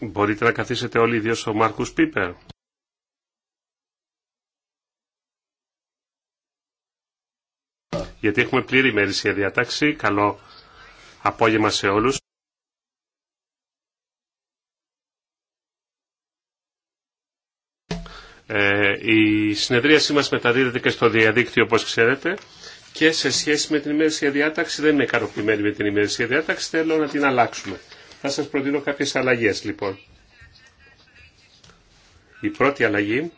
Μπορείτε να καθίσετε όλοι, ιδίως ο Μάρκους Πίπερ. Γιατί έχουμε πλήρη ημερησία διατάξη. Καλό απόγευμα σε όλους. Ε, η συνεδρίασή μας μεταδίδεται και στο διαδίκτυο, όπως ξέρετε, και σε σχέση με την ημερησία διάταξη, δεν είναι ικανοποιημένη με την ημερησία διάταξη, θέλω να την αλλάξουμε. Θα σας προτείνω κάποιες αλλαγές λοιπόν. Η πρώτη αλλαγή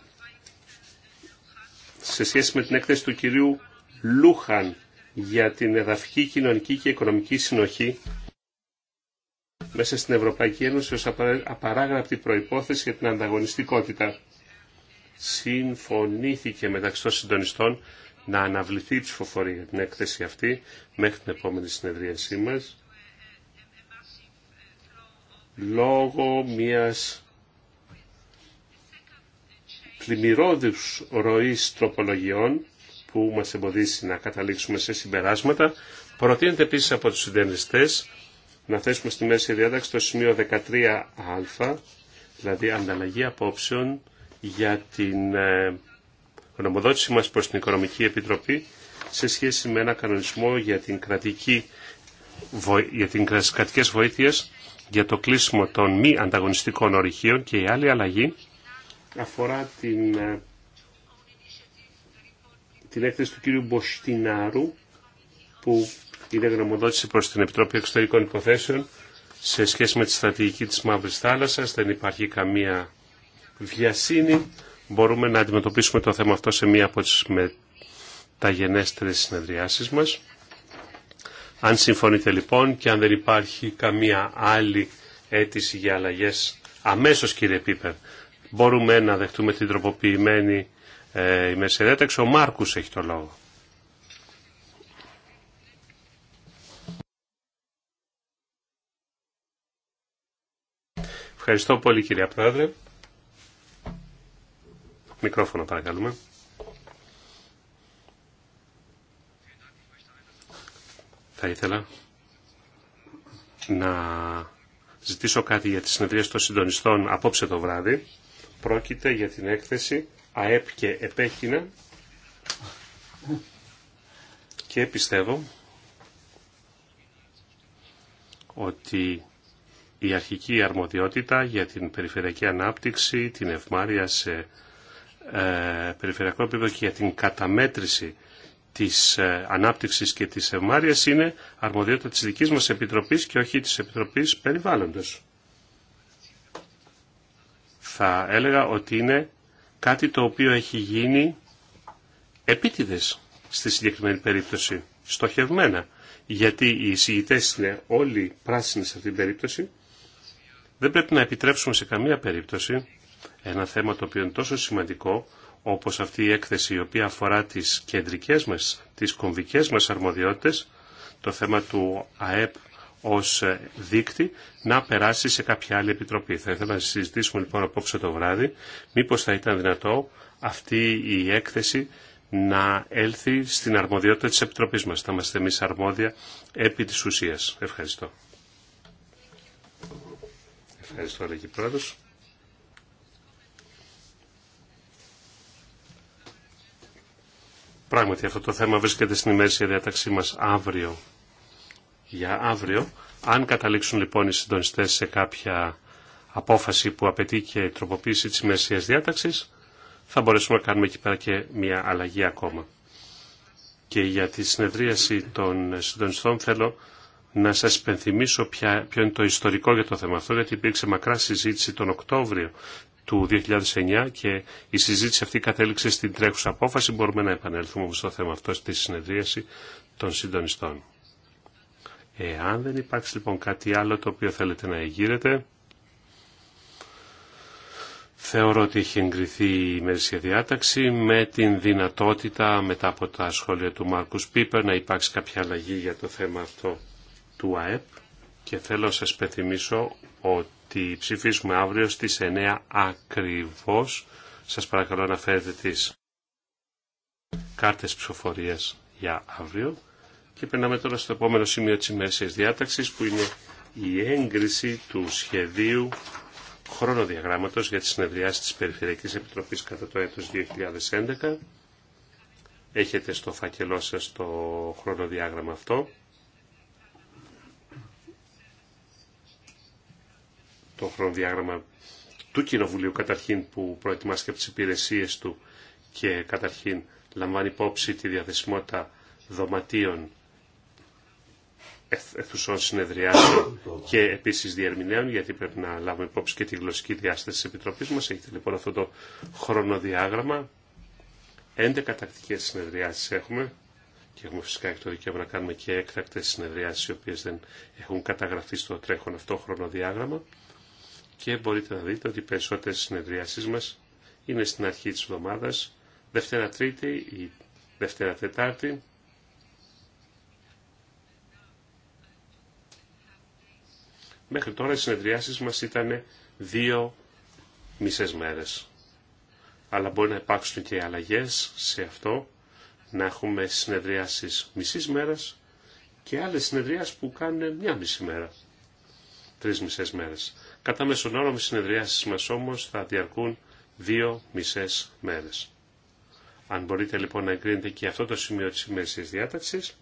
σε σχέση με την έκθεση του κυρίου Λούχαν για την εδαφική, κοινωνική και οικονομική συνοχή μέσα στην Ευρωπαϊκή Ένωση ως απαράγραπτη προϋπόθεση για την ανταγωνιστικότητα. Συμφωνήθηκε μεταξύ των συντονιστών να αναβληθεί η ψηφοφορία για την έκθεση αυτή μέχρι την επόμενη συνεδρίασή μας λόγω μιας πλημμυρόδου ροής τροπολογιών που μας εμποδίσει να καταλήξουμε σε συμπεράσματα. Προτείνεται επίσης από τους συντενιστές να θέσουμε στη μέση διάταξη το σημείο 13α, δηλαδή ανταλλαγή απόψεων για την ε, γνωμοδότηση μας προς την Οικονομική Επιτροπή σε σχέση με ένα κανονισμό για την κρατική για την κρατικές βοήθειες για το κλείσιμο των μη ανταγωνιστικών ορυχείων και η άλλη αλλαγή αφορά την, ε, την έκθεση του κύριου Μποστινάρου που είναι γνωμοδότηση προς την Επιτροπή Εξωτερικών Υποθέσεων σε σχέση με τη στρατηγική της Μαύρης Θάλασσας. Δεν υπάρχει καμία βιασύνη. Μπορούμε να αντιμετωπίσουμε το θέμα αυτό σε μία από τις μεταγενέστερες συνεδριάσεις μας. Αν συμφωνείτε λοιπόν και αν δεν υπάρχει καμία άλλη αίτηση για αλλαγές, αμέσως κύριε Πίπερ, μπορούμε να δεχτούμε την τροποποιημένη ε, η Ο Μάρκους έχει το λόγο. Ευχαριστώ πολύ κύριε Πρόεδρε. Μικρόφωνο παρακαλούμε. Θα ήθελα να ζητήσω κάτι για τις συνεδρίες των συντονιστών απόψε το βράδυ. Πρόκειται για την έκθεση ΑΕΠ και επέχεινα και πιστεύω ότι η αρχική αρμοδιότητα για την περιφερειακή ανάπτυξη, την ευμάρεια σε ε, περιφερειακό επίπεδο και για την καταμέτρηση της ε, ανάπτυξης και της ευμάρειας είναι αρμοδιότητα της δικής μας Επιτροπής και όχι της Επιτροπής Περιβάλλοντος. Θα έλεγα ότι είναι κάτι το οποίο έχει γίνει επίτηδες στη συγκεκριμένη περίπτωση, στοχευμένα, γιατί οι εισηγητέ είναι όλοι πράσινοι σε αυτήν την περίπτωση. Δεν πρέπει να επιτρέψουμε σε καμία περίπτωση ένα θέμα το οποίο είναι τόσο σημαντικό όπως αυτή η έκθεση η οποία αφορά τις κεντρικές μας, τις κομβικές μας αρμοδιότητες, το θέμα του ΑΕΠ ως δίκτυ, να περάσει σε κάποια άλλη επιτροπή. Θα ήθελα να συζητήσουμε λοιπόν απόψε το βράδυ, μήπως θα ήταν δυνατό αυτή η έκθεση να έλθει στην αρμοδιότητα της Επιτροπής μας. Θα είμαστε εμείς αρμόδια επί της ουσίας. Ευχαριστώ. Ευχαριστώ, Πράγματι αυτό το θέμα βρίσκεται στην ημέρησια διαταξή μας αύριο. Για αύριο, αν καταλήξουν λοιπόν οι συντονιστές σε κάποια απόφαση που απαιτεί και τροποποίηση της ημερησίας διάταξης, θα μπορέσουμε να κάνουμε εκεί πέρα και μια αλλαγή ακόμα. Και για τη συνεδρίαση των συντονιστών θέλω να σας υπενθυμίσω ποιο είναι το ιστορικό για το θέμα αυτό, γιατί υπήρξε μακρά συζήτηση τον Οκτώβριο του 2009 και η συζήτηση αυτή κατέληξε στην τρέχουσα απόφαση. Μπορούμε να επανέλθουμε στο θέμα αυτό στη συνεδρίαση των συντονιστών. Εάν δεν υπάρξει λοιπόν κάτι άλλο το οποίο θέλετε να εγγύρετε θεωρώ ότι έχει εγκριθεί η ημερήσια διάταξη με την δυνατότητα μετά από τα σχόλια του Μάρκους Πίπερ να υπάρξει κάποια αλλαγή για το θέμα αυτό του ΑΕΠ και θέλω να σας πεθυμίσω ότι τη ψηφίσουμε αύριο στις 9 ακριβώς. Σας παρακαλώ να φέρετε τις κάρτες ψηφοφορίας για αύριο. Και περνάμε τώρα στο επόμενο σημείο της μέσης διάταξης που είναι η έγκριση του σχεδίου χρονοδιαγράμματος για τις συνεδριάσεις της Περιφερειακής Επιτροπής κατά το έτος 2011. Έχετε στο φακελό σας το χρονοδιάγραμμα αυτό. το χρονοδιάγραμμα του Κοινοβουλίου καταρχήν που προετοιμάστηκε από τις υπηρεσίες του και καταρχήν λαμβάνει υπόψη τη διαθεσιμότητα δωματίων αιθουσών συνεδριάσεων και επίσης διερμηνέων, γιατί πρέπει να λάβουμε υπόψη και τη γλωσσική διάσταση της Επιτροπής μας. Έχετε λοιπόν αυτό το χρονοδιάγραμμα. 11 τακτικές συνεδριάσεις έχουμε και έχουμε φυσικά και το δικαίωμα να κάνουμε και έκτακτες συνεδριάσεις οι οποίες δεν έχουν καταγραφεί στο τρέχον αυτό χρονοδιάγραμμα και μπορείτε να δείτε ότι οι περισσότερες συνεδριάσεις μας είναι στην αρχή της εβδομάδας, Δευτέρα Τρίτη ή Δευτέρα Τετάρτη. Μέχρι τώρα οι συνεδριάσεις μας ήταν δύο μισές μέρες. Αλλά μπορεί να υπάρξουν και αλλαγές σε αυτό, να έχουμε συνεδριάσεις μισής μέρας και άλλες συνεδριάσεις που κάνουν μια μισή μέρα, τρεις μισές μέρες. Κατά μέσον όρο οι συνεδριάσεις μας όμως θα διαρκούν δύο μισές μέρες. Αν μπορείτε λοιπόν να εγκρίνετε και αυτό το σημείο της ημερησίας διάταξης,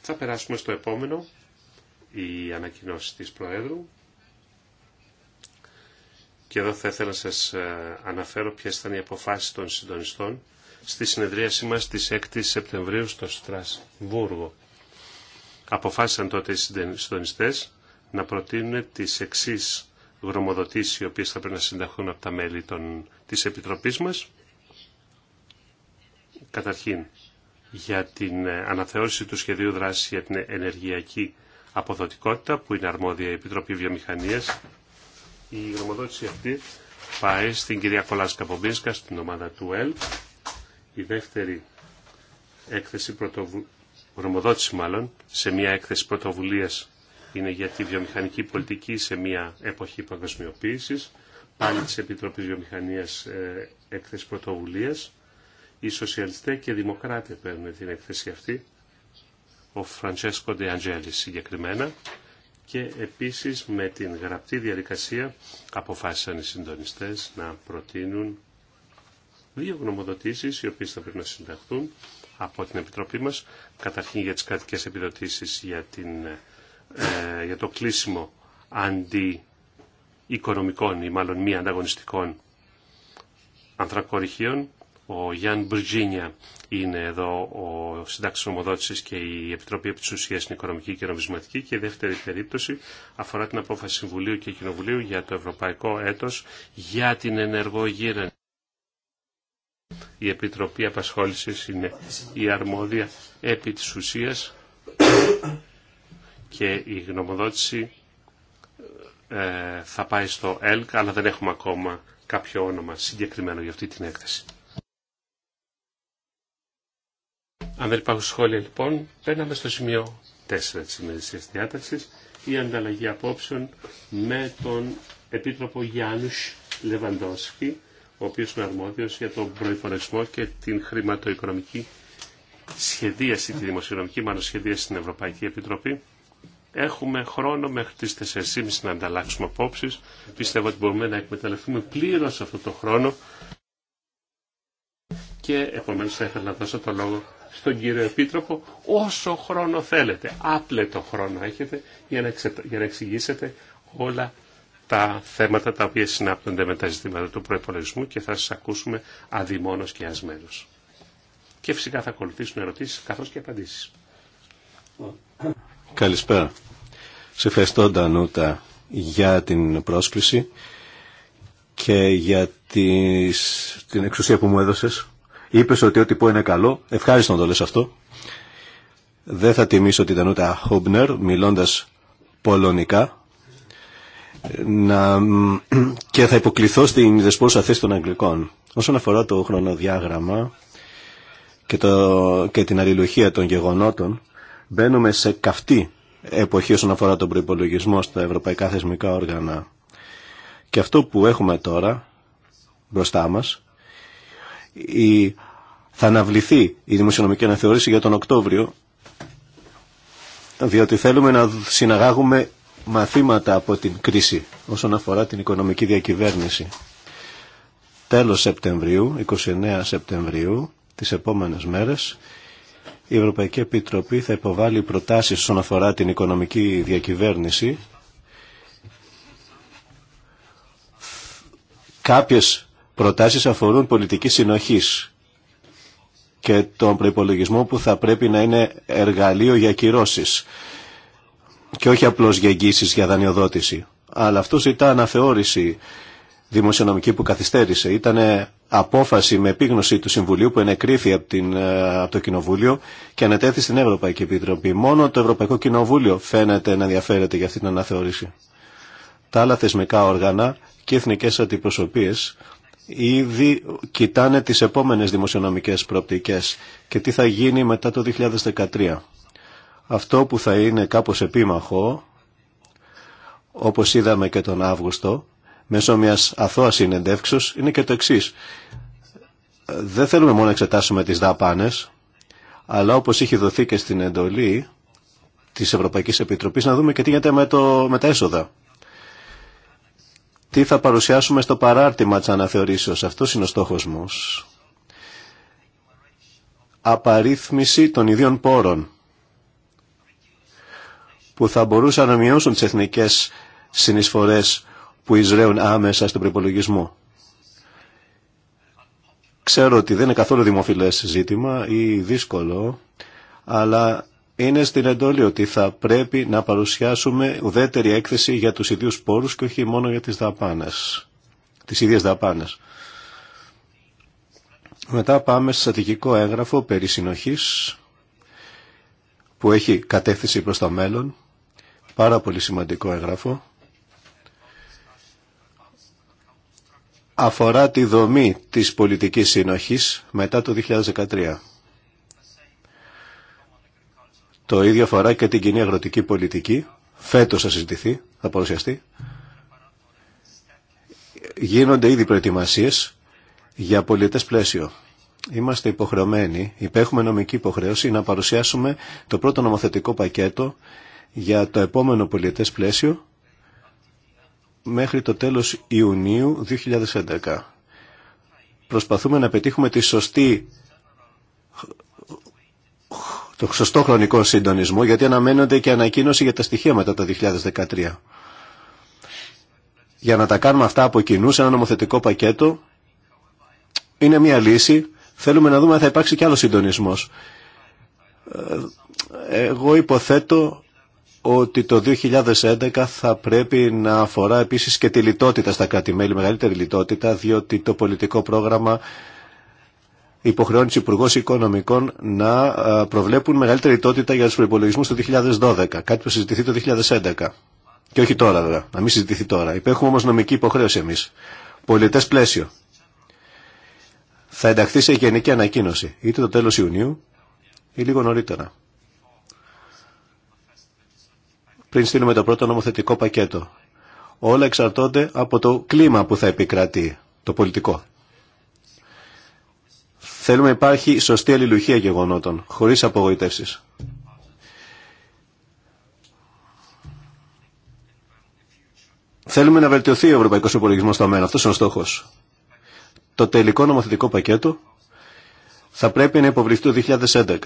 θα περάσουμε στο επόμενο, η ανακοινώσει της Προέδρου. Και εδώ θα ήθελα να σας ε, αναφέρω ποιες ήταν οι αποφάσεις των συντονιστών στη συνεδρίασή μας της 6ης Σεπτεμβρίου στο Στρασβούργο. Αποφάσισαν τότε οι συντονιστές να προτείνουν τις εξής γνωμοδοτήσεις οι οποίες θα πρέπει να συνταχθούν από τα μέλη των, της Επιτροπής μας. Καταρχήν, για την ε, αναθεώρηση του σχεδίου δράσης για την ενεργειακή αποδοτικότητα που είναι αρμόδια η Επιτροπή Βιομηχανίας. Η γνωμοδότηση αυτή πάει στην κυρία Κολάσκα Πομπίνσκα στην ομάδα του ΕΛ. Η δεύτερη έκθεση πρωτοβου... γνωμοδότηση μάλλον σε μια έκθεση πρωτοβουλίας είναι για τη βιομηχανική πολιτική σε μια εποχή παγκοσμιοποίησης, πάλι της Επιτροπής Βιομηχανίας ε, Έκθεση Πρωτοβουλίας. Οι Σοσιαλιστέ και οι δημοκράτες παίρνουν την έκθεση αυτή, ο Φραντσέσκο Ντεαντζέλη συγκεκριμένα, και επίσης με την γραπτή διαδικασία αποφάσισαν οι συντονιστές να προτείνουν δύο γνωμοδοτήσεις οι οποίες θα πρέπει να συνταχθούν από την Επιτροπή μας, καταρχήν για τις κρατικές επιδοτήσεις για την ε, για το κλείσιμο αντιοικονομικών ή μάλλον μη ανταγωνιστικών ανθρακοριχείων. Ο Γιάνν Μπριτζίνια είναι εδώ ο συντάκτης νομοδότησης και η Επιτροπή επί Οικονομική και Νομισματική και η δεύτερη περίπτωση αφορά την απόφαση Συμβουλίου και Κοινοβουλίου για το Ευρωπαϊκό Έτος για την ενεργό Η Επιτροπή Απασχόλησης είναι η αρμόδια επί της και η γνωμοδότηση ε, θα πάει στο ΕΛΚ, αλλά δεν έχουμε ακόμα κάποιο όνομα συγκεκριμένο για αυτή την έκθεση. Αν δεν υπάρχουν σχόλια λοιπόν, παίρναμε στο σημείο 4 της ημερησίας διάταξης η ανταλλαγή απόψεων με τον Επίτροπο Γιάννους Λεβαντόσκι, ο οποίος είναι αρμόδιος για τον προϋπολογισμό και την χρηματοοικονομική σχεδίαση, τη δημοσιονομική μάλλον σχεδίαση στην Ευρωπαϊκή Επιτροπή. Έχουμε χρόνο μέχρι τις 4.30 να ανταλλάξουμε απόψεις. Πιστεύω ότι μπορούμε να εκμεταλλευτούμε πλήρως αυτό το χρόνο και επομένως θα ήθελα να δώσω το λόγο στον κύριο Επίτροπο όσο χρόνο θέλετε, άπλετο χρόνο έχετε για να, εξε... για να εξηγήσετε όλα τα θέματα τα οποία συνάπτονται με τα ζητήματα του προπολογισμού και θα σα ακούσουμε αδειμόνως και ασμένως. Και φυσικά θα ακολουθήσουν ερωτήσεις καθώς και απαντήσεις. Καλησπέρα. Σε ευχαριστώ, Ντανούτα, για την πρόσκληση και για την εξουσία που μου έδωσες. Είπες ότι ό,τι πω είναι καλό. Ευχάριστο να το λες αυτό. Δεν θα τιμήσω την Ντανούτα Χόμπνερ μιλώντας πολωνικά, να... και θα υποκληθώ στην δεσπόσα θέση των Αγγλικών. Όσον αφορά το χρονοδιάγραμμα και, και την αλληλουχία των γεγονότων, Μπαίνουμε σε καυτή εποχή όσον αφορά τον προϋπολογισμό στα ευρωπαϊκά θεσμικά όργανα. Και αυτό που έχουμε τώρα μπροστά μας, η... θα αναβληθεί η δημοσιονομική αναθεώρηση για τον Οκτώβριο, διότι θέλουμε να συναγάγουμε μαθήματα από την κρίση όσον αφορά την οικονομική διακυβέρνηση. Τέλος Σεπτεμβρίου, 29 Σεπτεμβρίου, τις επόμενες μέρες, η Ευρωπαϊκή Επιτροπή θα υποβάλει προτάσεις όσον αφορά την οικονομική διακυβέρνηση. Κάποιες προτάσεις αφορούν πολιτική συνοχής και τον προϋπολογισμό που θα πρέπει να είναι εργαλείο για κυρώσεις και όχι απλώς για εγγύσεις για δανειοδότηση. Αλλά αυτό ζητά αναθεώρηση δημοσιονομική που καθυστέρησε. Ήταν απόφαση με επίγνωση του Συμβουλίου που ενεκρίθη από, την, ε, από το Κοινοβούλιο και ανατέθη στην Ευρωπαϊκή Επιτροπή. Μόνο το Ευρωπαϊκό Κοινοβούλιο φαίνεται να ενδιαφέρεται για αυτή την αναθεώρηση. Τα άλλα θεσμικά όργανα και εθνικέ αντιπροσωπείε ήδη κοιτάνε τι επόμενε δημοσιονομικέ προοπτικές και τι θα γίνει μετά το 2013. Αυτό που θα είναι κάπως επίμαχο, όπως είδαμε και τον Αύγουστο, μέσω μια αθώα συνεντεύξεω είναι και το εξή. Δεν θέλουμε μόνο να εξετάσουμε τις δαπάνες, αλλά όπως είχε δοθεί και στην εντολή της Ευρωπαϊκής Επιτροπής, να δούμε και τι γίνεται με, το, τα έσοδα. Τι θα παρουσιάσουμε στο παράρτημα τη αναθεωρήσεω, Αυτό είναι ο στόχο, μου. Απαρίθμηση των ιδίων πόρων που θα μπορούσαν να μειώσουν τις εθνικές συνεισφορές που εισραίουν άμεσα στον προπολογισμό. Ξέρω ότι δεν είναι καθόλου δημοφιλές ζήτημα ή δύσκολο, αλλά είναι στην εντόλη ότι θα πρέπει να παρουσιάσουμε ουδέτερη έκθεση για τους ιδίους πόρους και όχι μόνο για τις δαπάνες, τις ίδιες δαπάνες. Μετά πάμε στο στατικικό έγγραφο περί συνοχής, που έχει κατεύθυνση προς το μέλλον, πάρα πολύ σημαντικό έγγραφο, αφορά τη δομή της πολιτικής σύνοχης μετά το 2013. Το ίδιο αφορά και την κοινή αγροτική πολιτική. Φέτος θα συζητηθεί, θα παρουσιαστεί. Γίνονται ήδη προετοιμασίες για πολιτές πλαίσιο. Είμαστε υποχρεωμένοι, υπέχουμε νομική υποχρέωση να παρουσιάσουμε το πρώτο νομοθετικό πακέτο για το επόμενο πολιτές πλαίσιο μέχρι το τέλος Ιουνίου 2011. Προσπαθούμε να πετύχουμε τη σωστή, το σωστό χρονικό συντονισμό γιατί αναμένονται και ανακοίνωση για τα στοιχεία μετά το 2013. Για να τα κάνουμε αυτά από κοινού σε ένα νομοθετικό πακέτο είναι μια λύση. Θέλουμε να δούμε αν θα υπάρξει και άλλο συντονισμός. Ε, εγώ υποθέτω ότι το 2011 θα πρέπει να αφορά επίσης και τη λιτότητα στα κράτη-μέλη, μεγαλύτερη λιτότητα, διότι το πολιτικό πρόγραμμα υποχρεώνει του Υπουργού Οικονομικών να προβλέπουν μεγαλύτερη λιτότητα για τους προπολογισμού το 2012, κάτι που συζητηθεί το 2011. Και όχι τώρα, βέβαια, να μην συζητηθεί τώρα. Υπέχουμε όμως νομική υποχρέωση εμείς. Πολιτές πλαίσιο. Θα ενταχθεί σε γενική ανακοίνωση, είτε το τέλος Ιουνίου ή λίγο νωρίτερα. πριν στείλουμε το πρώτο νομοθετικό πακέτο. Όλα εξαρτώνται από το κλίμα που θα επικρατεί, το πολιτικό. Θέλουμε να υπάρχει σωστή αλληλουχία γεγονότων, χωρίς απογοητεύσεις. Θέλουμε να βελτιωθεί ο Ευρωπαϊκός Υπολογισμός στο μέλλον. Αυτός είναι ο στόχος. Το τελικό νομοθετικό πακέτο θα πρέπει να υποβληθεί το 2011.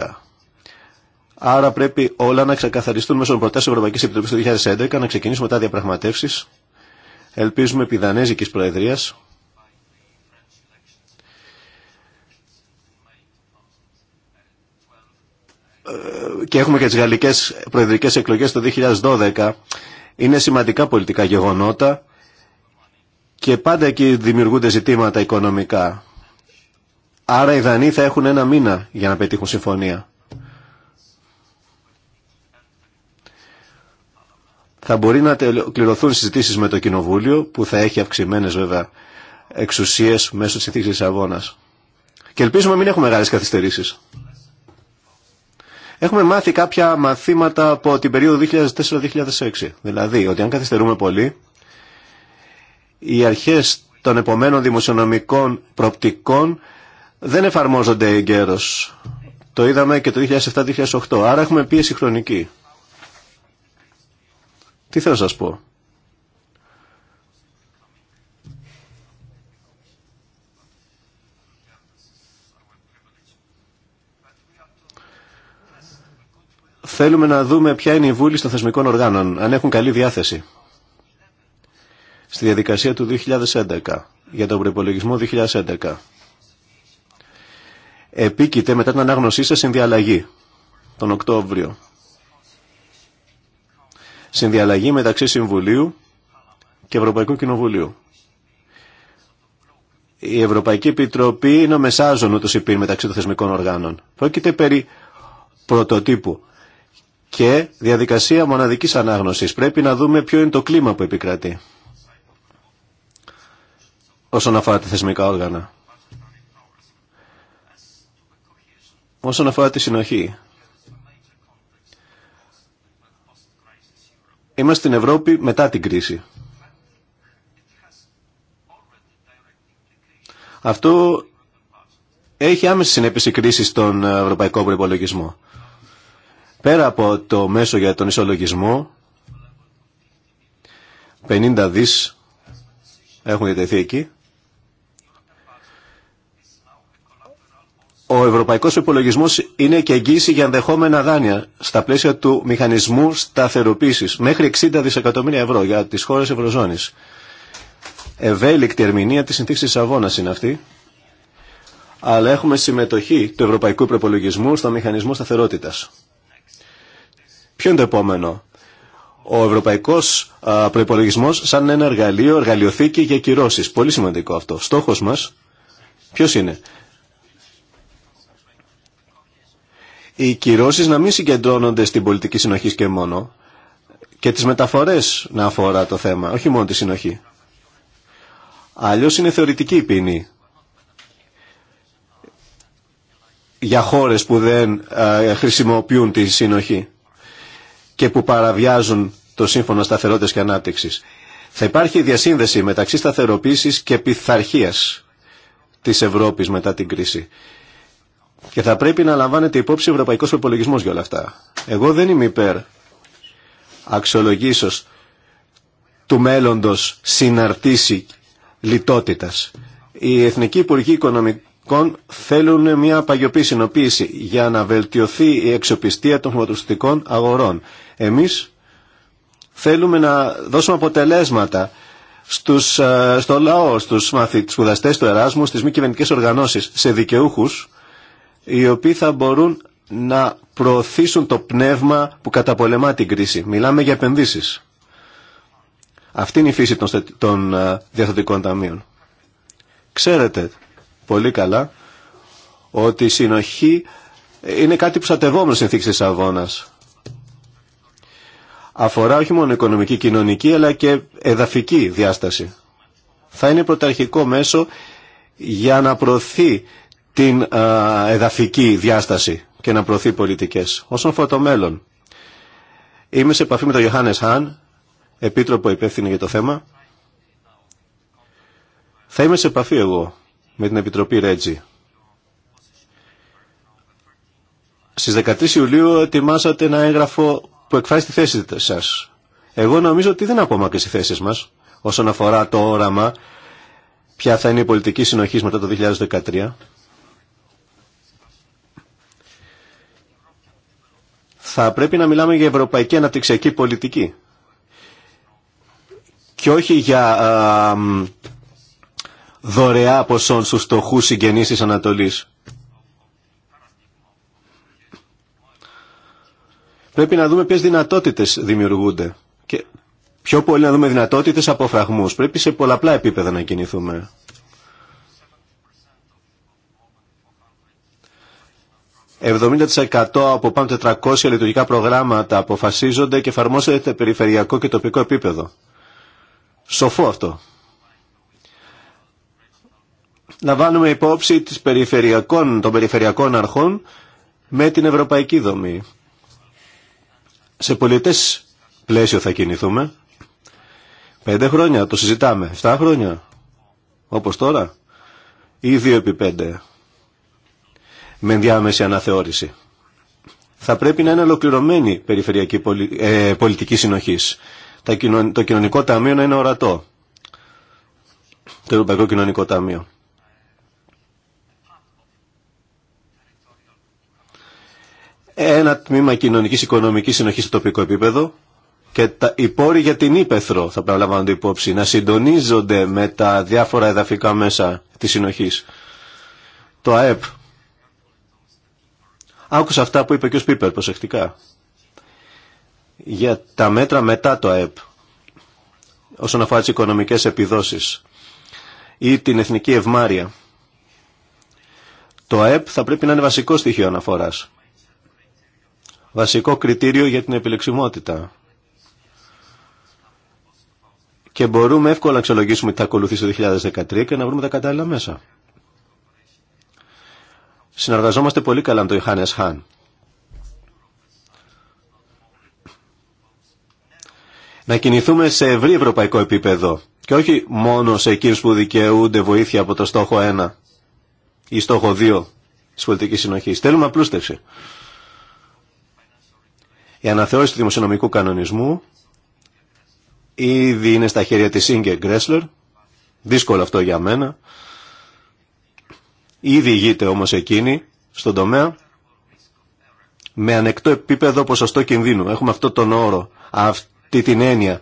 Άρα πρέπει όλα να ξεκαθαριστούν μέσω των προτάσεων Ευρωπαϊκή Επιτροπή του 2011, να ξεκινήσουμε τα διαπραγματεύσει. Ελπίζουμε επί Δανέζικη Προεδρία. Ε, και έχουμε και τι γαλλικέ προεδρικέ εκλογέ το 2012. Είναι σημαντικά πολιτικά γεγονότα και πάντα εκεί δημιουργούνται ζητήματα οικονομικά. Άρα οι Δανείοι θα έχουν ένα μήνα για να πετύχουν συμφωνία. θα μπορεί να κληρωθούν συζητήσεις με το Κοινοβούλιο που θα έχει αυξημένες βέβαια εξουσίες μέσω της συνθήκης Λισαβόνας. Και ελπίζουμε μην έχουμε μεγάλες καθυστερήσεις. Έχουμε μάθει κάποια μαθήματα από την περίοδο 2004-2006. Δηλαδή ότι αν καθυστερούμε πολύ, οι αρχές των επομένων δημοσιονομικών προπτικών δεν εφαρμόζονται εγκαίρως. Το είδαμε και το 2007-2008. Άρα έχουμε πίεση χρονική. Τι θέλω να σας πω. Θέλουμε να δούμε ποια είναι η βούλη των θεσμικών οργάνων, αν έχουν καλή διάθεση. Στη διαδικασία του 2011, για τον προπολογισμό 2011. Επίκειται μετά την ανάγνωσή σας συνδιαλλαγή, τον Οκτώβριο συνδιαλλαγή μεταξύ Συμβουλίου και Ευρωπαϊκού Κοινοβουλίου. Η Ευρωπαϊκή Επιτροπή είναι ο μεσάζων ούτως υπήρ μεταξύ των θεσμικών οργάνων. Πρόκειται περί πρωτοτύπου και διαδικασία μοναδική ανάγνωση Πρέπει να δούμε ποιο είναι το κλίμα που επικρατεί όσον αφορά τα θεσμικά όργανα. Όσον αφορά τη συνοχή, Είμαστε στην Ευρώπη μετά την κρίση. Αυτό έχει άμεση συνέπειση κρίση στον ευρωπαϊκό προπολογισμό. Πέρα από το μέσο για τον ισολογισμό, 50 δις έχουν διατεθεί εκεί. Ο ευρωπαϊκό υπολογισμό είναι και εγγύηση για ενδεχόμενα δάνεια στα πλαίσια του μηχανισμού σταθεροποίηση μέχρι 60 δισεκατομμύρια ευρώ για τι χώρε Ευρωζώνη. Ευέλικτη ερμηνεία τη συνθήκη τη Αβώνα είναι αυτή. Αλλά έχουμε συμμετοχή του ευρωπαϊκού προπολογισμού στο μηχανισμό σταθερότητα. Ποιο είναι το επόμενο. Ο ευρωπαϊκό προπολογισμό σαν ένα εργαλείο, εργαλειοθήκη για κυρώσει. Πολύ σημαντικό αυτό. Στόχο μα ποιο είναι οι κυρώσεις να μην συγκεντρώνονται στην πολιτική συνοχή και μόνο και τις μεταφορές να αφορά το θέμα, όχι μόνο τη συνοχή. Αλλιώς είναι θεωρητική η ποινή για χώρες που δεν χρησιμοποιούν τη συνοχή και που παραβιάζουν το Σύμφωνο Σταθερότητας και Ανάπτυξης. Θα υπάρχει διασύνδεση μεταξύ σταθεροποίησης και πειθαρχία της Ευρώπης μετά την κρίση. Και θα πρέπει να λαμβάνεται υπόψη ο ευρωπαϊκός προπολογισμός για όλα αυτά. Εγώ δεν είμαι υπέρ αξιολογήσεως του μέλλοντος συναρτήσει λιτότητας. Οι Εθνικοί Υπουργοί Οικονομικών θέλουν μια παγιοποιηση συνοποίηση για να βελτιωθεί η εξοπιστία των χρηματοστικών αγορών. Εμείς θέλουμε να δώσουμε αποτελέσματα στους, ε, στο λαό, στους μαθητές, του Εράσμου, στις μη κυβερνητικές οργανώσεις, σε δικαιούχους οι οποίοι θα μπορούν να προωθήσουν το πνεύμα που καταπολεμά την κρίση. Μιλάμε για επενδύσεις. Αυτή είναι η φύση των ε, διαθετικών ταμείων. Ξέρετε πολύ καλά ότι η συνοχή είναι κάτι που σατευόμενο συνθήκη της αγώνας. Αφορά όχι μόνο οικονομική, κοινωνική, αλλά και εδαφική διάσταση. Θα είναι πρωταρχικό μέσο για να προωθεί την εδαφική διάσταση και να προωθεί πολιτικές. Όσον αφορά το μέλλον, είμαι σε επαφή με τον Ιωάννης Χάν, επίτροπο υπεύθυνο για το θέμα. Θα είμαι σε επαφή εγώ με την Επιτροπή Ρέτζη. Στις 13 Ιουλίου ετοιμάσατε ένα έγγραφο που εκφράζει τη θέση σας. Εγώ νομίζω ότι δεν και οι θέσεις μας όσον αφορά το όραμα ποια θα είναι η πολιτική συνοχή μετά το 2013. θα πρέπει να μιλάμε για ευρωπαϊκή αναπτυξιακή πολιτική και όχι για α, δωρεά ποσών στους στοχούς συγγενείς της Ανατολής. Πρέπει να δούμε ποιες δυνατότητες δημιουργούνται και πιο πολύ να δούμε δυνατότητες από φραγμούς. Πρέπει σε πολλαπλά επίπεδα να κινηθούμε. 70% από πάνω 400 λειτουργικά προγράμματα αποφασίζονται και εφαρμόζονται περιφερειακό και τοπικό επίπεδο. Σοφό αυτό. Λαμβάνουμε υπόψη τις περιφερειακών, των περιφερειακών αρχών με την ευρωπαϊκή δομή. Σε πολιτές πλαίσιο θα κινηθούμε. Πέντε χρόνια το συζητάμε. Εφτά χρόνια. Όπως τώρα. Ή δύο επί πέντε με διάμεση αναθεώρηση. Θα πρέπει να είναι ολοκληρωμένη περιφερειακή ε, πολιτική συνοχής. Το κοινωνικό ταμείο να είναι ορατό. Το Ευρωπαϊκό Κοινωνικό Ταμείο. Ένα τμήμα κοινωνικής οικονομικής συνοχής στο τοπικό επίπεδο και τα, οι πόροι για την Ήπεθρο θα πρέπει να υπόψη, να συντονίζονται με τα διάφορα εδαφικά μέσα της συνοχής. Το ΑΕΠ Άκουσα αυτά που είπε και ο Σπίπερ προσεκτικά για τα μέτρα μετά το ΑΕΠ όσον αφορά τις οικονομικές επιδόσεις ή την εθνική ευμάρεια. Το ΑΕΠ θα πρέπει να είναι βασικό στοιχείο αναφοράς. Βασικό κριτήριο για την επιλεξιμότητα. Και μπορούμε εύκολα να αξιολογήσουμε τι θα ακολουθήσει το 2013 και να βρούμε τα κατάλληλα μέσα. Συνεργαζόμαστε πολύ καλά με τον Ιωάννη Χάν. Να κινηθούμε σε ευρύ ευρωπαϊκό επίπεδο και όχι μόνο σε εκείνους που δικαιούνται βοήθεια από το στόχο 1 ή στόχο 2 της πολιτικής συνοχής. Θέλουμε απλούστευση. Η αναθεώρηση του δημοσιονομικού κανονισμού ήδη είναι στα χέρια της Ίγκε Γκρέσλερ. Δύσκολο αυτό για μένα. Ήδη ηγείται όμως εκείνη στον τομέα με ανεκτό επίπεδο ποσοστό κινδύνου. Έχουμε αυτό τον όρο, αυτή την έννοια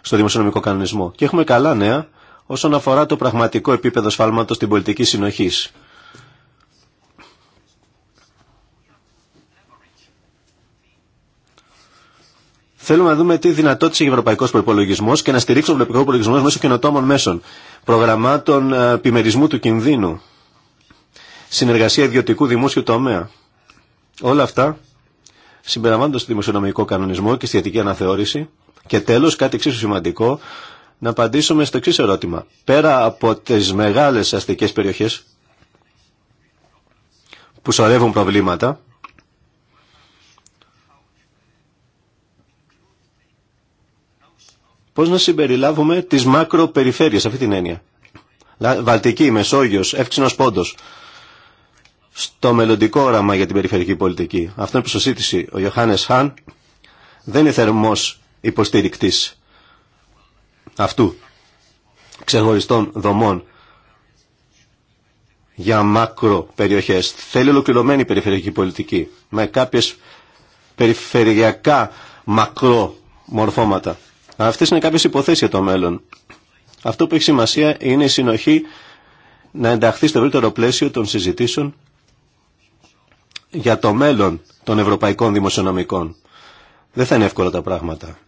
στο δημοσιονομικό κανονισμό. Και έχουμε καλά νέα όσον αφορά το πραγματικό επίπεδο σφάλματος στην πολιτική συνοχής. Θέλουμε να δούμε τι δυνατότητε έχει ο ευρωπαϊκό προπολογισμό και να στηρίξουμε τον ευρωπαϊκό προπολογισμό μέσω καινοτόμων μέσων, προγραμμάτων ε, επιμερισμού του κινδύνου συνεργασία ιδιωτικού δημόσιου τομέα. Όλα αυτά συμπεριλαμβάνονται στο δημοσιονομικό κανονισμό και στη θετική αναθεώρηση. Και τέλο, κάτι εξίσου σημαντικό, να απαντήσουμε στο εξή ερώτημα. Πέρα από τι μεγάλε αστικέ περιοχέ που σωρεύουν προβλήματα, πώς να συμπεριλάβουμε τις μακροπεριφέρειες, αυτή την έννοια. Βαλτική, Μεσόγειος, Εύξηνος Πόντος στο μελλοντικό όραμα για την περιφερειακή πολιτική. Αυτό που προσοσήτηση. Ο Ιωάννης Χάν δεν είναι θερμός υποστηρικτής αυτού ξεχωριστών δομών για μάκρο περιοχές. Θέλει ολοκληρωμένη περιφερειακή πολιτική με κάποιες περιφερειακά μακρό μορφώματα. Αυτές είναι κάποιες υποθέσεις για το μέλλον. Αυτό που έχει σημασία είναι η συνοχή να ενταχθεί στο ευρύτερο πλαίσιο των συζητήσεων για το μέλλον των ευρωπαϊκών δημοσιονομικών. Δεν θα είναι εύκολα τα πράγματα.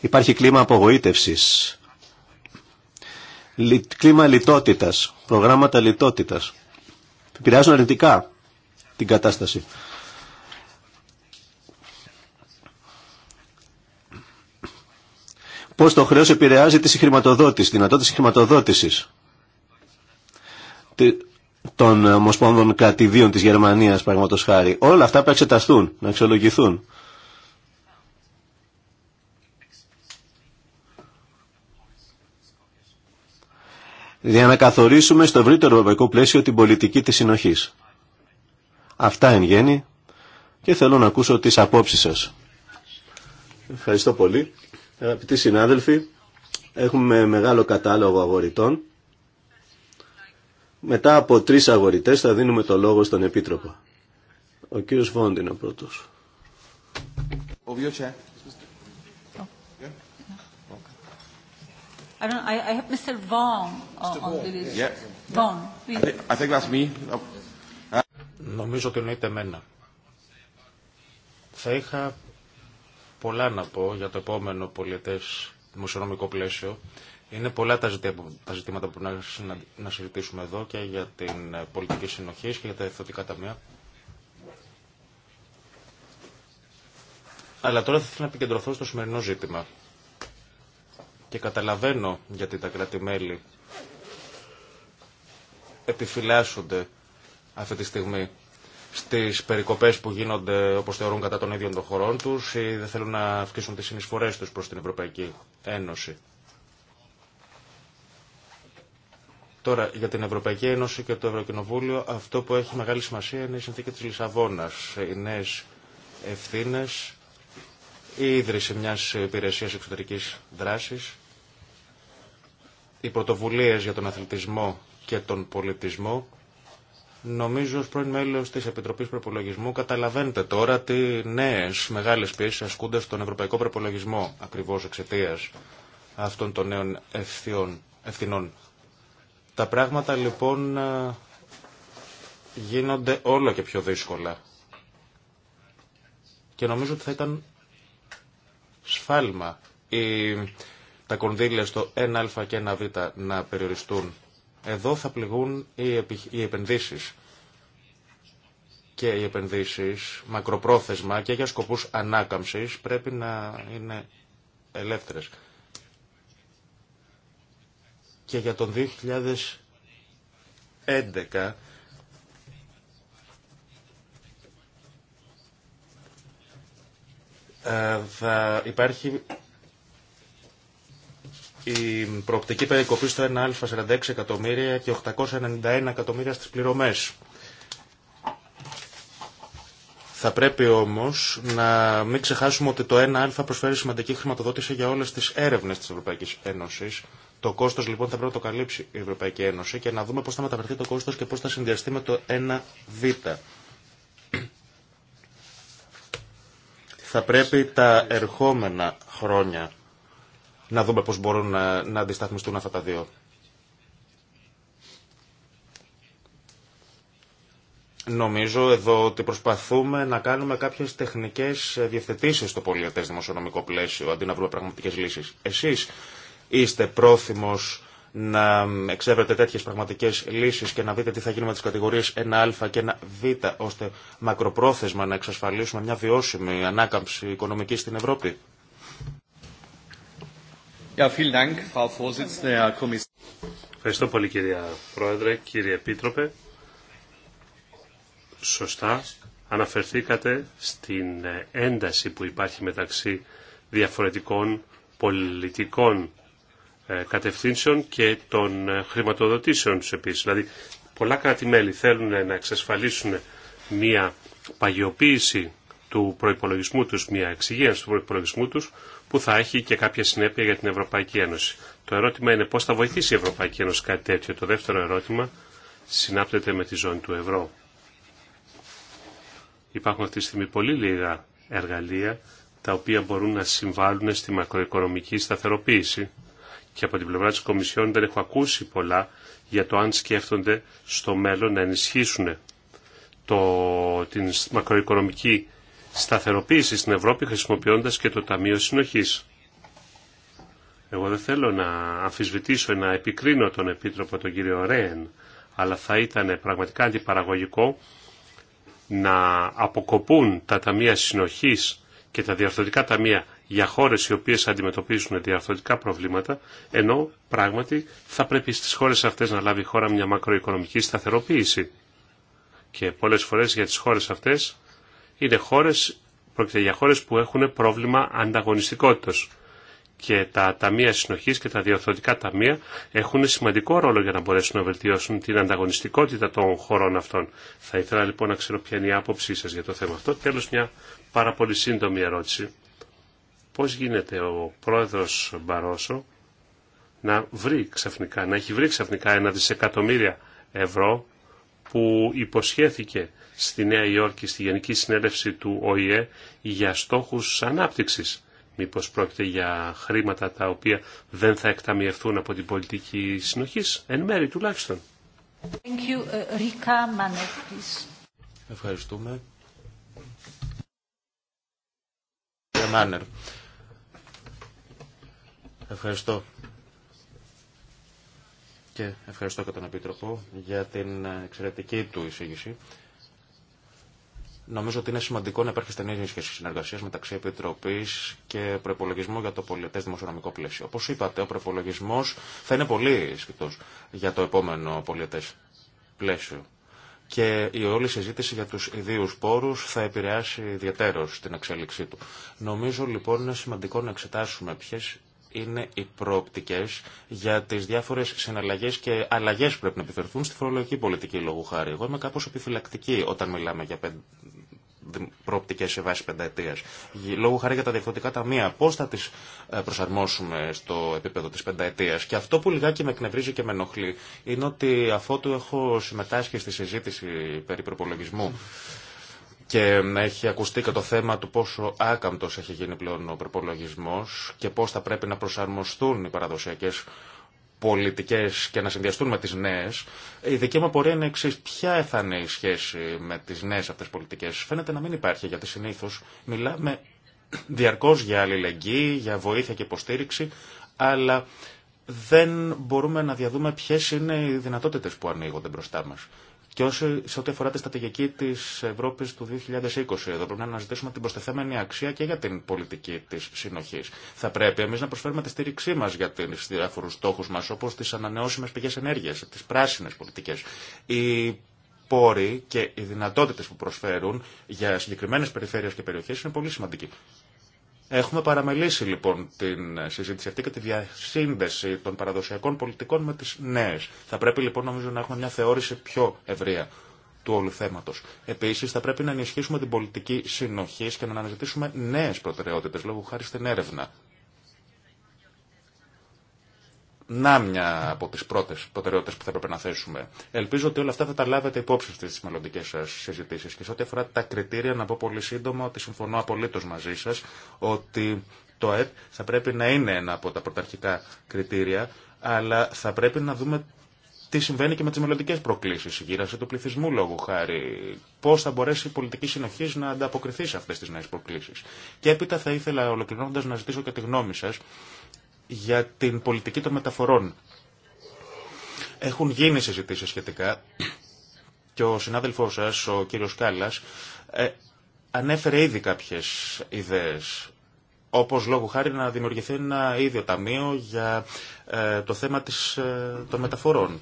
Υπάρχει κλίμα απογοήτευσης, κλίμα λιτότητας, προγράμματα λιτότητας. Επηρεάζουν αρνητικά την κατάσταση. Πώς το χρέος επηρεάζει τη συγχρηματοδότηση, τη δυνατότητα συγχρηματοδότησης των Ομοσπόνδων Κρατηδίων της Γερμανίας, πραγματοσχάρη. χάρη. Όλα αυτά πρέπει να εξεταστούν, να εξολογηθούν. για να καθορίσουμε στο ευρύτερο ευρωπαϊκό πλαίσιο την πολιτική της συνοχής. Αυτά εν γέννη και θέλω να ακούσω τις απόψεις σας. Ευχαριστώ πολύ. Αγαπητοί συνάδελφοι, έχουμε μεγάλο κατάλογο αγορητών. Μετά από τρεις αγορητές θα δίνουμε το λόγο στον Επίτροπο. Ο κύριος Βόντ είναι ο πρώτος. I don't, I, I have Mr. Uh, on the list. Yeah. I think that's me. Oh. Uh, Νομίζω ότι εννοείται εμένα. Θα είχα πολλά να πω για το επόμενο πολιτές δημοσιονομικό πλαίσιο είναι πολλά τα ζητήματα που πρέπει να συζητήσουμε εδώ και για την ε, πολιτική συνοχή και για τα εθνικά ταμεία. Αλλά τώρα θα ήθελα να επικεντρωθώ στο σημερινό ζήτημα. Και καταλαβαίνω γιατί τα κράτη-μέλη επιφυλάσσονται αυτή τη στιγμή στις περικοπές που γίνονται όπως θεωρούν κατά των ίδιων των χωρών τους ή δεν θέλουν να αυξήσουν τις συνεισφορές τους προς την Ευρωπαϊκή Ένωση. Τώρα, για την Ευρωπαϊκή Ένωση και το Ευρωκοινοβούλιο, αυτό που έχει μεγάλη σημασία είναι η συνθήκη της Λισαβόνας, οι νέε ευθύνε, η ίδρυση μιας υπηρεσίας εξωτερικής δράσης, οι πρωτοβουλίες για τον αθλητισμό και τον πολιτισμό. Νομίζω ως πρώην μέλος της Επιτροπής Προπολογισμού καταλαβαίνετε τώρα τι νέες μεγάλες πιέσεις ασκούνται στον Ευρωπαϊκό Προπολογισμό ακριβώς εξαιτία αυτών των νέων ευθυνών. Τα πράγματα λοιπόν ε, γίνονται όλο και πιο δύσκολα. Και νομίζω ότι θα ήταν σφάλμα η, τα κονδύλια στο 1α και 1β να περιοριστούν. Εδώ θα πληγούν οι, οι επενδύσεις. Και οι επενδύσεις μακροπρόθεσμα και για σκοπούς ανάκαμψης πρέπει να είναι ελεύθερες και για τον 2011 ε, θα υπάρχει η προοπτική περικοπή στο 1α 46 εκατομμύρια και 891 εκατομμύρια στις πληρωμές. Θα πρέπει όμως να μην ξεχάσουμε ότι το 1α προσφέρει σημαντική χρηματοδότηση για όλες τις έρευνες της Ευρωπαϊκής Ένωσης το κόστο λοιπόν θα πρέπει να το καλύψει η Ευρωπαϊκή Ένωση και να δούμε πώ θα μεταφερθεί το κόστο και πώ θα συνδυαστεί με το 1β. Θα πρέπει τα ερχόμενα χρόνια να δούμε πώς μπορούν να, να αντισταθμιστούν αυτά τα δύο. Νομίζω εδώ ότι προσπαθούμε να κάνουμε κάποιε τεχνικέ διευθετήσεις στο πολιετέ δημοσιονομικό πλαίσιο αντί να βρούμε πραγματικέ λύσει. Εσεί Είστε πρόθυμος να εξέβρετε τέτοιες πραγματικές λύσεις και να δείτε τι θα γίνει με τις κατηγορίες 1α και 1β, ώστε μακροπρόθεσμα να εξασφαλίσουμε μια βιώσιμη ανάκαμψη οικονομική στην Ευρώπη. Ευχαριστώ πολύ κυρία Πρόεδρε, κύριε Επίτροπε. Σωστά αναφερθήκατε στην ένταση που υπάρχει μεταξύ διαφορετικών πολιτικών ε, κατευθύνσεων και των ε, χρηματοδοτήσεων τους επίσης. Δηλαδή πολλά κράτη-μέλη θέλουν να εξασφαλίσουν μια παγιοποίηση του προϋπολογισμού τους, μια εξυγίανση του προϋπολογισμού τους που θα έχει και κάποια συνέπεια για την Ευρωπαϊκή Ένωση. Το ερώτημα είναι πώς θα βοηθήσει η Ευρωπαϊκή Ένωση κάτι τέτοιο. Το δεύτερο ερώτημα συνάπτεται με τη ζώνη του ευρώ. Υπάρχουν αυτή τη στιγμή πολύ λίγα εργαλεία τα οποία μπορούν να συμβάλλουν στη μακροοικονομική σταθεροποίηση και από την πλευρά της Κομισιόν δεν έχω ακούσει πολλά για το αν σκέφτονται στο μέλλον να ενισχύσουν το, την μακροοικονομική σταθεροποίηση στην Ευρώπη χρησιμοποιώντας και το Ταμείο Συνοχής. Εγώ δεν θέλω να αμφισβητήσω ή να επικρίνω τον Επίτροπο τον κύριο Ρέεν, αλλά θα ήταν πραγματικά αντιπαραγωγικό να αποκοπούν τα Ταμεία Συνοχής και τα διαρθρωτικά ταμεία για χώρες οι οποίες αντιμετωπίζουν διαρθρωτικά προβλήματα, ενώ πράγματι θα πρέπει στις χώρες αυτές να λάβει η χώρα μια μακροοικονομική σταθεροποίηση. Και πολλές φορές για τις χώρες αυτές είναι χώρες, πρόκειται για χώρες που έχουν πρόβλημα ανταγωνιστικότητας και τα ταμεία συνοχή και τα διορθωτικά ταμεία έχουν σημαντικό ρόλο για να μπορέσουν να βελτιώσουν την ανταγωνιστικότητα των χωρών αυτών. Θα ήθελα λοιπόν να ξέρω ποια είναι η άποψή σα για το θέμα αυτό. Τέλο, μια πάρα πολύ σύντομη ερώτηση. Πώ γίνεται ο πρόεδρο Μπαρόσο να βρει ξαφνικά, να έχει βρει ξαφνικά ένα δισεκατομμύρια ευρώ που υποσχέθηκε στη Νέα Υόρκη στη Γενική Συνέλευση του ΟΗΕ για στόχους ανάπτυξης Μήπως πρόκειται για χρήματα τα οποία δεν θα εκταμιευθούν από την πολιτική συνοχής, εν μέρη τουλάχιστον. Thank ε, Ευχαριστούμε. Ευχαριστώ. Και ευχαριστώ και τον Επίτροπο για την εξαιρετική του εισήγηση. Νομίζω ότι είναι σημαντικό να υπάρχει στενή σχέση συνεργασία μεταξύ Επιτροπή και προπολογισμού για το πολιτέ δημοσιονομικό πλαίσιο. Όπω είπατε, ο προπολογισμό θα είναι πολύ σκητό για το επόμενο πολιτέ πλαίσιο. Και η όλη συζήτηση για του ιδίου πόρου θα επηρεάσει ιδιαίτερω την εξέλιξή του. Νομίζω λοιπόν είναι σημαντικό να εξετάσουμε ποιε είναι οι προοπτικές για τι διάφορε συναλλαγέ και αλλαγέ που πρέπει να επιφερθούν στη φορολογική πολιτική λόγου χάρη. Εγώ είμαι κάπω επιφυλακτική όταν μιλάμε για πέντε προοπτικέ σε βάση πενταετία. Λόγω χάρη για τα διευθυντικά ταμεία, πώ θα τι ε, προσαρμόσουμε στο επίπεδο τη πενταετία. Και αυτό που λιγάκι με εκνευρίζει και με ενοχλεί είναι ότι αφότου έχω συμμετάσχει στη συζήτηση περί προπολογισμού και έχει ακουστεί και το θέμα του πόσο άκαμπτος έχει γίνει πλέον ο προπολογισμό και πώ θα πρέπει να προσαρμοστούν οι παραδοσιακέ πολιτικές και να συνδυαστούν με τις νέε, η δική μου απορία είναι εξή. Ποια θα είναι η σχέση με τις νέε αυτέ πολιτικές. Φαίνεται να μην υπάρχει, γιατί συνήθω μιλάμε διαρκώς για αλληλεγγύη, για βοήθεια και υποστήριξη, αλλά δεν μπορούμε να διαδούμε ποιε είναι οι δυνατότητε που ανοίγονται μπροστά μα και όσο σε ό,τι αφορά τη στρατηγική τη Ευρώπη του 2020, εδώ πρέπει να αναζητήσουμε την προστεθέμενη αξία και για την πολιτική τη συνοχή. Θα πρέπει εμεί να προσφέρουμε τη στήριξή μα για του διάφορου στόχου μα, όπω τι ανανεώσιμε πηγέ ενέργεια, τι πράσινε πολιτικέ. Οι πόροι και οι δυνατότητε που προσφέρουν για συγκεκριμένε περιφέρειες και περιοχέ είναι πολύ σημαντικοί. Έχουμε παραμελήσει λοιπόν την συζήτηση αυτή και τη διασύνδεση των παραδοσιακών πολιτικών με τις νέες. Θα πρέπει λοιπόν νομίζω να έχουμε μια θεώρηση πιο ευρεία του όλου θέματος. Επίση, θα πρέπει να ενισχύσουμε την πολιτική συνοχή και να αναζητήσουμε νέες προτεραιότητες λόγω χάρη στην έρευνα, να μια από τι πρώτε προτεραιότητε που θα έπρεπε να θέσουμε. Ελπίζω ότι όλα αυτά θα τα λάβετε υπόψη στι μελλοντικέ σα συζητήσει Και σε ό,τι αφορά τα κριτήρια, να πω πολύ σύντομα ότι συμφωνώ απόλύτω μαζί σα, ότι το ΕΠ θα πρέπει να είναι ένα από τα πρωταρχικά κριτήρια, αλλά θα πρέπει να δούμε τι συμβαίνει και με τι μελλοντικέ προκλήσει. Η γύραση του πληθυσμού, λόγω χάρη. Πώ θα μπορέσει η πολιτική συνοχή να ανταποκριθεί σε αυτέ τι νέε προκλήσει. Και έπειτα θα ήθελα, ολοκληρώνοντα, να ζητήσω και τη γνώμη σα για την πολιτική των μεταφορών. Έχουν γίνει συζητήσει σχετικά και ο συνάδελφός σας, ο κύριος Κάλλας, ε, ανέφερε ήδη κάποιες ιδέες όπως λόγου χάρη να δημιουργηθεί ένα ίδιο ταμείο για ε, το θέμα της, ε, των μεταφορών.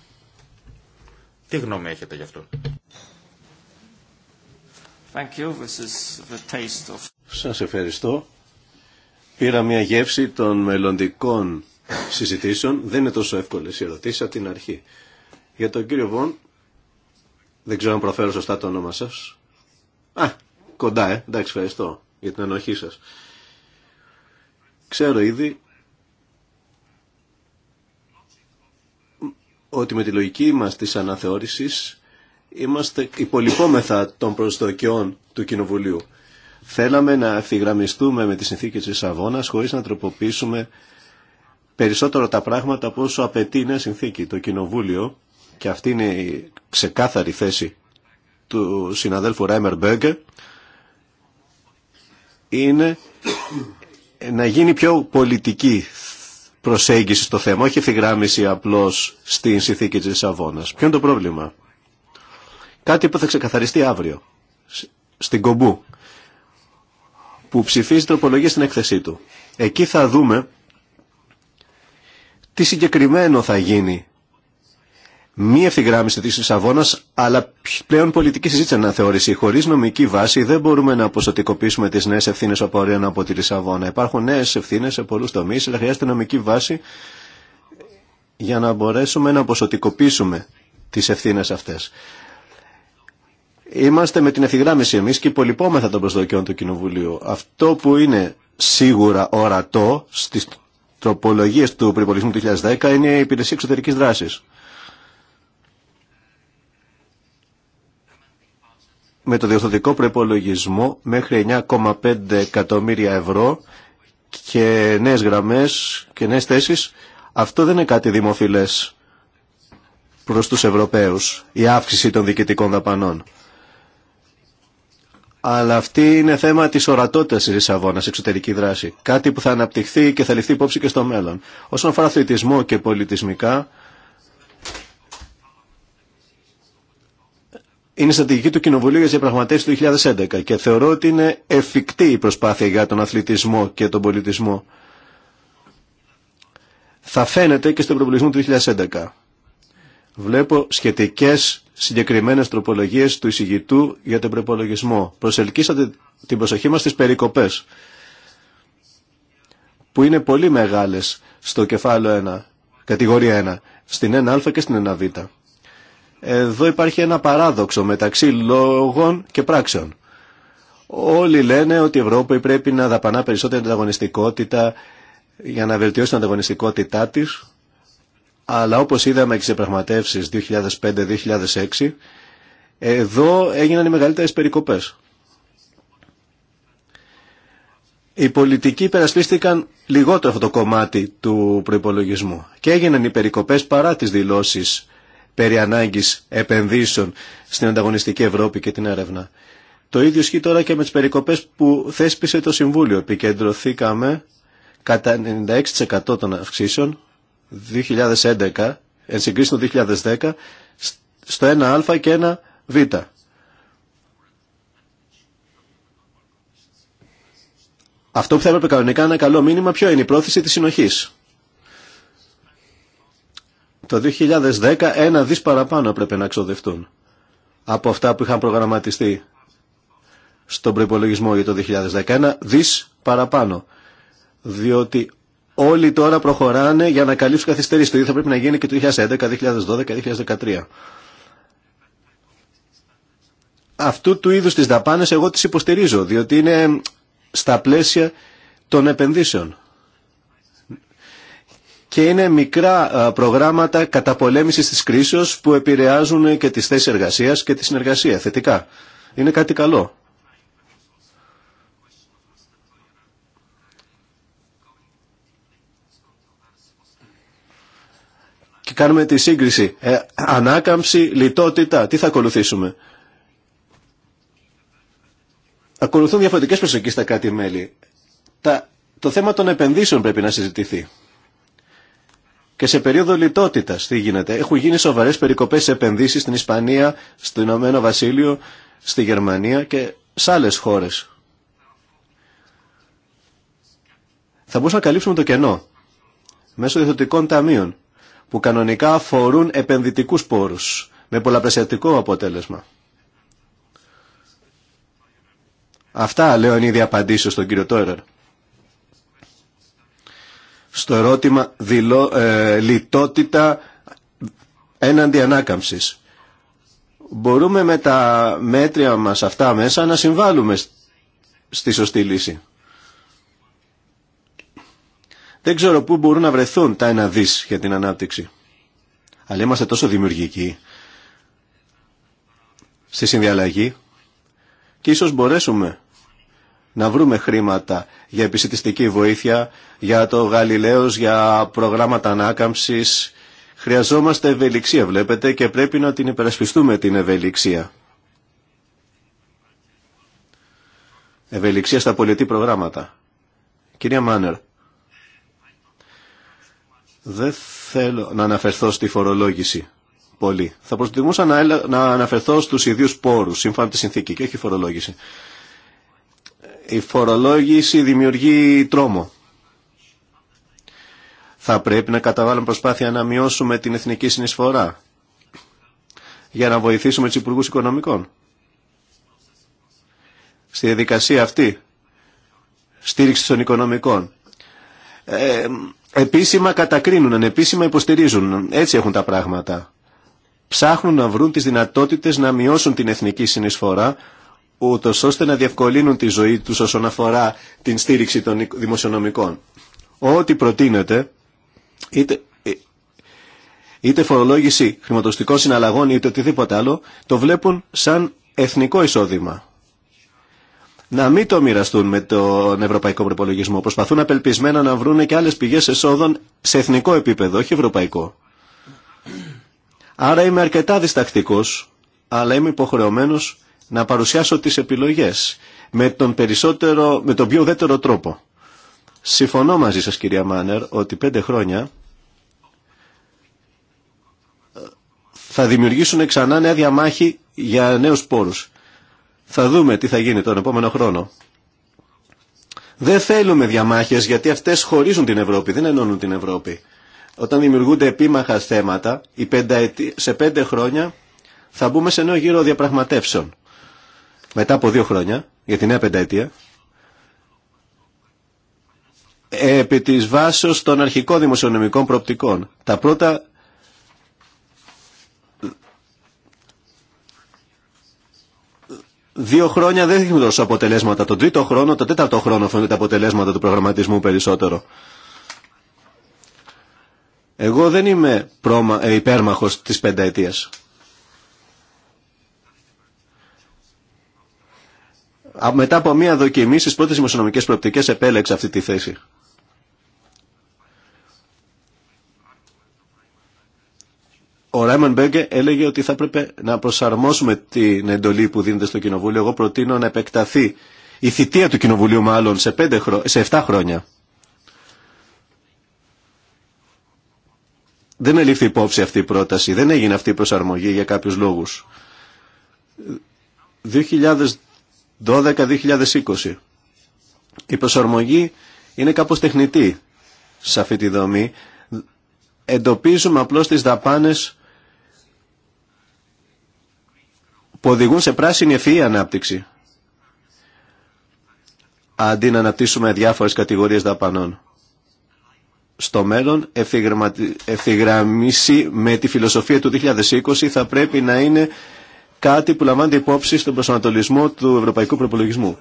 Τι γνώμη έχετε γι' αυτό. Thank you. This the Σας ευχαριστώ. Πήρα μια γεύση των μελλοντικών συζητήσεων. Δεν είναι τόσο εύκολε οι ερωτήσει από την αρχή. Για τον κύριο Βον, δεν ξέρω αν προφέρω σωστά το όνομα σα. Α, κοντά, ε. Εντάξει, ευχαριστώ για την ανοχή σα. Ξέρω ήδη ότι με τη λογική μας της αναθεώρησης είμαστε υπολοιπόμεθα των προσδοκιών του Κοινοβουλίου. Θέλαμε να ευθυγραμμιστούμε με τη συνθήκη της Λισαβόνας χωρίς να τροποποιήσουμε περισσότερο τα πράγματα από όσο απαιτεί η νέα συνθήκη. Το Κοινοβούλιο, και αυτή είναι η ξεκάθαρη θέση του συναδέλφου Ράιμερ Μπέγκε, είναι να γίνει πιο πολιτική προσέγγιση στο θέμα, όχι ευθυγράμμιση απλώς στην συνθήκη της Λισαβόνας. Ποιο είναι το πρόβλημα. Κάτι που θα ξεκαθαριστεί αύριο, στην Κομπού που ψηφίζει τροπολογία στην έκθεσή του. Εκεί θα δούμε τι συγκεκριμένο θα γίνει. Μη ευθυγράμμιση τη Λισαβόνα, αλλά πλέον πολιτική συζήτηση αναθεώρηση. Χωρί νομική βάση δεν μπορούμε να αποσωτικοποιήσουμε τι νέε ευθύνε απορρέουν από τη Λισαβόνα. Υπάρχουν νέε ευθύνε σε πολλού τομεί, αλλά χρειάζεται νομική βάση για να μπορέσουμε να αποσωτικοποιήσουμε τι ευθύνε αυτέ. Είμαστε με την ευθυγράμμιση εμεί και υπολοιπόμεθα των προσδοκιών του Κοινοβουλίου. Αυτό που είναι σίγουρα ορατό στις τροπολογίες του προπολογισμού του 2010 είναι η υπηρεσία εξωτερική δράσης. Με το διορθωτικό προπολογισμό μέχρι 9,5 εκατομμύρια ευρώ και νέες γραμμές και νέες θέσει. αυτό δεν είναι κάτι δημοφιλέ προ του Ευρωπαίους, η αύξηση των διοικητικών δαπανών. Αλλά αυτή είναι θέμα τη ορατότητα τη Λισαβόνα, εξωτερική δράση. Κάτι που θα αναπτυχθεί και θα ληφθεί υπόψη και στο μέλλον. Όσον αφορά αθλητισμό και πολιτισμικά, είναι η στρατηγική του Κοινοβουλίου για τι διαπραγματεύσει του 2011 και θεωρώ ότι είναι εφικτή η προσπάθεια για τον αθλητισμό και τον πολιτισμό. Θα φαίνεται και στον προβλησμό του 2011. Βλέπω σχετικές Συγκεκριμένε τροπολογίε του εισηγητού για τον προπολογισμό. Προσελκύσατε την προσοχή μα στι περικοπέ. που είναι πολύ μεγάλε στο κεφάλαιο 1, κατηγορία 1, στην 1α και στην 1β. Εδώ υπάρχει ένα παράδοξο μεταξύ λόγων και πράξεων. Όλοι λένε ότι η Ευρώπη πρέπει να δαπανά περισσότερη ανταγωνιστικότητα για να βελτιώσει την ανταγωνιστικότητά της αλλά όπως είδαμε και σε 2005 2005-2006, εδώ έγιναν οι μεγαλύτερες περικοπές. Οι πολιτικοί υπερασπίστηκαν λιγότερο αυτό το κομμάτι του προϋπολογισμού και έγιναν οι περικοπές παρά τις δηλώσεις περί ανάγκης επενδύσεων στην ανταγωνιστική Ευρώπη και την έρευνα. Το ίδιο ισχύει τώρα και με τις περικοπές που θέσπισε το Συμβούλιο. Επικεντρωθήκαμε κατά 96% των αυξήσεων 2011, εν συγκρίση το 2010, στο 1α και 1β. Αυτό που θα έπρεπε κανονικά ένα καλό μήνυμα ποιο είναι η πρόθεση της συνοχής. Το 2010 ένα δις παραπάνω έπρεπε να ξοδευτούν από αυτά που είχαν προγραμματιστεί στον προϋπολογισμό για το 2011, δις παραπάνω. Διότι όλοι τώρα προχωράνε για να καλύψουν καθυστερήσει. Το ίδιο θα πρέπει να γίνει και το 2011, 2012, 2013. Αυτού του είδου τις δαπάνε εγώ τις υποστηρίζω, διότι είναι στα πλαίσια των επενδύσεων. Και είναι μικρά προγράμματα καταπολέμησης τη κρίσεω που επηρεάζουν και τις θέσει εργασία και τη συνεργασία θετικά. Είναι κάτι καλό. κάνουμε τη σύγκριση. Ε, ανάκαμψη, λιτότητα, τι θα ακολουθήσουμε. Ακολουθούν διαφορετικές προσοχές στα κάτι μέλη. Τα, το θέμα των επενδύσεων πρέπει να συζητηθεί. Και σε περίοδο λιτότητας. τι γίνεται. Έχουν γίνει σοβαρές περικοπές σε επενδύσει στην Ισπανία, στο Ηνωμένο Βασίλειο, στη Γερμανία και σε άλλε χώρε. Θα μπορούσαμε να καλύψουμε το κενό μέσω διεθντικών ταμείων που κανονικά αφορούν επενδυτικούς πόρους με πολλαπλασιατικό αποτέλεσμα. Αυτά λέω είναι ήδη απαντήσω στον κύριο Τόρερ. Στο ερώτημα δηλώ, ε, λιτότητα έναντι ανάκαμψης. Μπορούμε με τα μέτρια μας αυτά μέσα να συμβάλλουμε στη σωστή λύση. Δεν ξέρω πού μπορούν να βρεθούν τα ένα δις για την ανάπτυξη. Αλλά είμαστε τόσο δημιουργικοί στη συνδιαλλαγή και ίσως μπορέσουμε να βρούμε χρήματα για επισητιστική βοήθεια, για το Γαλιλαίος, για προγράμματα ανάκαμψης. Χρειαζόμαστε ευελιξία, βλέπετε, και πρέπει να την υπερασπιστούμε την ευελιξία. Ευελιξία στα πολιτή προγράμματα. Κυρία Μάνερ, δεν θέλω να αναφερθώ στη φορολόγηση πολύ. Θα προστιμούσα να αναφερθώ στους ιδίους πόρους, σύμφωνα με τη συνθήκη, και όχι η φορολόγηση. Η φορολόγηση δημιουργεί τρόμο. Θα πρέπει να καταβάλουμε προσπάθεια να μειώσουμε την εθνική συνεισφορά για να βοηθήσουμε τους υπουργού Οικονομικών. Στη διαδικασία αυτή, στήριξη των οικονομικών. Ε, επίσημα κατακρίνουν, ανεπίσημα υποστηρίζουν. Έτσι έχουν τα πράγματα. Ψάχνουν να βρουν τις δυνατότητες να μειώσουν την εθνική συνεισφορά, ούτω ώστε να διευκολύνουν τη ζωή τους όσον αφορά την στήριξη των δημοσιονομικών. Ό,τι προτείνεται, είτε, ε, είτε φορολόγηση χρηματοστικών συναλλαγών είτε οτιδήποτε άλλο, το βλέπουν σαν εθνικό εισόδημα να μην το μοιραστούν με τον ευρωπαϊκό προπολογισμό. Προσπαθούν απελπισμένα να βρουν και άλλε πηγέ εσόδων σε εθνικό επίπεδο, όχι ευρωπαϊκό. Άρα είμαι αρκετά διστακτικό, αλλά είμαι υποχρεωμένο να παρουσιάσω τι επιλογέ με τον, περισσότερο, με τον πιο ουδέτερο τρόπο. Συμφωνώ μαζί σας κυρία Μάνερ ότι πέντε χρόνια θα δημιουργήσουν ξανά νέα διαμάχη για νέους πόρους. Θα δούμε τι θα γίνει τον επόμενο χρόνο. Δεν θέλουμε διαμάχες γιατί αυτές χωρίζουν την Ευρώπη, δεν ενώνουν την Ευρώπη. Όταν δημιουργούνται επίμαχα θέματα, σε πέντε χρόνια θα μπούμε σε νέο γύρο διαπραγματεύσεων. Μετά από δύο χρόνια, για την νέα πενταετία, επί της βάσεως των αρχικών δημοσιονομικών προοπτικών, Τα πρώτα δύο χρόνια δεν δείχνουν δώσει αποτελέσματα. Τον τρίτο χρόνο, τον τέταρτο χρόνο φαίνονται τα αποτελέσματα του προγραμματισμού περισσότερο. Εγώ δεν είμαι πρόμα, ε, υπέρμαχος της πενταετίας. Μετά από μία δοκιμή στις πρώτες δημοσιονομικές προοπτικές επέλεξα αυτή τη θέση. Ο Ράιμον Μπέγκε έλεγε ότι θα έπρεπε να προσαρμόσουμε την εντολή που δίνεται στο Κοινοβούλιο. Εγώ προτείνω να επεκταθεί η θητεία του Κοινοβουλίου μάλλον σε, πέντε χρο... σε 7 χρόνια. Δεν ελήφθη υπόψη αυτή η πρόταση, δεν έγινε αυτή η προσαρμογή για κάποιους λόγους. 2012-2020. Η προσαρμογή είναι κάπως τεχνητή σε αυτή τη δομή. Εντοπίζουμε απλώς τις δαπάνες που οδηγούν σε πράσινη ευφυή ανάπτυξη. Αντί να αναπτύσσουμε διάφορες κατηγορίες δαπανών. Στο μέλλον, ευθυγραμμίσει με τη φιλοσοφία του 2020 θα πρέπει να είναι κάτι που λαμβάνεται υπόψη στον προσανατολισμό του ευρωπαϊκού προπολογισμού.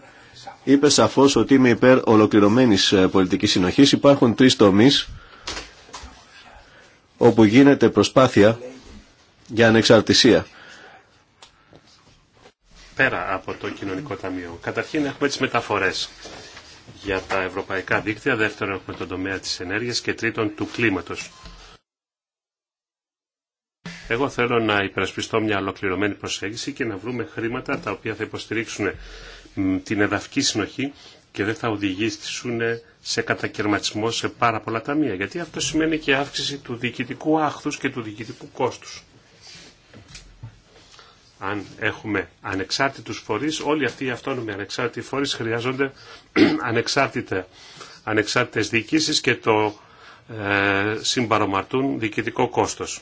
Είπε σαφώ ότι είμαι υπέρ ολοκληρωμένη ε, πολιτική συνοχή. Υπάρχουν τρει τομεί όπου γίνεται προσπάθεια για ανεξαρτησία πέρα από το κοινωνικό ταμείο. Καταρχήν έχουμε τις μεταφορές για τα ευρωπαϊκά δίκτυα, δεύτερον έχουμε τον τομέα της ενέργειας και τρίτον του κλίματος. Εγώ θέλω να υπερασπιστώ μια ολοκληρωμένη προσέγγιση και να βρούμε χρήματα τα οποία θα υποστηρίξουν την εδαφική συνοχή και δεν θα οδηγήσουν σε κατακαιρματισμό σε πάρα πολλά ταμεία. Γιατί αυτό σημαίνει και αύξηση του διοικητικού άχθους και του διοικητικού κόστους αν έχουμε ανεξάρτητους φορείς, όλοι αυτοί οι αυτόνομοι ανεξάρτητοι φορείς χρειάζονται ανεξάρτητα, ανεξάρτητες διοικήσεις και το ε, συμπαρομαρτούν διοικητικό κόστος.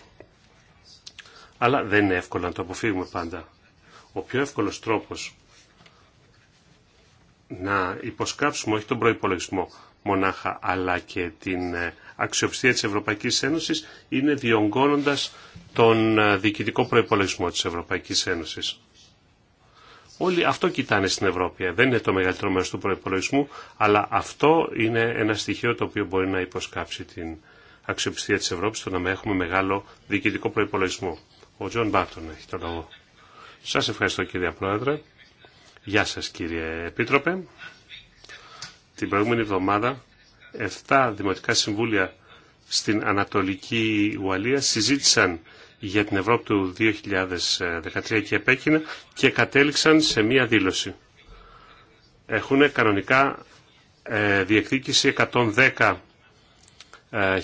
Αλλά δεν είναι εύκολο να το αποφύγουμε πάντα. Ο πιο εύκολος τρόπος να υποσκάψουμε όχι τον προϋπολογισμό, μονάχα αλλά και την ε, αξιοπιστία της Ευρωπαϊκής Ένωσης είναι διονγκώνοντας τον ε, διοικητικό προϋπολογισμό της Ευρωπαϊκής Ένωσης. Όλοι αυτό κοιτάνε στην Ευρώπη. Ε, δεν είναι το μεγαλύτερο μέρος του προϋπολογισμού, αλλά αυτό είναι ένα στοιχείο το οποίο μπορεί να υποσκάψει την αξιοπιστία της Ευρώπης, το να έχουμε μεγάλο διοικητικό προϋπολογισμό. Ο Τζον Μπάρτον έχει το λόγο. Σας ευχαριστώ κύριε Πρόεδρε. Γεια σας κύριε Επίτροπε την προηγούμενη εβδομάδα 7 δημοτικά συμβούλια στην Ανατολική Ουαλία συζήτησαν για την Ευρώπη του 2013 και επέκεινα και κατέληξαν σε μία δήλωση. Έχουν κανονικά ε, διεκδίκηση 110.000 ε,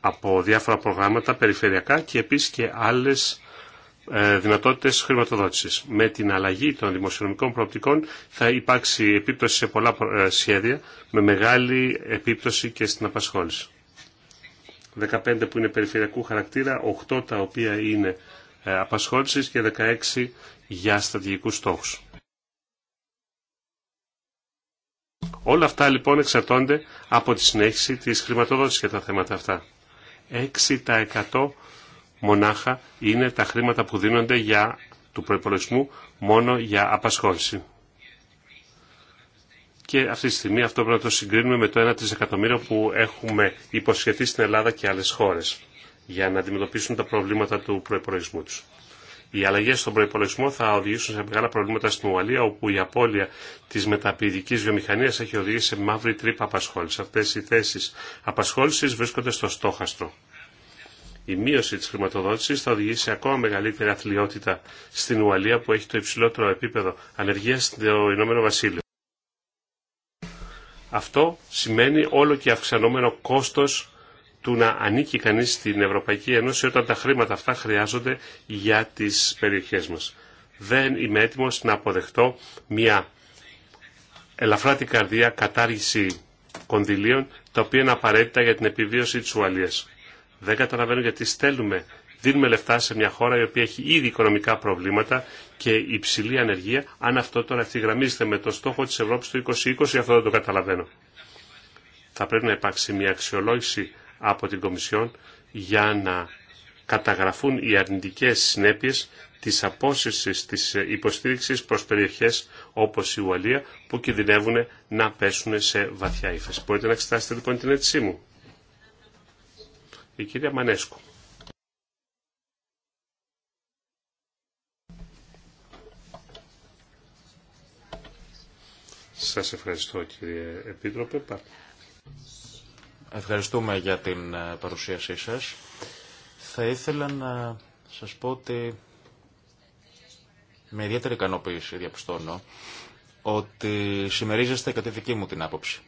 από διάφορα προγράμματα περιφερειακά και επίσης και άλλες ε, Δυνατότητε χρηματοδότησης. Με την αλλαγή των δημοσιονομικών προοπτικών θα υπάρξει επίπτωση σε πολλά ε, σχέδια με μεγάλη επίπτωση και στην απασχόληση. 15 που είναι περιφερειακού χαρακτήρα, 8 τα οποία είναι ε, απασχόλησης και 16 για στρατηγικού στόχου. Όλα αυτά λοιπόν εξαρτώνται από τη συνέχιση της χρηματοδότησης για τα θέματα αυτά. 6% μονάχα είναι τα χρήματα που δίνονται για, του προπολογισμού μόνο για απασχόληση. Και αυτή τη στιγμή αυτό πρέπει να το συγκρίνουμε με το 1 δισεκατομμύριο που έχουμε υποσχεθεί στην Ελλάδα και άλλες χώρες για να αντιμετωπίσουν τα προβλήματα του προπολογισμού τους. Οι αλλαγέ στον προπολογισμό θα οδηγήσουν σε μεγάλα προβλήματα στην Ουαλία, όπου η απώλεια τη μεταπηδική βιομηχανία έχει οδηγήσει σε μαύρη τρύπα απασχόληση. Αυτέ οι θέσει απασχόληση βρίσκονται στο στόχαστρο η μείωση της χρηματοδότησης θα οδηγήσει ακόμα μεγαλύτερη αθλειότητα στην Ουαλία που έχει το υψηλότερο επίπεδο ανεργίας στο Ηνωμένο Βασίλειο. Αυτό σημαίνει όλο και αυξανόμενο κόστος του να ανήκει κανείς στην Ευρωπαϊκή Ένωση όταν τα χρήματα αυτά χρειάζονται για τις περιοχές μας. Δεν είμαι έτοιμος να αποδεχτώ μια ελαφρά την καρδία κατάργηση κονδυλίων τα οποία είναι απαραίτητα για την επιβίωση της Ουαλίας. Δεν καταλαβαίνω γιατί στέλνουμε, δίνουμε λεφτά σε μια χώρα η οποία έχει ήδη οικονομικά προβλήματα και υψηλή ανεργία. Αν αυτό τώρα ευθυγραμμίζεται με το στόχο της Ευρώπης του 2020, αυτό δεν το καταλαβαίνω. Θα πρέπει να υπάρξει μια αξιολόγηση από την Κομισιόν για να καταγραφούν οι αρνητικές συνέπειες της απόσυρσης της υποστήριξης προς περιοχές όπως η Ουαλία που κινδυνεύουν να πέσουν σε βαθιά ύφεση. Μπορείτε να εξετάσετε λοιπόν την αίτησή μου. Η κυρία Μανέσκου. Σας ευχαριστώ κύριε Επίτροπε. Ευχαριστούμε για την ε, παρουσίασή σας. Θα ήθελα να σας πω ότι με ιδιαίτερη ικανοποίηση διαπιστώνω ότι συμμερίζεστε κατά τη δική μου την άποψη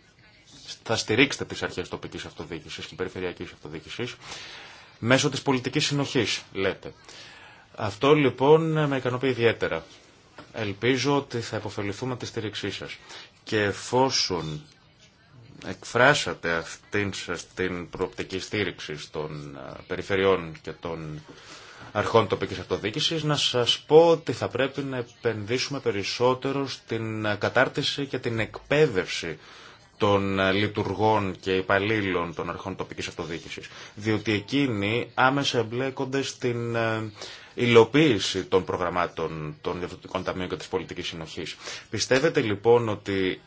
θα στηρίξετε τι αρχέ τοπική αυτοδιοίκηση και περιφερειακή αυτοδιοίκηση μέσω τη πολιτική συνοχή, λέτε. Αυτό λοιπόν με ικανοποιεί ιδιαίτερα. Ελπίζω ότι θα υποφεληθούμε τη στήριξή σα. Και εφόσον εκφράσατε αυτήν σας την προοπτική στήριξη των ε, περιφερειών και των αρχών τοπικής αυτοδιοίκησης, να σας πω ότι θα πρέπει να επενδύσουμε περισσότερο στην ε, κατάρτιση και την εκπαίδευση των ε, λειτουργών και υπαλλήλων των αρχών τοπικής αυτοδιοίκησης. Διότι εκείνοι άμεσα εμπλέκονται στην ε, υλοποίηση των προγραμμάτων των διευθυντικών ταμείων και της πολιτικής συνοχής. Πιστεύετε λοιπόν ότι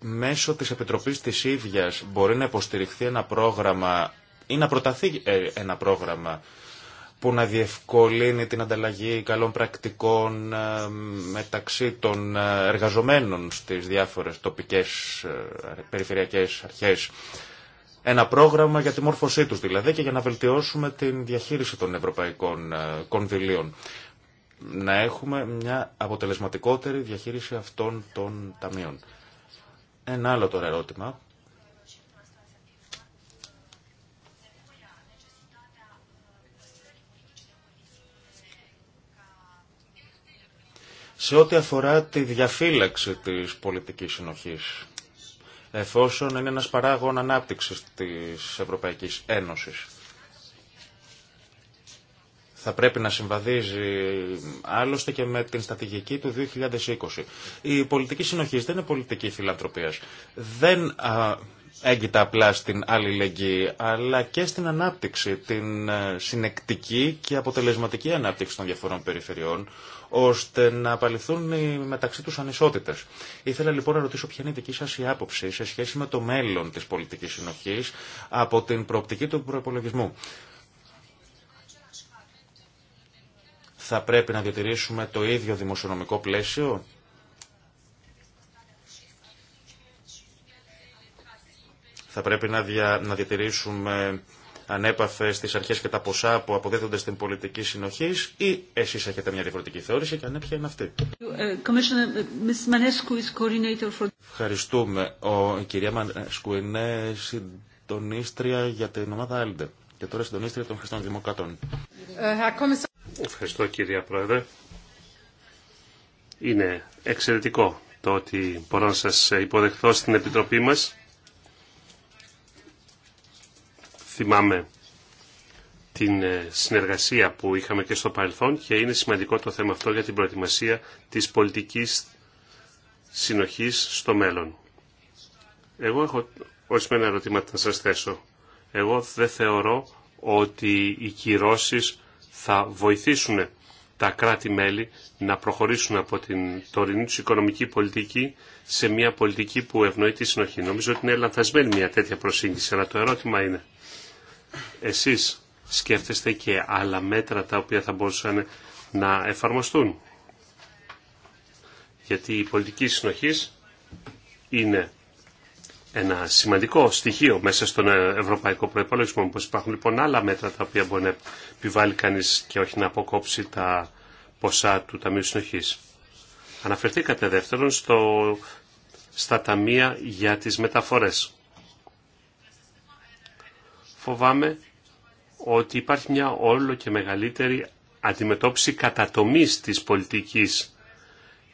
μέσω της Επιτροπής της ίδιας μπορεί να υποστηριχθεί ένα πρόγραμμα ή να προταθεί ε, ένα πρόγραμμα που να διευκολύνει την ανταλλαγή καλών πρακτικών ε, μεταξύ των ε, εργαζομένων στις διάφορες τοπικές ε, περιφερειακές αρχές. Ένα πρόγραμμα για τη μόρφωσή τους δηλαδή και για να βελτιώσουμε την διαχείριση των ευρωπαϊκών κονδυλίων. Να έχουμε μια αποτελεσματικότερη διαχείριση αυτών των ταμείων. Ένα άλλο τώρα ερώτημα σε ό,τι αφορά τη διαφύλαξη της πολιτικής συνοχής, εφόσον είναι ένας παράγων ανάπτυξης της Ευρωπαϊκής Ένωσης. Θα πρέπει να συμβαδίζει άλλωστε και με την στρατηγική του 2020. Η πολιτική συνοχής δεν είναι πολιτική φιλανθρωπίας. Δεν έγκυται απλά στην αλληλεγγύη, αλλά και στην ανάπτυξη, την ε, συνεκτική και αποτελεσματική ανάπτυξη των διαφορών περιφερειών, ώστε να απαλληθούν μεταξύ τους ανισότητες. Ήθελα λοιπόν να ρωτήσω ποια είναι η δική σας η άποψη σε σχέση με το μέλλον της πολιτικής συνοχής από την προοπτική του προπολογισμού. Θα πρέπει να διατηρήσουμε το ίδιο δημοσιονομικό πλαίσιο Θα πρέπει να, δια, να διατηρήσουμε ανέπαφε στις αρχές και τα ποσά που αποδίδονται στην πολιτική συνοχή ή εσείς έχετε μια διαφορετική θεώρηση και αν ναι, είναι αυτή. Ευχαριστούμε. Ο, η κυρία Μανέσκου είναι συντονίστρια για την ομάδα Άλντε και τώρα συντονίστρια των Χριστών Δημοκρατών. Ευχαριστώ κυρία Πρόεδρε. Είναι εξαιρετικό το ότι μπορώ να σας υποδεχθώ στην Επιτροπή μας θυμάμαι την ε, συνεργασία που είχαμε και στο παρελθόν και είναι σημαντικό το θέμα αυτό για την προετοιμασία της πολιτικής συνοχής στο μέλλον. Εγώ έχω ορισμένα ερωτήματα να σας θέσω. Εγώ δεν θεωρώ ότι οι κυρώσεις θα βοηθήσουν τα κράτη-μέλη να προχωρήσουν από την τωρινή του οικονομική πολιτική σε μια πολιτική που ευνοεί τη συνοχή. Νομίζω ότι είναι λανθασμένη μια τέτοια προσήγηση, αλλά το ερώτημα είναι εσείς σκέφτεστε και άλλα μέτρα τα οποία θα μπορούσαν να εφαρμοστούν. Γιατί η πολιτική συνοχής είναι ένα σημαντικό στοιχείο μέσα στον ευρωπαϊκό προϋπολογισμό. που υπάρχουν λοιπόν άλλα μέτρα τα οποία μπορεί να επιβάλλει κανείς και όχι να αποκόψει τα ποσά του Ταμείου Συνοχής. Αναφερθήκατε δεύτερον στο, στα ταμεία για τις μεταφορές φοβάμαι ότι υπάρχει μια όλο και μεγαλύτερη αντιμετώπιση κατατομής της πολιτικής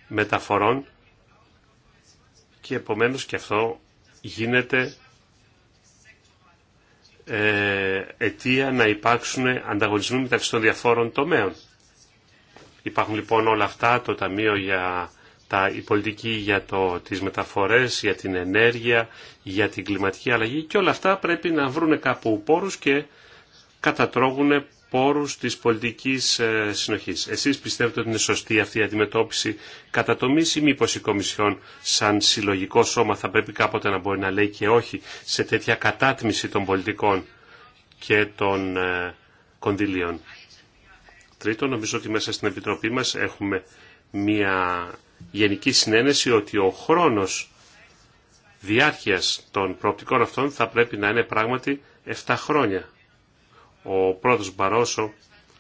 μεταφορών και επομένως και αυτό γίνεται ε, αιτία να υπάρξουν ανταγωνισμοί μεταξύ των διαφόρων τομέων. Υπάρχουν λοιπόν όλα αυτά, το Ταμείο για τα, η πολιτική για το, τις μεταφορές, για την ενέργεια, για την κλιματική αλλαγή και όλα αυτά πρέπει να βρουν κάπου πόρους και κατατρώγουν πόρους της πολιτικής ε, συνοχής. Εσείς πιστεύετε ότι είναι σωστή αυτή η αντιμετώπιση κατά το ή μήπως η Κομισιόν σαν συλλογικό σώμα θα πρέπει κάποτε να μπορεί να λέει και όχι σε τέτοια κατάτμιση των πολιτικών και των ε, κονδυλίων. Τρίτον, νομίζω ότι μέσα στην Επιτροπή μας έχουμε μία γενική συνένεση ότι ο χρόνος διάρκειας των προοπτικών αυτών θα πρέπει να είναι πράγματι 7 χρόνια. Ο πρώτος Μπαρόσο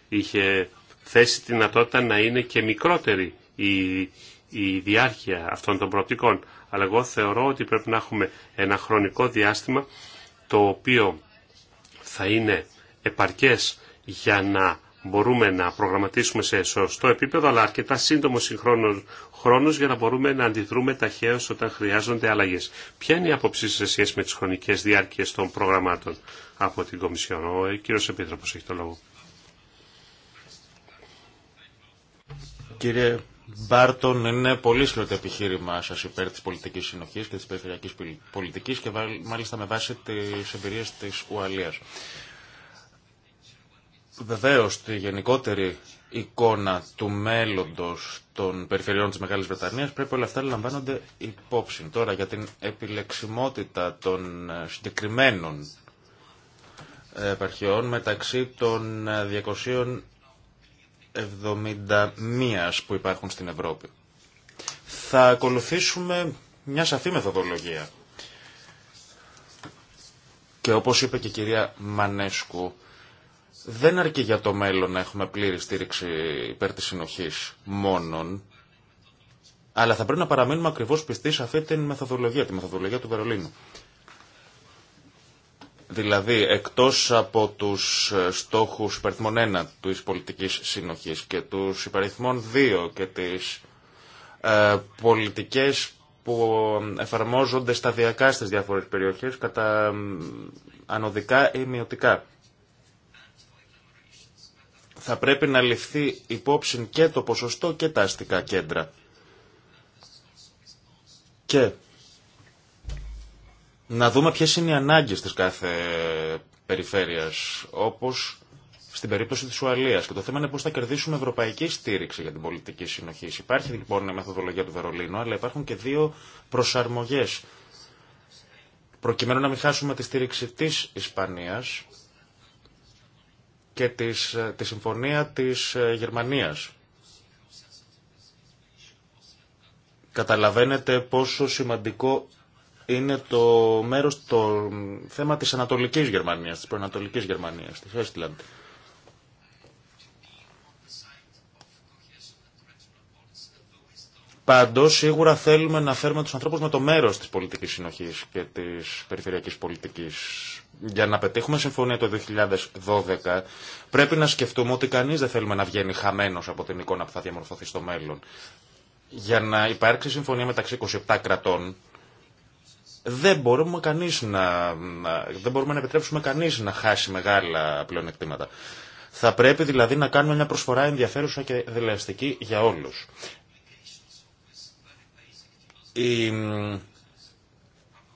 είχε θέσει τη δυνατότητα να είναι και μικρότερη η, η διάρκεια αυτών των προοπτικών. Αλλά εγώ θεωρώ ότι πρέπει να έχουμε ένα χρονικό διάστημα το οποίο θα είναι επαρκές για να μπορούμε να προγραμματίσουμε σε σωστό επίπεδο, αλλά αρκετά σύντομο συγχρόνο χρόνο για να μπορούμε να αντιδρούμε ταχαίω όταν χρειάζονται αλλαγέ. Ποια είναι η άποψή σε σχέση με τι χρονικέ διάρκειε των προγραμμάτων από την Κομισιόν. Ο κύριο Επίτροπο έχει το λόγο. Κύριε Μπάρτον, είναι πολύ σκληρό το επιχείρημα σα υπέρ τη πολιτική συνοχή και τη περιφερειακή πολιτική και μάλιστα με βάση τι εμπειρίε τη Ουαλία. Βεβαίω, τη γενικότερη εικόνα του μέλλοντο των περιφερειών τη Μεγάλη Βρετανία πρέπει όλα αυτά να λαμβάνονται υπόψη. Τώρα για την επιλεξιμότητα των ε, συγκεκριμένων ε, επαρχιών μεταξύ των 271 ε, που υπάρχουν στην Ευρώπη. Θα ακολουθήσουμε μια σαφή μεθοδολογία. Και όπως είπε και η κυρία Μανέσκου, δεν αρκεί για το μέλλον να έχουμε πλήρη στήριξη υπέρ της συνοχής μόνον, αλλά θα πρέπει να παραμείνουμε ακριβώς πιστοί σε αυτή τη μεθοδολογία, τη μεθοδολογία του Βερολίνου. Δηλαδή, εκτός από τους ε, στόχους υπαριθμών 1 της πολιτικής συνοχής και τους υπαριθμών 2 και τις ε, πολιτικές που εφαρμόζονται σταδιακά στις διάφορες περιοχές κατά ε, ανωδικά ή μειωτικά θα πρέπει να ληφθεί υπόψη και το ποσοστό και τα αστικά κέντρα. Και να δούμε ποιες είναι οι ανάγκες της κάθε περιφέρειας, όπως στην περίπτωση της Ουαλίας. Και το θέμα είναι πώς θα κερδίσουμε ευρωπαϊκή στήριξη για την πολιτική συνοχή. Υπάρχει λοιπόν η μεθοδολογία του Βερολίνου, αλλά υπάρχουν και δύο προσαρμογές. Προκειμένου να μην χάσουμε τη στήριξη της Ισπανίας, και της, τη συμφωνία της ε, Γερμανίας. Καταλαβαίνετε πόσο σημαντικό είναι το μέρος, το θέμα της Ανατολικής Γερμανίας, της Προανατολικής Γερμανίας, της Έστιλαντ. Παντώ σίγουρα θέλουμε να φέρουμε του ανθρώπου με το μέρο τη πολιτική συνοχή και τη περιφερειακή πολιτική. Για να πετύχουμε συμφωνία το 2012, πρέπει να σκεφτούμε ότι κανεί δεν θέλουμε να βγαίνει χαμένο από την εικόνα που θα διαμορφωθεί στο μέλλον. Για να υπάρξει συμφωνία μεταξύ 27 κρατών, δεν μπορούμε, κανείς να, δεν μπορούμε να επιτρέψουμε κανεί να χάσει μεγάλα πλεονεκτήματα. Θα πρέπει δηλαδή να κάνουμε μια προσφορά ενδιαφέρουσα και δελεαστική για όλους. Η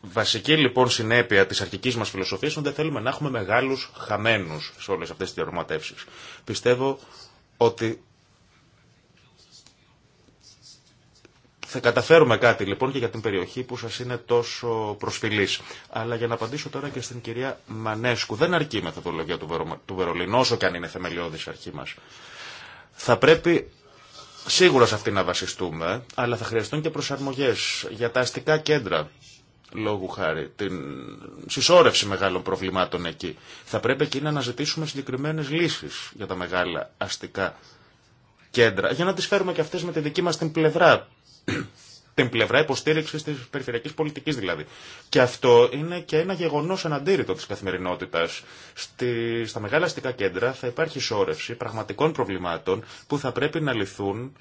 βασική λοιπόν συνέπεια της αρχικής μας φιλοσοφίας είναι ότι δεν θέλουμε να έχουμε μεγάλους χαμένους σε όλες αυτές τις διαρροματεύσει. Πιστεύω ότι θα καταφέρουμε κάτι λοιπόν και για την περιοχή που σας είναι τόσο προσφυλής. Αλλά για να απαντήσω τώρα και στην κυρία Μανέσκου, δεν αρκεί η μεθοδολογία του, του Βερολίνου, όσο και αν είναι θεμελιώδης αρχή μας. Θα πρέπει Σίγουρα σε αυτή να βασιστούμε, αλλά θα χρειαστούν και προσαρμογές για τα αστικά κέντρα, λόγου χάρη, την συσσόρευση μεγάλων προβλημάτων εκεί. Θα πρέπει εκεί να αναζητήσουμε συγκεκριμένες λύσεις για τα μεγάλα αστικά κέντρα, για να τις φέρουμε και αυτές με τη δική μας την πλευρά την πλευρά υποστήριξη τη περιφερειακή πολιτική δηλαδή. Και αυτό είναι και ένα γεγονό αναντήρητο τη καθημερινότητα. Στα μεγάλα αστικά κέντρα θα υπάρχει σώρευση πραγματικών προβλημάτων που θα πρέπει να λυθούν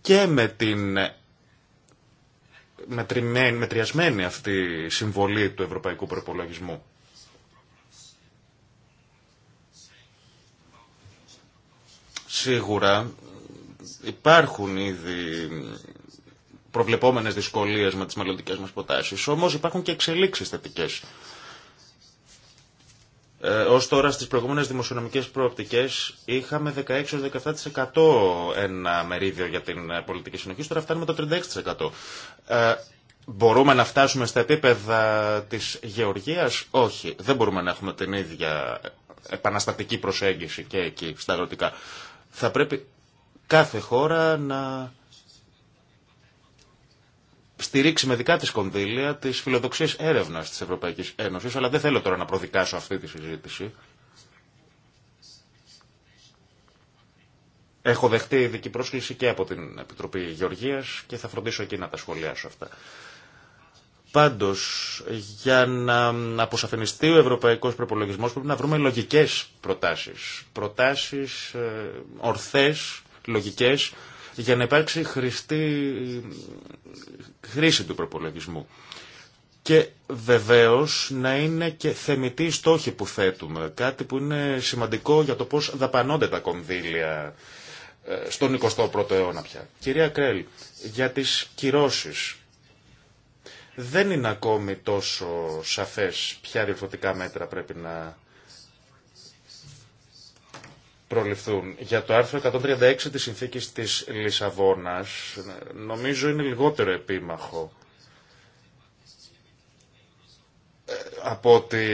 και με την μετριασμένη αυτή συμβολή του ευρωπαϊκού προπολογισμού. Σίγουρα υπάρχουν ήδη προβλεπόμενες δυσκολίες με τις μελλοντικέ μας προτάσεις, όμως υπάρχουν και εξελίξεις θετικές. Ε, Ω τώρα στι προηγούμενε δημοσιονομικέ προοπτικέ είχαμε 16-17% ένα μερίδιο για την ε, πολιτική συνοχή, τώρα φτάνουμε το 36%. Ε, μπορούμε να φτάσουμε στα επίπεδα της γεωργίας. όχι. Δεν μπορούμε να έχουμε την ίδια επαναστατική προσέγγιση και εκεί στα αγροτικά. Θα πρέπει κάθε χώρα να στηρίξει με δικά της κονδύλια τις φιλοδοξίες έρευνας της Ευρωπαϊκής Ένωσης, αλλά δεν θέλω τώρα να προδικάσω αυτή τη συζήτηση. Έχω δεχτεί ειδική πρόσκληση και από την Επιτροπή Γεωργίας και θα φροντίσω εκεί να τα σχολιάσω αυτά. Πάντως, για να αποσαφενιστεί ο ευρωπαϊκός Προπολογισμό, πρέπει να βρούμε λογικές προτάσεις. Προτάσεις ε, ορθές λογικές για να υπάρξει χρηστή χρήση του προπολογισμού. Και βεβαίως να είναι και θεμητοί οι στόχοι που θέτουμε, κάτι που είναι σημαντικό για το πώς δαπανώνται τα κονδύλια ε, στον 21ο αιώνα πια. Κυρία Κρέλ, για τις κυρώσεις δεν είναι ακόμη τόσο σαφές ποια διευθυντικά μέτρα πρέπει να προληφθούν. Για το άρθρο 136 της συνθήκης της Λισαβόνας νομίζω είναι λιγότερο επίμαχο ε, από ότι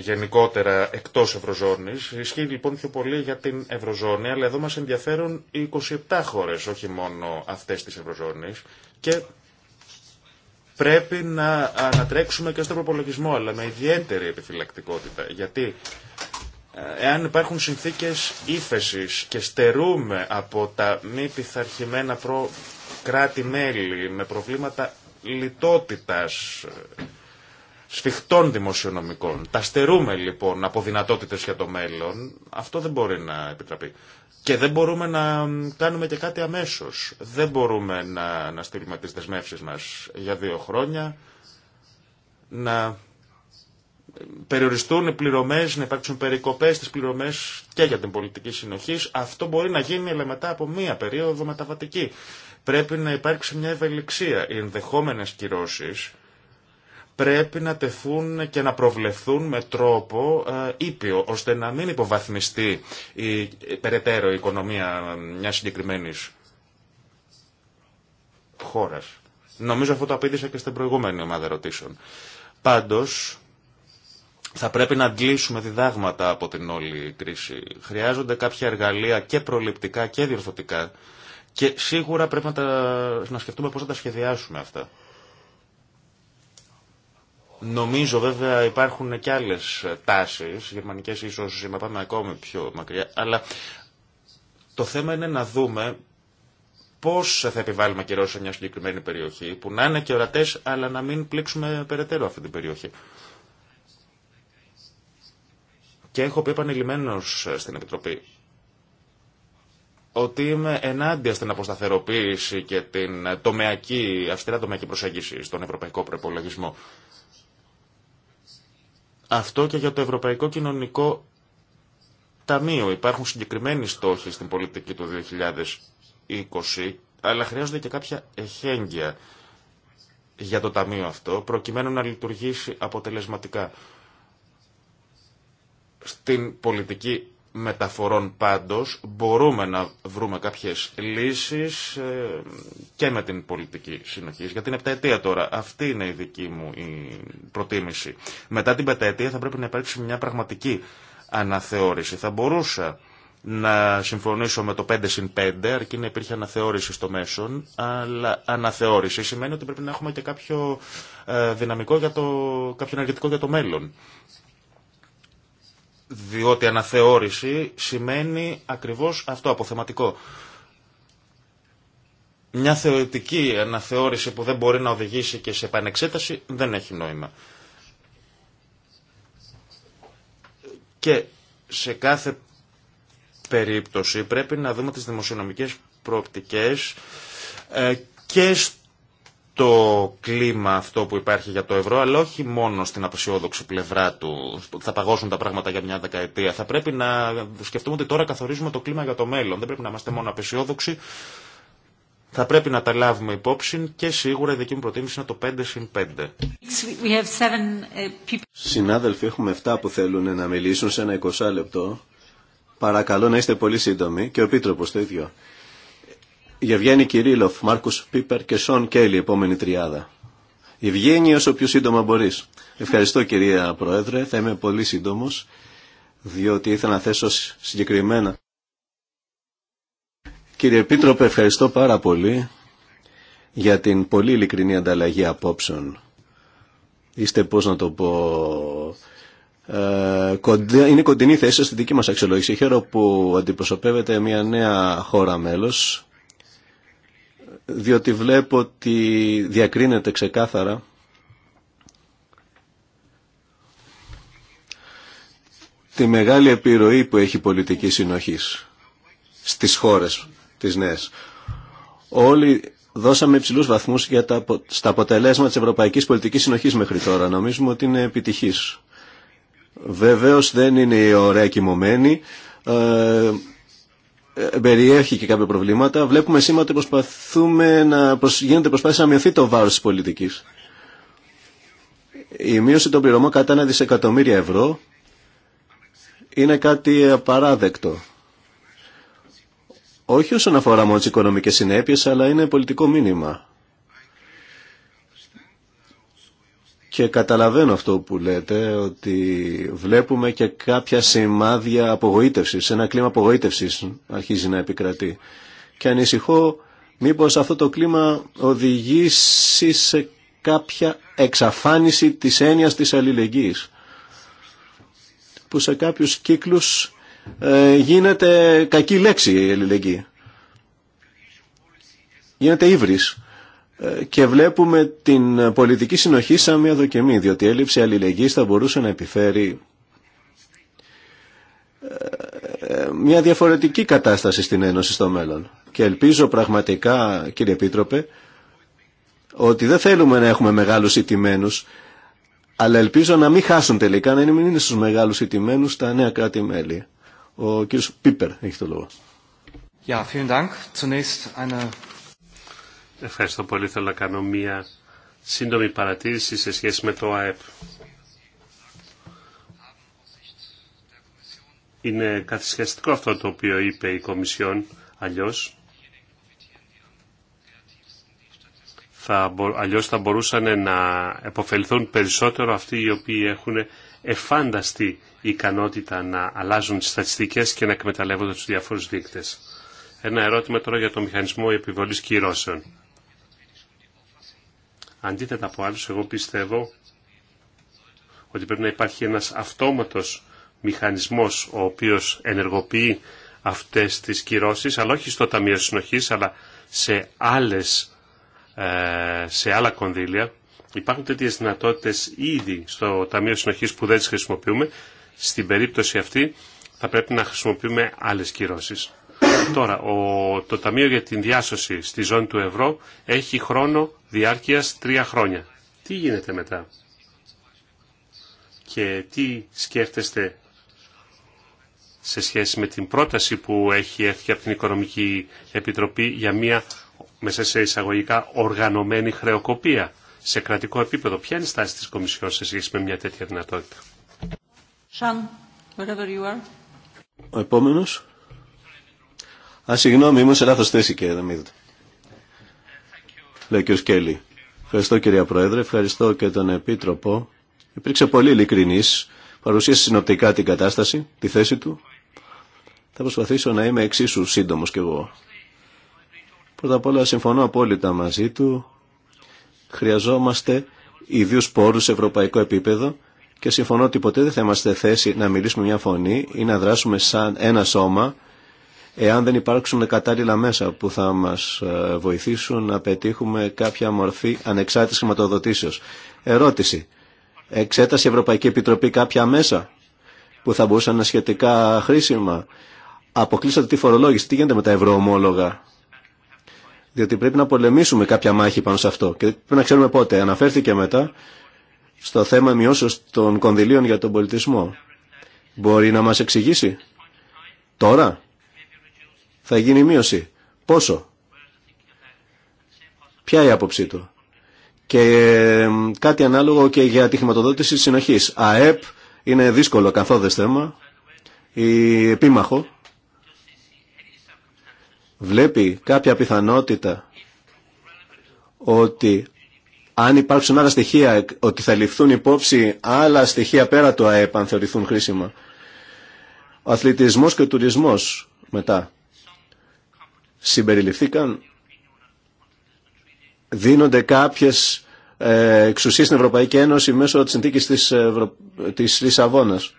γενικότερα εκτός Ευρωζώνης. Ισχύει λοιπόν πιο πολύ για την Ευρωζώνη, αλλά εδώ μας ενδιαφέρουν οι 27 χώρες, όχι μόνο αυτές της Ευρωζώνης. Και πρέπει να ανατρέξουμε και στον προπολογισμό, αλλά με ιδιαίτερη επιφυλακτικότητα. Γιατί εάν υπάρχουν συνθήκες ύφεση και στερούμε από τα μη πειθαρχημένα προ... κράτη-μέλη με προβλήματα λιτότητας, σφιχτών δημοσιονομικών. Τα στερούμε λοιπόν από δυνατότητες για το μέλλον. Αυτό δεν μπορεί να επιτραπεί. Και δεν μπορούμε να κάνουμε και κάτι αμέσως. Δεν μπορούμε να, να στείλουμε τις δεσμεύσεις μας για δύο χρόνια, να περιοριστούν οι πληρωμές, να υπάρξουν περικοπές στις πληρωμές και για την πολιτική συνοχή. Αυτό μπορεί να γίνει αλλά μετά από μία περίοδο μεταβατική. Πρέπει να υπάρξει μια ευελιξία. Οι ενδεχόμενες κυρώσεις πρέπει να τεθούν και να προβλεφθούν με τρόπο ε, ήπιο, ώστε να μην υποβαθμιστεί η, περαιτέρω η οικονομία μιας συγκεκριμένης χώρας. Νομίζω αυτό το απήντησα και στην προηγούμενη ομάδα ερωτήσεων. Πάντως, θα πρέπει να αντλήσουμε διδάγματα από την όλη κρίση. Χρειάζονται κάποια εργαλεία και προληπτικά και διορθωτικά και σίγουρα πρέπει να, τα, να σκεφτούμε πώς θα τα σχεδιάσουμε αυτά. Νομίζω βέβαια υπάρχουν και άλλες τάσεις, γερμανικές ίσως να πάμε ακόμη πιο μακριά, αλλά το θέμα είναι να δούμε πώς θα επιβάλλουμε καιρό σε μια συγκεκριμένη περιοχή, που να είναι και ορατές, αλλά να μην πλήξουμε περαιτέρω αυτή την περιοχή. Και έχω πει επανειλημμένω στην Επιτροπή ότι είμαι ενάντια στην αποσταθεροποίηση και την τομεακή, αυστηρά τομεακή προσέγγιση στον ευρωπαϊκό προπολογισμό. Αυτό και για το Ευρωπαϊκό Κοινωνικό Ταμείο. Υπάρχουν συγκεκριμένοι στόχοι στην πολιτική του 2020, αλλά χρειάζονται και κάποια εχέγγυα για το ταμείο αυτό, προκειμένου να λειτουργήσει αποτελεσματικά. Στην πολιτική μεταφορών πάντως μπορούμε να βρούμε κάποιες λύσεις ε, και με την πολιτική συνοχή. Για την επταετία τώρα, αυτή είναι η δική μου η προτίμηση. Μετά την πενταετία θα πρέπει να υπάρξει μια πραγματική αναθεώρηση. Θα μπορούσα να συμφωνήσω με το 5 συν 5, αρκεί να υπήρχε αναθεώρηση στο μέσον, αλλά αναθεώρηση σημαίνει ότι πρέπει να έχουμε και κάποιο ε, δυναμικό, για το, κάποιο ενεργητικό για το μέλλον διότι αναθεώρηση σημαίνει ακριβώς αυτό, αποθεματικό. Μια θεωρητική αναθεώρηση που δεν μπορεί να οδηγήσει και σε επανεξέταση δεν έχει νόημα. Και σε κάθε περίπτωση πρέπει να δούμε τις δημοσιονομικές προοπτικές ε, και το κλίμα αυτό που υπάρχει για το ευρώ, αλλά όχι μόνο στην απεσιόδοξη πλευρά του, θα παγώσουν τα πράγματα για μια δεκαετία. Θα πρέπει να σκεφτούμε ότι τώρα καθορίζουμε το κλίμα για το μέλλον. Δεν πρέπει να είμαστε μόνο απεσιόδοξοι. Θα πρέπει να τα λάβουμε υπόψη και σίγουρα η δική μου προτίμηση είναι το 5 συν 5. Ε, Συνάδελφοι, έχουμε 7 που θέλουν να μιλήσουν σε ένα 20 λεπτό. Παρακαλώ να είστε πολύ σύντομοι και ο Επίτροπος το ίδιο. Για Κυρίλοφ, Μάρκους Πίπερ και Σον Κέιλι, επόμενη τριάδα. Η Ευγένη όσο πιο σύντομα μπορείς. Ευχαριστώ κυρία Πρόεδρε, θα είμαι πολύ σύντομος, διότι ήθελα να θέσω συγκεκριμένα. Κύριε Επίτροπε, ευχαριστώ πάρα πολύ για την πολύ ειλικρινή ανταλλαγή απόψεων. Είστε, πώς να το πω, ε, είναι κοντινή θέση στη δική μας αξιολόγηση. Χαίρομαι που αντιπροσωπεύετε μια νέα χώρα μέλος διότι βλέπω ότι διακρίνεται ξεκάθαρα τη μεγάλη επιρροή που έχει η πολιτική συνοχής στις χώρες της νέες. Όλοι δώσαμε υψηλούς βαθμούς για τα, στα αποτελέσματα της ευρωπαϊκής πολιτικής συνοχής μέχρι τώρα. Νομίζουμε ότι είναι επιτυχής. Βεβαίως δεν είναι η ωραία κοιμωμένη. Ε, ε, περιέχει και κάποια προβλήματα. Βλέπουμε σήμερα ότι προσπαθούμε να προσ... γίνεται προσπάθεια να μειωθεί το βάρος της πολιτικής. Η μείωση των πληρωμών κατά ένα δισεκατομμύρια ευρώ είναι κάτι απαράδεκτο. Όχι όσον αφορά μόνο τις οικονομικές συνέπειες, αλλά είναι πολιτικό μήνυμα. Και καταλαβαίνω αυτό που λέτε, ότι βλέπουμε και κάποια σημάδια απογοήτευσης, ένα κλίμα απογοήτευσης αρχίζει να επικρατεί. Και ανησυχώ μήπως αυτό το κλίμα οδηγήσει σε κάποια εξαφάνιση της έννοιας της αλληλεγγύης, που σε κάποιους κύκλους ε, γίνεται κακή λέξη η αλληλεγγύη. Γίνεται ύβρις και βλέπουμε την πολιτική συνοχή σαν μια δοκιμή, διότι η έλλειψη αλληλεγγύης θα μπορούσε να επιφέρει ε, μια διαφορετική κατάσταση στην Ένωση στο μέλλον. Και ελπίζω πραγματικά, κύριε Επίτροπε, ότι δεν θέλουμε να έχουμε μεγάλους ιτημένους, αλλά ελπίζω να μην χάσουν τελικά, να μην είναι στους μεγάλους ιτημένους τα νέα κράτη-μέλη. Ο κύριος Πίπερ έχει το λόγο. Ja, vielen Dank. Zunächst eine Ευχαριστώ πολύ. Θέλω να κάνω μία σύντομη παρατήρηση σε σχέση με το ΑΕΠ. Είναι καθυσιαστικό αυτό το οποίο είπε η Κομισιόν, αλλιώς θα, αλλιώς θα μπορούσαν να επωφεληθούν περισσότερο αυτοί οι οποίοι έχουν εφάνταστη ικανότητα να αλλάζουν τις στατιστικές και να εκμεταλλεύονται τους διάφορους δείκτες. Ένα ερώτημα τώρα για το μηχανισμό επιβολής κυρώσεων. Αντίθετα από άλλους, εγώ πιστεύω ότι πρέπει να υπάρχει ένας αυτόματος μηχανισμός ο οποίος ενεργοποιεί αυτές τις κυρώσεις, αλλά όχι στο Ταμείο Συνοχής, αλλά σε, άλλες, ε, σε άλλα κονδύλια. Υπάρχουν τέτοιες δυνατότητες ήδη στο Ταμείο Συνοχής που δεν τις χρησιμοποιούμε. Στην περίπτωση αυτή θα πρέπει να χρησιμοποιούμε άλλες κυρώσεις. Τώρα, ο, το Ταμείο για την Διάσωση στη ζώνη του ευρώ έχει χρόνο διάρκειας τρία χρόνια. Τι γίνεται μετά και τι σκέφτεστε σε σχέση με την πρόταση που έχει έρθει από την Οικονομική Επιτροπή για μια μέσα σε εισαγωγικά οργανωμένη χρεοκοπία σε κρατικό επίπεδο. Ποια είναι η στάση της Κομισιόν σε σχέση με μια τέτοια δυνατότητα. επόμενος. Α, συγγνώμη, ήμουν σε λάθο θέση, κύριε Δαμίδη. Λέει ο Σκέλη. Ευχαριστώ, κυρία Πρόεδρε. Ευχαριστώ και τον Επίτροπο. Υπήρξε πολύ ειλικρινή. Παρουσίασε συνοπτικά την κατάσταση, τη θέση του. Θα προσπαθήσω να είμαι εξίσου σύντομο κι εγώ. Πρώτα απ' όλα, συμφωνώ απόλυτα μαζί του. Χρειαζόμαστε ιδίου πόρου σε ευρωπαϊκό επίπεδο και συμφωνώ ότι ποτέ δεν θα είμαστε θέση να μιλήσουμε μια φωνή ή να δράσουμε σαν ένα σώμα εάν δεν υπάρξουν κατάλληλα μέσα που θα μας ε, βοηθήσουν να πετύχουμε κάποια μορφή ανεξάρτητης χρηματοδοτήσεως. Ερώτηση. Εξέτασε η Ευρωπαϊκή Επιτροπή κάποια μέσα που θα μπορούσαν να σχετικά χρήσιμα. Αποκλείσατε τη φορολόγηση. Τι γίνεται με τα ευρωομόλογα. Διότι πρέπει να πολεμήσουμε κάποια μάχη πάνω σε αυτό. Και πρέπει να ξέρουμε πότε. Αναφέρθηκε μετά στο θέμα μειώσεως των κονδυλίων για τον πολιτισμό. Μπορεί να μας εξηγήσει. Τώρα θα γίνει μείωση. Πόσο. Ποια η άποψή του. Και κάτι ανάλογο και για τη χρηματοδότηση της συνοχής. ΑΕΠ είναι δύσκολο καθόδες θέμα. Η επίμαχο βλέπει κάποια πιθανότητα ότι αν υπάρξουν άλλα στοιχεία, ότι θα ληφθούν υπόψη άλλα στοιχεία πέρα του ΑΕΠ αν θεωρηθούν χρήσιμα. Ο αθλητισμός και ο τουρισμός μετά συμπεριληφθήκαν, δίνονται κάποιες ε, εξουσίες στην Ευρωπαϊκή Ένωση μέσω της συνθήκης της, Ευρω... της Λισαβόνας.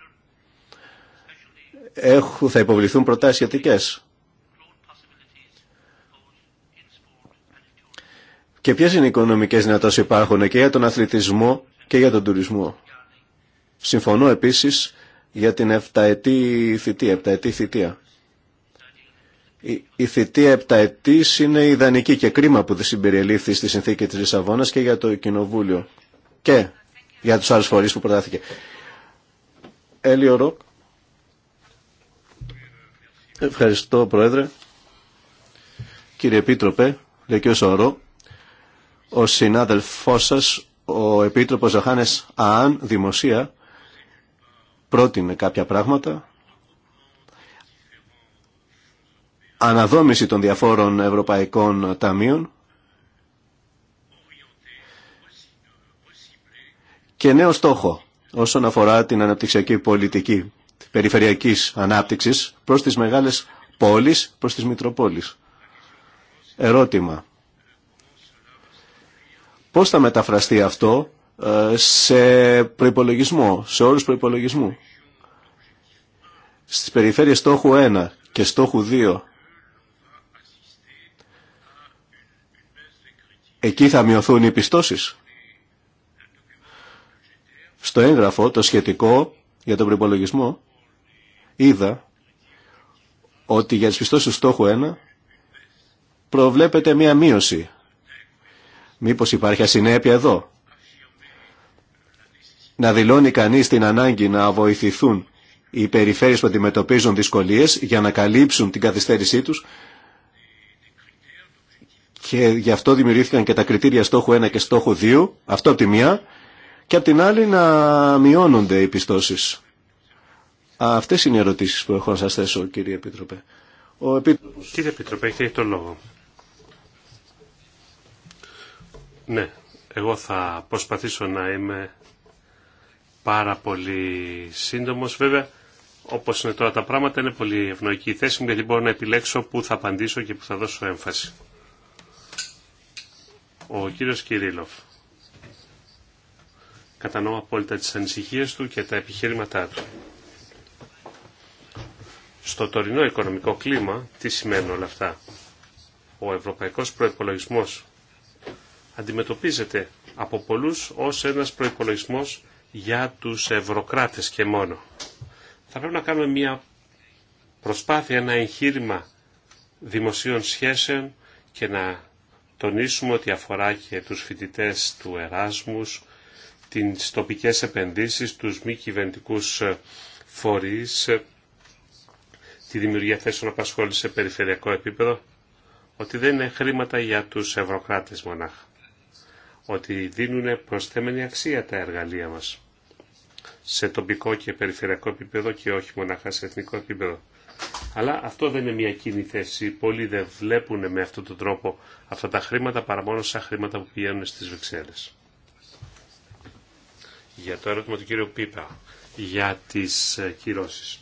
Έχουν, θα υποβληθούν προτάσεις σχετικές. Και ποιες είναι οι οικονομικές δυνατότητες που υπάρχουν και για τον αθλητισμό και για τον τουρισμό. Συμφωνώ επίσης για την εφταετή θητεία, επταετή θητεία. Η θητεία επταετή είναι ιδανική και κρίμα που δεν συμπεριελήφθη στη συνθήκη τη Λισαβόνα και για το Κοινοβούλιο και για τους άλλου φορεί που προτάθηκε. Έλιο Ροκ. Ευχαριστώ Πρόεδρε. Κύριε Επίτροπε, λέει ο συνάδελφό ο ο Επίτροπος Ζαχάνε Αάν, δημοσία, πρότεινε κάποια πράγματα αναδόμηση των διαφόρων ευρωπαϊκών ταμείων και νέο στόχο όσον αφορά την αναπτυξιακή πολιτική περιφερειακής ανάπτυξης προς τις μεγάλες πόλεις, προς τις Μητροπόλεις. Ερώτημα. Πώς θα μεταφραστεί αυτό ε, σε προϋπολογισμό, σε όρους προϋπολογισμού. Στις περιφέρειες στόχου 1 και στόχου 2 Εκεί θα μειωθούν οι πιστώσεις. Στο έγγραφο το σχετικό για τον προπολογισμό είδα ότι για τις πιστώσεις του στόχου 1 προβλέπεται μία μείωση. Μήπως υπάρχει ασυνέπεια εδώ. Να δηλώνει κανείς την ανάγκη να βοηθηθούν οι περιφέρειες που αντιμετωπίζουν δυσκολίες για να καλύψουν την καθυστέρησή τους και γι' αυτό δημιουργήθηκαν και τα κριτήρια στόχου 1 και στόχου 2, αυτό από τη μία, και από την άλλη να μειώνονται οι πιστώσεις. Αυτές είναι οι ερωτήσεις που έχω να σας θέσω, κύριε Επίτροπε. Ο Επίτροπος... Κύριε Επίτροπε, έχετε το λόγο. Ναι, εγώ θα προσπαθήσω να είμαι πάρα πολύ σύντομος. Βέβαια, όπως είναι τώρα τα πράγματα, είναι πολύ ευνοϊκή η θέση μου, γιατί μπορώ να επιλέξω πού θα απαντήσω και πού θα δώσω έμφαση. Ο κύριος Κυρίλοφ. Κατανοώ απόλυτα τις ανησυχίες του και τα επιχείρηματά του. Στο τωρινό οικονομικό κλίμα, τι σημαίνουν όλα αυτά. Ο ευρωπαϊκός προϋπολογισμός αντιμετωπίζεται από πολλούς ως ένας προϋπολογισμός για τους ευρωκράτες και μόνο. Θα πρέπει να κάνουμε μια προσπάθεια, ένα εγχείρημα δημοσίων σχέσεων και να τονίσουμε ότι αφορά και τους φοιτητές του Εράσμους, τις τοπικές επενδύσεις, τους μη κυβερνητικού ε, φορείς, ε, τη δημιουργία θέσεων απασχόληση σε περιφερειακό επίπεδο, ότι δεν είναι χρήματα για τους ευρωκράτες μονάχα, ότι δίνουν προσθέμενη αξία τα εργαλεία μας σε τοπικό και περιφερειακό επίπεδο και όχι μονάχα σε εθνικό επίπεδο. Αλλά αυτό δεν είναι μια κοινή θέση. Πολλοί δεν βλέπουν με αυτόν τον τρόπο αυτά τα χρήματα παρά μόνο σαν χρήματα που πηγαίνουν στις Βρυξέλλε. Για το ερώτημα του κύριου Πίπα για τις ε, κυρώσεις.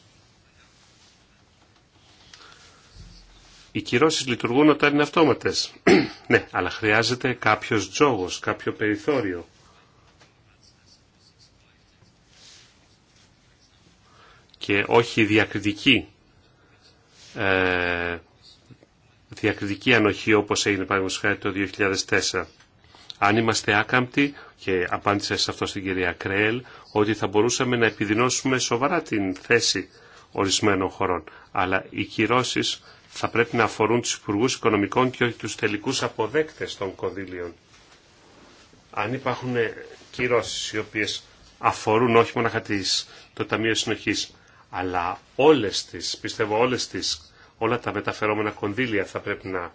Οι κυρώσει λειτουργούν όταν είναι αυτόματες. ναι, αλλά χρειάζεται κάποιος τζόγο, κάποιο περιθώριο. Και όχι διακριτική ε, διακριτική ανοχή όπως έγινε παραδείγματος το 2004. Αν είμαστε άκαμπτοι, και απάντησα σε αυτό στην κυρία Κρέλ, ότι θα μπορούσαμε να επιδεινώσουμε σοβαρά την θέση ορισμένων χωρών. Αλλά οι κυρώσει θα πρέπει να αφορούν τους υπουργού οικονομικών και όχι τους τελικούς αποδέκτες των κονδύλιων. Αν υπάρχουν κυρώσεις οι οποίες αφορούν όχι μόνο το Ταμείο Συνοχής, αλλά όλες τις, πιστεύω όλες τις όλα τα μεταφερόμενα κονδύλια θα πρέπει να,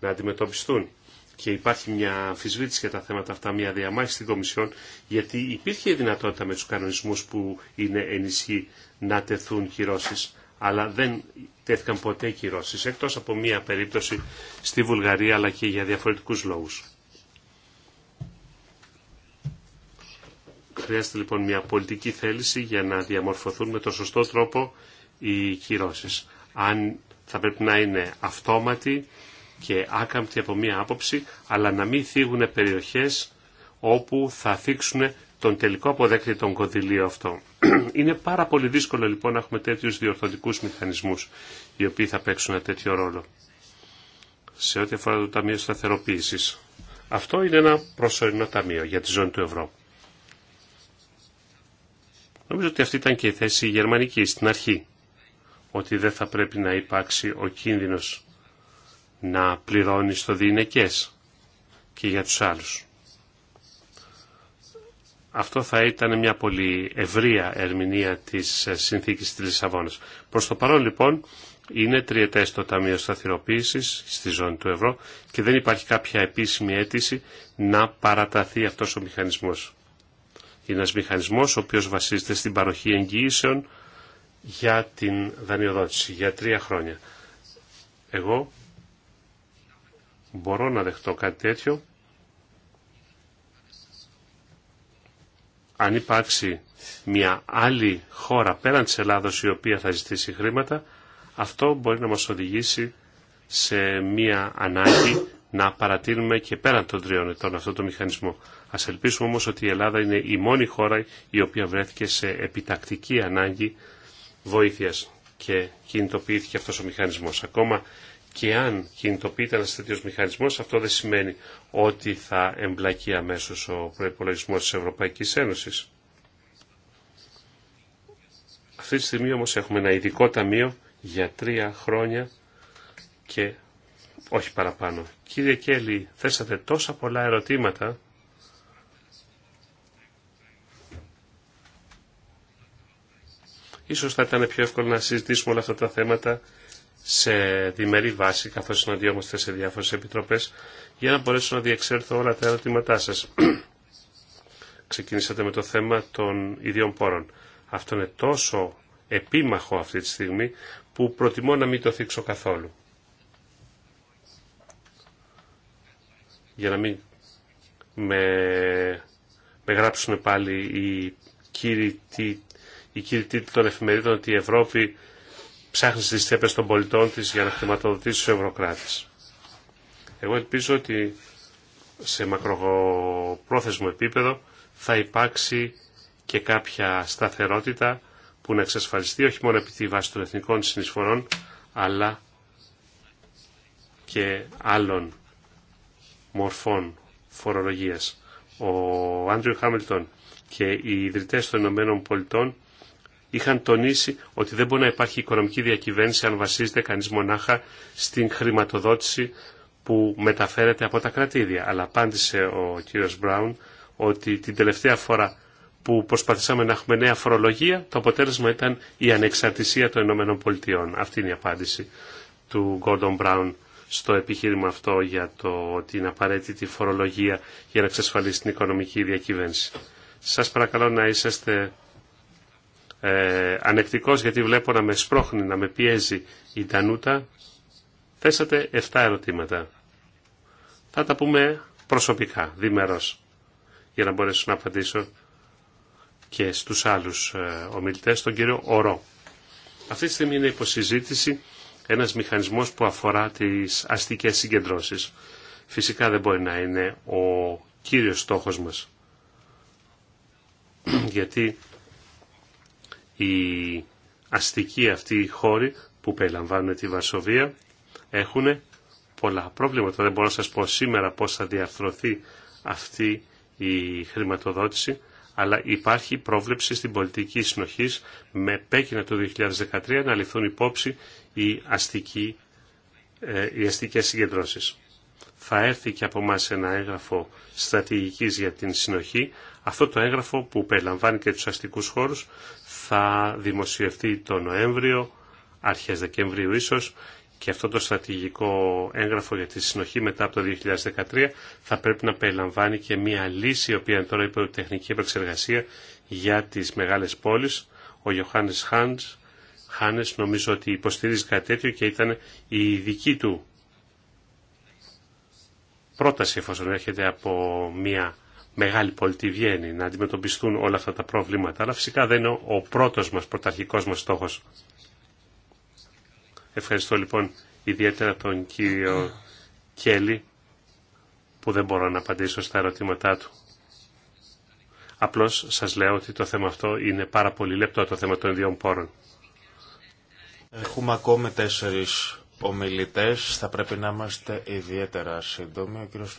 να αντιμετωπιστούν. Και υπάρχει μια αμφισβήτηση για τα θέματα αυτά, μια διαμάχη στην Κομισιόν, γιατί υπήρχε η δυνατότητα με τους κανονισμούς που είναι ενισχύ να τεθούν κυρώσεις, αλλά δεν τέθηκαν ποτέ κυρώσεις, εκτός από μια περίπτωση στη Βουλγαρία, αλλά και για διαφορετικού λόγου. Χρειάζεται λοιπόν μια πολιτική θέληση για να διαμορφωθούν με τον σωστό τρόπο οι κυρώσει. Αν θα πρέπει να είναι αυτόματοι και άκαμπτη από μία άποψη, αλλά να μην θίγουν περιοχές όπου θα θίξουν τον τελικό αποδέκτη των κονδυλίων αυτό. Είναι πάρα πολύ δύσκολο λοιπόν να έχουμε τέτοιους διορθωτικούς μηχανισμούς οι οποίοι θα παίξουν ένα τέτοιο ρόλο σε ό,τι αφορά το Ταμείο Σταθεροποίησης. Αυτό είναι ένα προσωρινό ταμείο για τη ζώνη του ευρώ. Νομίζω ότι αυτή ήταν και η θέση γερμανική στην αρχή ότι δεν θα πρέπει να υπάρξει ο κίνδυνος να πληρώνει στο διηνεκές και για τους άλλους. Αυτό θα ήταν μια πολύ ευρία ερμηνεία της ε, συνθήκης της Λισαβόνας. Προς το παρόν λοιπόν είναι τριετές το Ταμείο Σταθεροποίησης στη ζώνη του ευρώ και δεν υπάρχει κάποια επίσημη αίτηση να παραταθεί αυτός ο μηχανισμός. Είναι ένας μηχανισμός ο οποίος βασίζεται στην παροχή εγγυήσεων για την δανειοδότηση για τρία χρόνια. Εγώ μπορώ να δεχτώ κάτι τέτοιο αν υπάρξει μια άλλη χώρα πέραν της Ελλάδος η οποία θα ζητήσει χρήματα, αυτό μπορεί να μας οδηγήσει σε μια ανάγκη να παρατείνουμε και πέραν των τριών ετών αυτό το μηχανισμό. Ας ελπίσουμε όμως ότι η Ελλάδα είναι η μόνη χώρα η οποία βρέθηκε σε επιτακτική ανάγκη βοήθειας και κινητοποιήθηκε αυτός ο μηχανισμός. Ακόμα και αν κινητοποιείται ένα τέτοιο μηχανισμός, αυτό δεν σημαίνει ότι θα εμπλακεί αμέσως ο προπολογισμό της Ευρωπαϊκής Ένωσης. Αυτή τη στιγμή όμως έχουμε ένα ειδικό ταμείο για τρία χρόνια και όχι παραπάνω. Κύριε Κέλλη, θέσατε τόσα πολλά ερωτήματα Ίσως θα ήταν πιο εύκολο να συζητήσουμε όλα αυτά τα θέματα σε διμερή βάση, καθώς συναντιόμαστε σε διάφορες επιτροπές, για να μπορέσω να διεξέλθω όλα τα ερωτήματά σας. Ξεκινήσατε με το θέμα των ιδιών πόρων. Αυτό είναι τόσο επίμαχο αυτή τη στιγμή, που προτιμώ να μην το θίξω καθόλου. Για να μην με, με γράψουν πάλι οι κύριοι οι τίτλοι των εφημερίδων ότι η Ευρώπη ψάχνει στις τσέπες των πολιτών της για να χρηματοδοτήσει τους ευρωκράτες. Εγώ ελπίζω ότι σε μακροπρόθεσμο επίπεδο θα υπάρξει και κάποια σταθερότητα που να εξασφαλιστεί όχι μόνο επί τη βάση των εθνικών συνεισφορών αλλά και άλλων μορφών φορολογίας. Ο Άντριου Χάμιλτον και οι ιδρυτές των Ηνωμένων Πολιτών είχαν τονίσει ότι δεν μπορεί να υπάρχει οικονομική διακυβέρνηση αν βασίζεται κανείς μονάχα στην χρηματοδότηση που μεταφέρεται από τα κρατήδια. Αλλά απάντησε ο κύριος Μπράουν ότι την τελευταία φορά που προσπαθήσαμε να έχουμε νέα φορολογία, το αποτέλεσμα ήταν η ανεξαρτησία των Ηνωμένων Πολιτειών. Αυτή είναι η απάντηση του Γκόρντον Μπράουν στο επιχείρημα αυτό για το ότι είναι απαραίτητη φορολογία για να εξασφαλίσει την οικονομική διακυβέρνηση. Σας παρακαλώ να είσαστε ε, ανεκτικός γιατί βλέπω να με σπρώχνει, να με πιέζει η Τανούτα. Θέσατε 7 ερωτήματα. Θα τα πούμε προσωπικά, διμερός για να μπορέσω να απαντήσω και στους άλλους ε, ομιλητές, τον κύριο Ορό. Αυτή τη στιγμή είναι υποσυζήτηση ένας μηχανισμός που αφορά τις αστικές συγκεντρώσεις. Φυσικά δεν μπορεί να είναι ο κύριος στόχος μας. Γιατί οι αστικοί αυτοί οι χώροι που περιλαμβάνουν τη Βαρσοβία έχουν πολλά προβλήματα. Δεν μπορώ να σας πω σήμερα πώς θα διαρθρωθεί αυτή η χρηματοδότηση, αλλά υπάρχει πρόβλεψη στην πολιτική συνοχή με πέκυνα το 2013 να ληφθούν υπόψη οι, αστικοί, ε, οι αστικές συγκεντρώσεις. Θα έρθει και από εμά ένα έγγραφο στρατηγικής για την συνοχή. Αυτό το έγγραφο που περιλαμβάνει και τους αστικούς χώρους θα δημοσιευτεί το Νοέμβριο, αρχές Δεκεμβρίου ίσως, και αυτό το στρατηγικό έγγραφο για τη συνοχή μετά από το 2013 θα πρέπει να περιλαμβάνει και μια λύση, η οποία είναι τώρα υπό τεχνική επεξεργασία για τις μεγάλες πόλεις. Ο Ιωάννης Χάντς, Χάνες νομίζω ότι υποστηρίζει κάτι τέτοιο και ήταν η δική του πρόταση εφόσον έρχεται από μια μεγάλη πολιτική Βιέννη να αντιμετωπιστούν όλα αυτά τα προβλήματα. Αλλά φυσικά δεν είναι ο πρώτος μας, πρωταρχικός μας στόχος. Ευχαριστώ λοιπόν ιδιαίτερα τον κύριο Κέλλη που δεν μπορώ να απαντήσω στα ερωτήματά του. Απλώς σας λέω ότι το θέμα αυτό είναι πάρα πολύ λεπτό το θέμα των ιδιών πόρων. Έχουμε ακόμη τέσσερις ομιλητές. Θα πρέπει να είμαστε ιδιαίτερα σύντομοι. Ο κύριος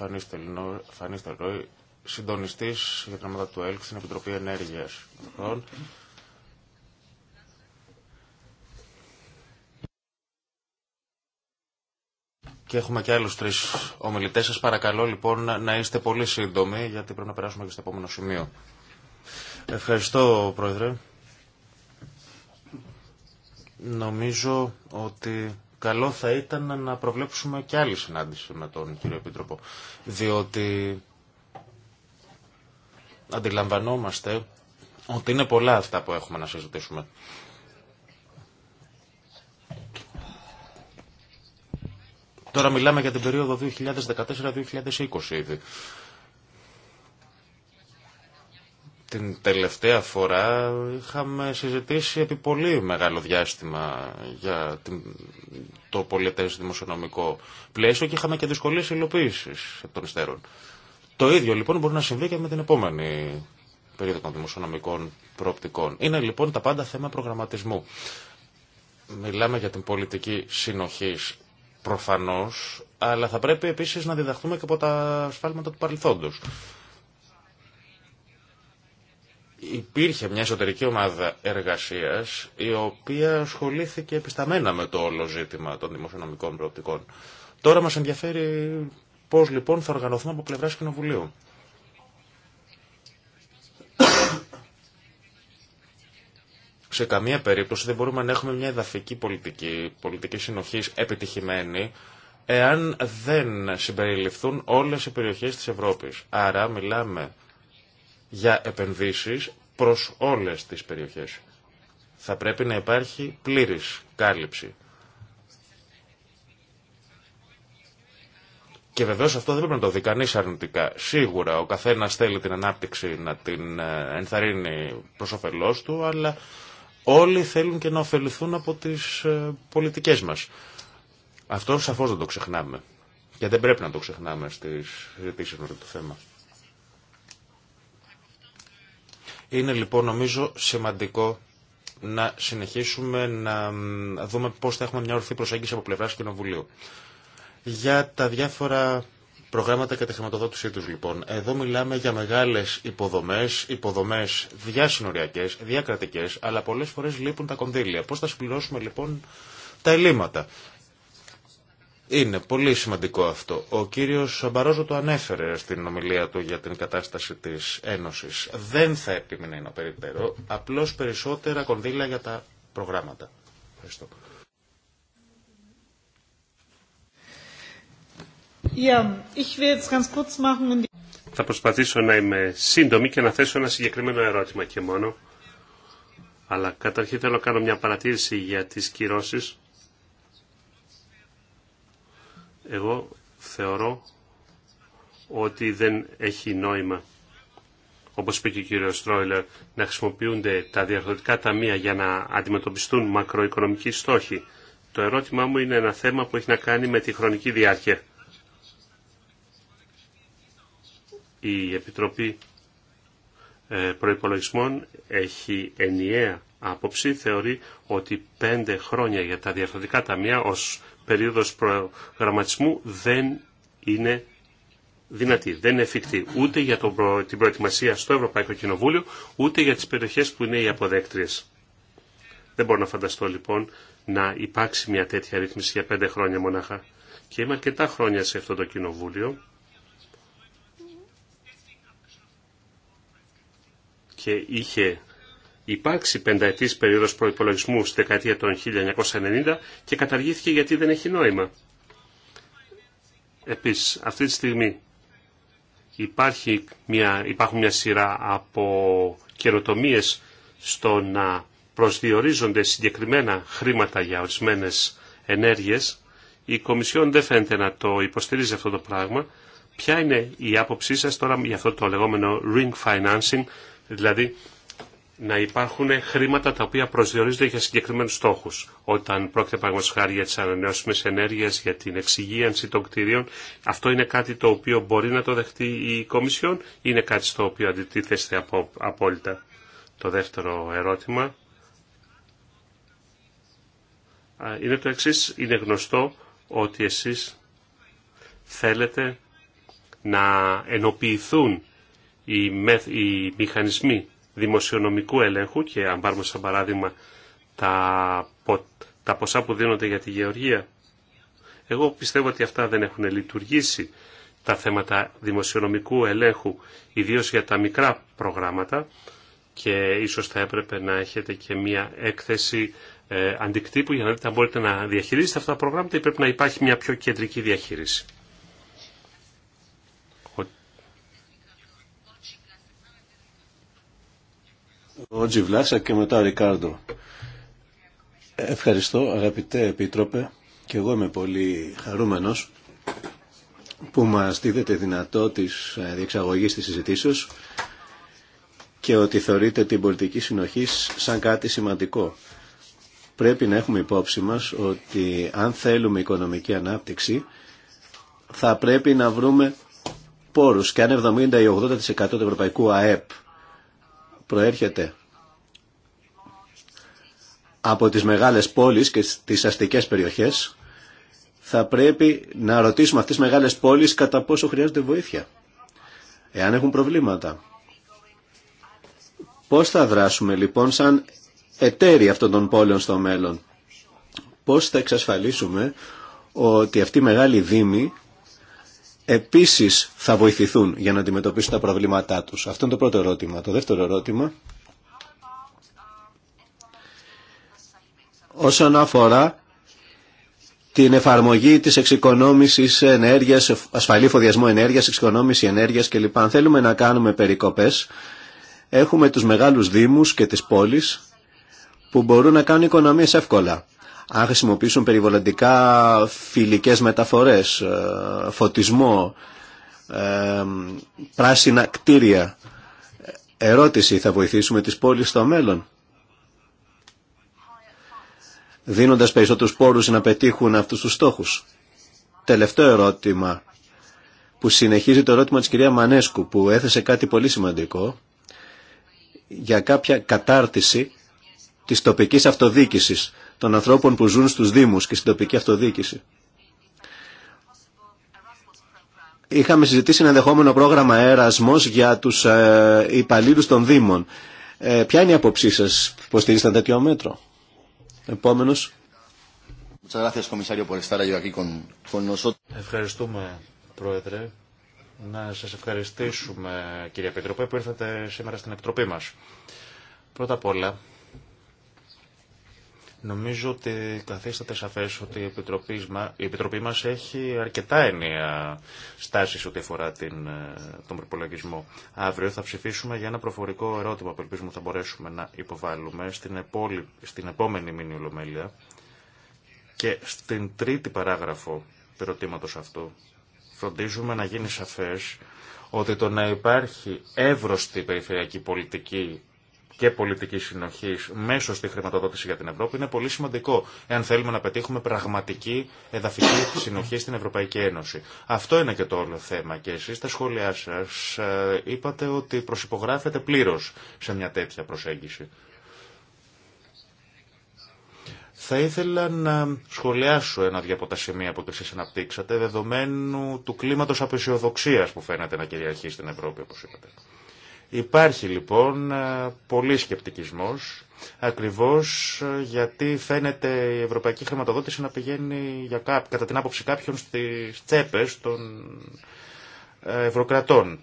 Φανίστερ Ρόι συντονιστής για την ομάδα του ΕΛΚ στην Επιτροπή Ενέργειας. Λοιπόν. Και έχουμε και άλλου τρει ομιλητέ. Σας παρακαλώ λοιπόν να είστε πολύ σύντομοι γιατί πρέπει να περάσουμε και στο επόμενο σημείο. Ευχαριστώ Πρόεδρε. Νομίζω ότι καλό θα ήταν να προβλέψουμε και άλλη συνάντηση με τον κύριο Επίτροπο. Διότι Αντιλαμβανόμαστε ότι είναι πολλά αυτά που έχουμε να συζητήσουμε. Τώρα μιλάμε για την περίοδο 2014-2020 ήδη. Την τελευταία φορά είχαμε συζητήσει επί πολύ μεγάλο διάστημα για το πολιτές δημοσιονομικό πλαίσιο και είχαμε και δυσκολίες υλοποίησης από των υστέρων. Το ίδιο λοιπόν μπορεί να συμβεί και με την επόμενη περίοδο των δημοσιονομικών προοπτικών. Είναι λοιπόν τα πάντα θέμα προγραμματισμού. Μιλάμε για την πολιτική συνοχής προφανώς, αλλά θα πρέπει επίσης να διδαχθούμε και από τα σφάλματα του παρελθόντος. Υπήρχε μια εσωτερική ομάδα εργασία η οποία ασχολήθηκε επισταμένα με το όλο ζήτημα των δημοσιονομικών προοπτικών. Τώρα μα ενδιαφέρει Πώς λοιπόν θα οργανωθούμε από πλευράς Κοινοβουλίου. Σε καμία περίπτωση δεν μπορούμε να έχουμε μια εδαφική πολιτική, πολιτική συνοχής επιτυχημένη, εάν δεν συμπεριληφθούν όλες οι περιοχές της Ευρώπης. Άρα μιλάμε για επενδύσεις προς όλες τις περιοχές. Θα πρέπει να υπάρχει πλήρης κάλυψη. Και βεβαίω αυτό δεν πρέπει να το δει κανεί αρνητικά. Σίγουρα ο καθένα θέλει την ανάπτυξη να την ε, ενθαρρύνει προ όφελό του, αλλά όλοι θέλουν και να ωφεληθούν από τι ε, πολιτικέ μα. Αυτό σαφώ δεν το ξεχνάμε. Και δεν πρέπει να το ξεχνάμε στι συζητήσει με το θέμα. Είναι λοιπόν νομίζω σημαντικό να συνεχίσουμε να δούμε πώς θα έχουμε μια ορθή προσέγγιση από πλευράς Κοινοβουλίου. Για τα διάφορα προγράμματα και τη χρηματοδότησή του, λοιπόν. Εδώ μιλάμε για μεγάλε υποδομέ, υποδομέ διασυνοριακές, διακρατικέ, αλλά πολλέ φορέ λείπουν τα κονδύλια. Πώ θα συμπληρώσουμε, λοιπόν, τα ελλείμματα. Είναι πολύ σημαντικό αυτό. Ο κύριος Σαμπαρόζο το ανέφερε στην ομιλία του για την κατάσταση της Ένωσης. Δεν θα επιμείνει να περιπτέρω, απλώς περισσότερα κονδύλια για τα προγράμματα. Ευχαριστώ. Θα προσπαθήσω να είμαι σύντομη και να θέσω ένα συγκεκριμένο ερώτημα και μόνο. Αλλά καταρχήν θέλω να κάνω μια παρατήρηση για τις κυρώσεις. Εγώ θεωρώ ότι δεν έχει νόημα, όπως είπε και ο κύριος Στρόιλερ, να χρησιμοποιούνται τα διαρθρωτικά ταμεία για να αντιμετωπιστούν μακροοικονομικοί στόχοι. Το ερώτημά μου είναι ένα θέμα που έχει να κάνει με τη χρονική διάρκεια. η Επιτροπή ε, Προϋπολογισμών έχει ενιαία άποψη. Θεωρεί ότι πέντε χρόνια για τα διαφορετικά ταμεία ως περίοδος προγραμματισμού δεν είναι δυνατή, δεν είναι εφικτή ούτε για την προετοιμασία στο Ευρωπαϊκό Κοινοβούλιο, ούτε για τις περιοχές που είναι οι αποδέκτριες. Δεν μπορώ να φανταστώ λοιπόν να υπάρξει μια τέτοια ρύθμιση για πέντε χρόνια μονάχα. Και είμαι αρκετά χρόνια σε αυτό το κοινοβούλιο και είχε υπάρξει πενταετής περίοδος προϋπολογισμού στη δεκαετία των 1990 και καταργήθηκε γιατί δεν έχει νόημα. Επίσης, αυτή τη στιγμή υπάρχει μια, υπάρχουν μια σειρά από καινοτομίε στο να προσδιορίζονται συγκεκριμένα χρήματα για ορισμένες ενέργειες. Η Κομισιόν δεν φαίνεται να το υποστηρίζει αυτό το πράγμα. Ποια είναι η άποψή σας τώρα για αυτό το λεγόμενο ring financing, Δηλαδή, να υπάρχουν χρήματα τα οποία προσδιορίζονται για συγκεκριμένους στόχους. Όταν πρόκειται παραγωγός χάρη για τις ανανεώσιμες ενέργειες, για την εξυγίανση των κτηρίων, αυτό είναι κάτι το οποίο μπορεί να το δεχτεί η Κομισιόν ή είναι κάτι στο οποίο αντιτίθεστε από, απόλυτα. Το δεύτερο ερώτημα είναι το εξής. Είναι γνωστό ότι εσείς θέλετε να ενοποιηθούν οι, μηχανισμοί δημοσιονομικού ελέγχου και αν πάρουμε σαν παράδειγμα τα, πο, τα ποσά που δίνονται για τη γεωργία. Εγώ πιστεύω ότι αυτά δεν έχουν λειτουργήσει τα θέματα δημοσιονομικού ελέγχου, ιδίως για τα μικρά προγράμματα και ίσως θα έπρεπε να έχετε και μία έκθεση ε, αντικτύπου για να δείτε αν μπορείτε να διαχειρίσετε αυτά τα προγράμματα ή πρέπει να υπάρχει μια πιο κεντρική διαχείριση. Ο Τζιβλάσα και μετά ο Ρικάρντο. Ευχαριστώ αγαπητέ Επίτροπε και εγώ είμαι πολύ χαρούμενος που μας δίδεται δυνατό της ε, διεξαγωγής της συζητήσεως και ότι θεωρείται την πολιτική συνοχή σαν κάτι σημαντικό. Πρέπει να έχουμε υπόψη μας ότι αν θέλουμε οικονομική ανάπτυξη θα πρέπει να βρούμε πόρους και αν 70 ή 80% του ευρωπαϊκού ΑΕΠ προέρχεται από τις μεγάλες πόλεις και τις αστικές περιοχές, θα πρέπει να ρωτήσουμε αυτές τις μεγάλες πόλεις κατά πόσο χρειάζονται βοήθεια. Εάν έχουν προβλήματα. Πώς θα δράσουμε λοιπόν σαν εταίροι αυτών των πόλεων στο μέλλον. Πώς θα εξασφαλίσουμε ότι αυτή η μεγάλη δήμη επίσης θα βοηθηθούν για να αντιμετωπίσουν τα προβλήματά τους. Αυτό είναι το πρώτο ερώτημα. Το δεύτερο ερώτημα όσον αφορά την εφαρμογή της εξοικονόμησης ενέργειας, ασφαλή φοδιασμό ενέργειας, εξοικονόμηση ενέργειας κλπ. Αν θέλουμε να κάνουμε περικοπές, έχουμε τους μεγάλους δήμους και τις πόλεις που μπορούν να κάνουν οικονομίες εύκολα αν χρησιμοποιήσουν περιβολαντικά φιλικές μεταφορές, ε, φωτισμό, ε, πράσινα κτίρια. Ερώτηση, θα βοηθήσουμε τις πόλεις στο μέλλον. Δίνοντας περισσότερους πόρους να πετύχουν αυτούς τους στόχους. Τελευταίο ερώτημα που συνεχίζει το ερώτημα της κυρία Μανέσκου που έθεσε κάτι πολύ σημαντικό για κάποια κατάρτιση της τοπικής αυτοδίκησης των ανθρώπων που ζουν στους Δήμους και στην τοπική αυτοδιοίκηση. Είχαμε συζητήσει ένα ενδεχόμενο πρόγραμμα έρασμος για τους ε, υπαλλήλους των Δήμων. Ε, ποια είναι η απόψή σας που στηρίζετε τέτοιο μέτρο. Επόμενος. Ευχαριστούμε, Πρόεδρε. Να σας ευχαριστήσουμε, κυρία Πετροπέ, που ήρθατε σήμερα στην Επιτροπή μας. Πρώτα απ' όλα, Νομίζω ότι καθίσταται σαφέ ότι η Επιτροπή, η μας έχει αρκετά ενιαία στάσεις ό,τι αφορά την, ε, τον προπολογισμό. Αύριο θα ψηφίσουμε για ένα προφορικό ερώτημα που ελπίζουμε θα μπορέσουμε να υποβάλουμε στην, επόλη, στην επόμενη μήνυ ολομέλεια και στην τρίτη παράγραφο του ερωτήματο αυτού φροντίζουμε να γίνει σαφέ ότι το να υπάρχει εύρωστη περιφερειακή πολιτική και πολιτική συνοχή μέσω στη χρηματοδότηση για την Ευρώπη είναι πολύ σημαντικό, εάν θέλουμε να πετύχουμε πραγματική εδαφική συνοχή στην Ευρωπαϊκή Ένωση. Αυτό είναι και το όλο θέμα. Και εσεί στα σχόλιά σα ε, είπατε ότι προσυπογράφετε πλήρω σε μια τέτοια προσέγγιση. Θα ήθελα να σχολιάσω ένα-δυο από τα σημεία που εσείς αναπτύξατε, δεδομένου του κλίματος απεσιοδοξίας που φαίνεται να κυριαρχεί στην Ευρώπη, όπως είπατε. Υπάρχει λοιπόν πολύ σκεπτικισμός, ακριβώς γιατί φαίνεται η ευρωπαϊκή χρηματοδότηση να πηγαίνει για κά... κατά την άποψη κάποιων στις τσέπες των ε, ευρωκρατών.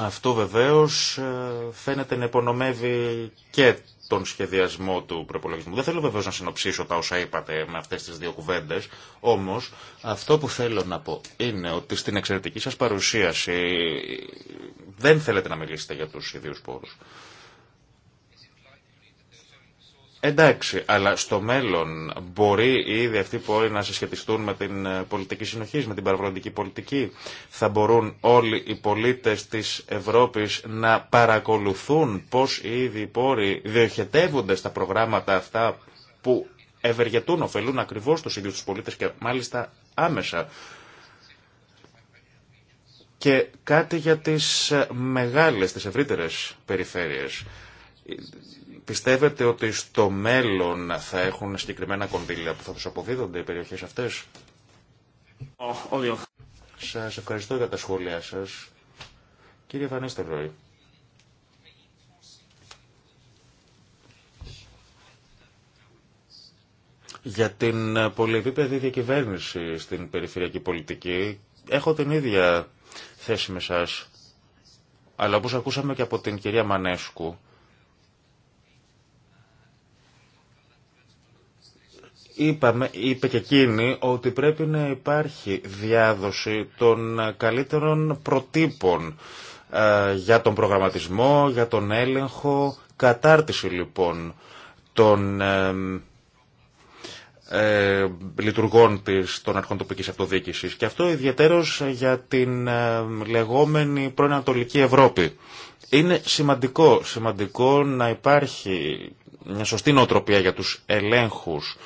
Αυτό βεβαίως ε, φαίνεται να υπονομεύει και τον σχεδιασμό του προπολογισμού. Δεν θέλω βεβαίω να συνοψίσω τα όσα είπατε με αυτέ τι δύο κουβέντε, όμω αυτό που θέλω να πω είναι ότι στην εξαιρετική σα παρουσίαση δεν θέλετε να μιλήσετε για του ιδίου πόρου. Εντάξει, αλλά στο μέλλον μπορεί ήδη αυτοί που όλοι να συσχετιστούν με την ε, πολιτική συνοχή, με την παραγωγική πολιτική. Θα μπορούν όλοι οι πολίτες της Ευρώπης να παρακολουθούν πώς οι οι πόροι διοχετεύονται στα προγράμματα αυτά που ευεργετούν, ωφελούν ακριβώς τους ίδιους τους πολίτες και μάλιστα άμεσα. Και κάτι για τις ε, μεγάλες, τις ευρύτερες περιφέρειες Πιστεύετε ότι στο μέλλον θα έχουν συγκεκριμένα κονδύλια που θα τους αποδίδονται οι περιοχές αυτές. Oh, σας ευχαριστώ για τα σχόλιά σας. Κύριε Βανίστερ Για την πολυεπίπεδη διακυβέρνηση στην περιφερειακή πολιτική έχω την ίδια θέση με σας. Αλλά όπως ακούσαμε και από την κυρία Μανέσκου, Είπαμε, είπε και εκείνη ότι πρέπει να υπάρχει διάδοση των καλύτερων προτύπων ε, για τον προγραμματισμό, για τον έλεγχο, κατάρτιση λοιπόν των ε, λειτουργών της των αρχών τοπικής αυτοδιοίκησης και αυτό ιδιαίτερος για την ε, λεγόμενη προανατολική Ευρώπη. Είναι σημαντικό, σημαντικό να υπάρχει μια σωστή νοοτροπία για τους ελέγχους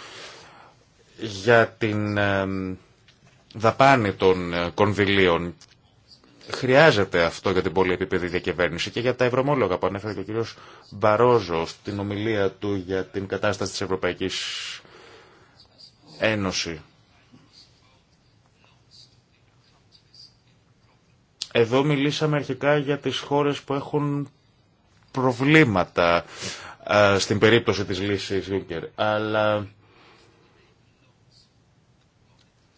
για την δαπάνη των ε, κονδυλίων. Χρειάζεται αυτό για την πολυεπίπεδη διακυβέρνηση και για τα ευρωμόλογα που ανέφερε και ο κύριος Μπαρόζο στην ομιλία του για την κατάσταση της Ευρωπαϊκής Ένωση. Εδώ μιλήσαμε αρχικά για τις χώρες που έχουν προβλήματα ε, στην περίπτωση της λύσης Ιούγκερ. αλλά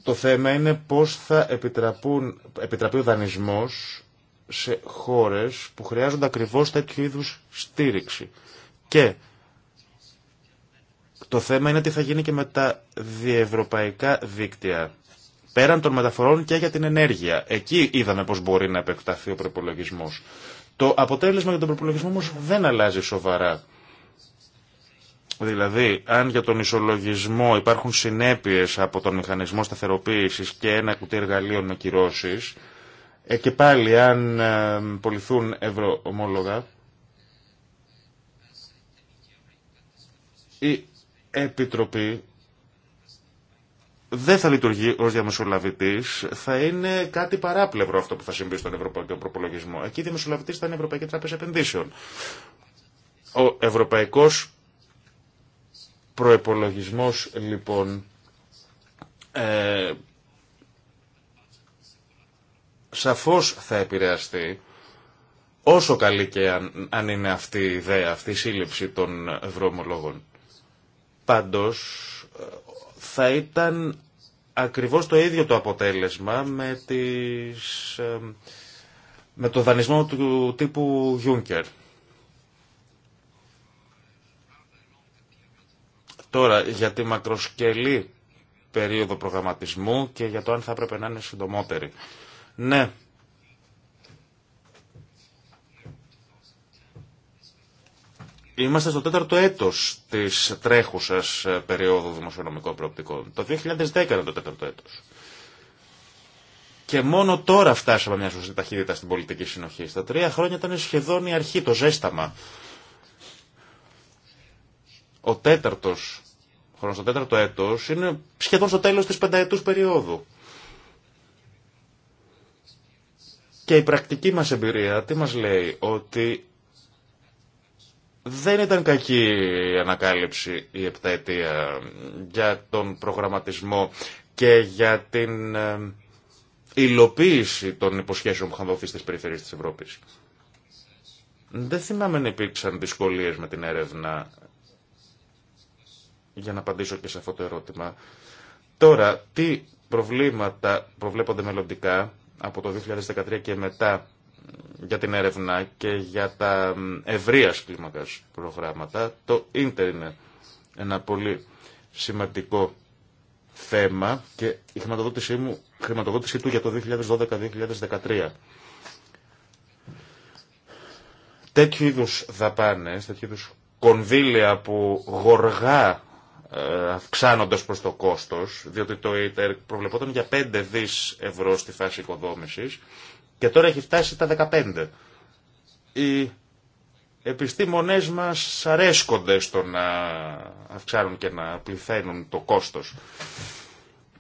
το θέμα είναι πώς θα επιτραπούν, επιτραπεί ο δανεισμός σε χώρες που χρειάζονται ακριβώς τέτοιου είδου στήριξη. Και το θέμα είναι τι θα γίνει και με τα διευρωπαϊκά δίκτυα. Πέραν των μεταφορών και για την ενέργεια. Εκεί είδαμε πώς μπορεί να επεκταθεί ο προπολογισμό. Το αποτέλεσμα για τον προπολογισμό όμω δεν αλλάζει σοβαρά. Δηλαδή, αν για τον ισολογισμό υπάρχουν συνέπειες από τον μηχανισμό σταθεροποίησης και ένα κουτί εργαλείων με κυρώσεις, ε, και πάλι αν ε, πολιθούν ευρωομόλογα, η Επιτροπή δεν θα λειτουργεί ως διαμεσολαβητής, θα είναι κάτι παράπλευρο αυτό που θα συμβεί στον ευρωπαϊκό προπολογισμό. Εκεί η διαμεσολαβητής θα είναι η Ευρωπαϊκή Τράπεζα Επενδύσεων. Ο Ευρωπαϊκός Προεπολογισμός λοιπόν ε, σαφώς θα επηρεαστεί όσο καλή και αν, είναι αυτή η ιδέα, αυτή η σύλληψη των ευρωομολόγων. Πάντως ε, θα ήταν ακριβώς το ίδιο το αποτέλεσμα με, τις, ε, με το δανεισμό του τύπου Juncker. Τώρα, για τη μακροσκελή περίοδο προγραμματισμού και για το αν θα έπρεπε να είναι συντομότερη. Ναι. Είμαστε στο τέταρτο έτος της τρέχουσας ε, περίοδου δημοσιονομικών προοπτικών. Το 2010 ήταν το τέταρτο έτος. Και μόνο τώρα φτάσαμε μια σωστή ταχύτητα στην πολιτική συνοχή. Στα τρία χρόνια ήταν σχεδόν η αρχή, το ζέσταμα. Ο τέταρτος χρόνο, στο τέταρτο έτος, είναι σχεδόν στο τέλος της πενταετούς περίοδου. Και η πρακτική μας εμπειρία τι μας λέει, ότι δεν ήταν κακή η ανακάλυψη η επταετία για τον προγραμματισμό και για την ε, υλοποίηση των υποσχέσεων που είχαν δοθεί στις περιφέρειες της Ευρώπης. Δεν θυμάμαι να υπήρξαν δυσκολίες με την έρευνα για να απαντήσω και σε αυτό το ερώτημα. Τώρα, τι προβλήματα προβλέπονται μελλοντικά από το 2013 και μετά για την έρευνα και για τα ευρεία κλίμακα προγράμματα. Το ίντερ είναι ένα πολύ σημαντικό θέμα και η χρηματοδότησή, μου, χρηματοδότησή του για το 2012-2013. Τέτοιου είδου δαπάνε, τέτοιου είδους κονδύλια που γοργά ε, αυξάνοντας προς το κόστος, διότι το ΙΤΕΡ προβλεπόταν για 5 δις ευρώ στη φάση οικοδόμησης και τώρα έχει φτάσει τα 15. Οι επιστήμονές μας αρέσκονται στο να αυξάνουν και να πληθαίνουν το κόστος.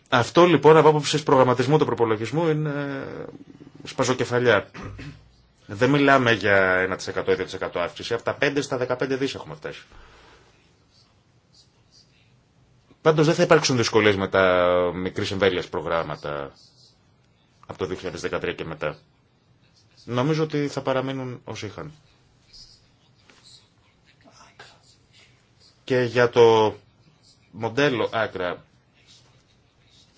Αυτό λοιπόν από άποψη προγραμματισμού του προπολογισμού είναι σπαζοκεφαλιά. Δεν μιλάμε για 1% ή 2% αύξηση. Από τα 5 στα 15 δις έχουμε φτάσει. Πάντω δεν θα υπάρξουν δυσκολίε με τα μικρή εμβέλεια προγράμματα από το 2013 και μετά. Νομίζω ότι θα παραμείνουν όσοι είχαν. Και για το μοντέλο άκρα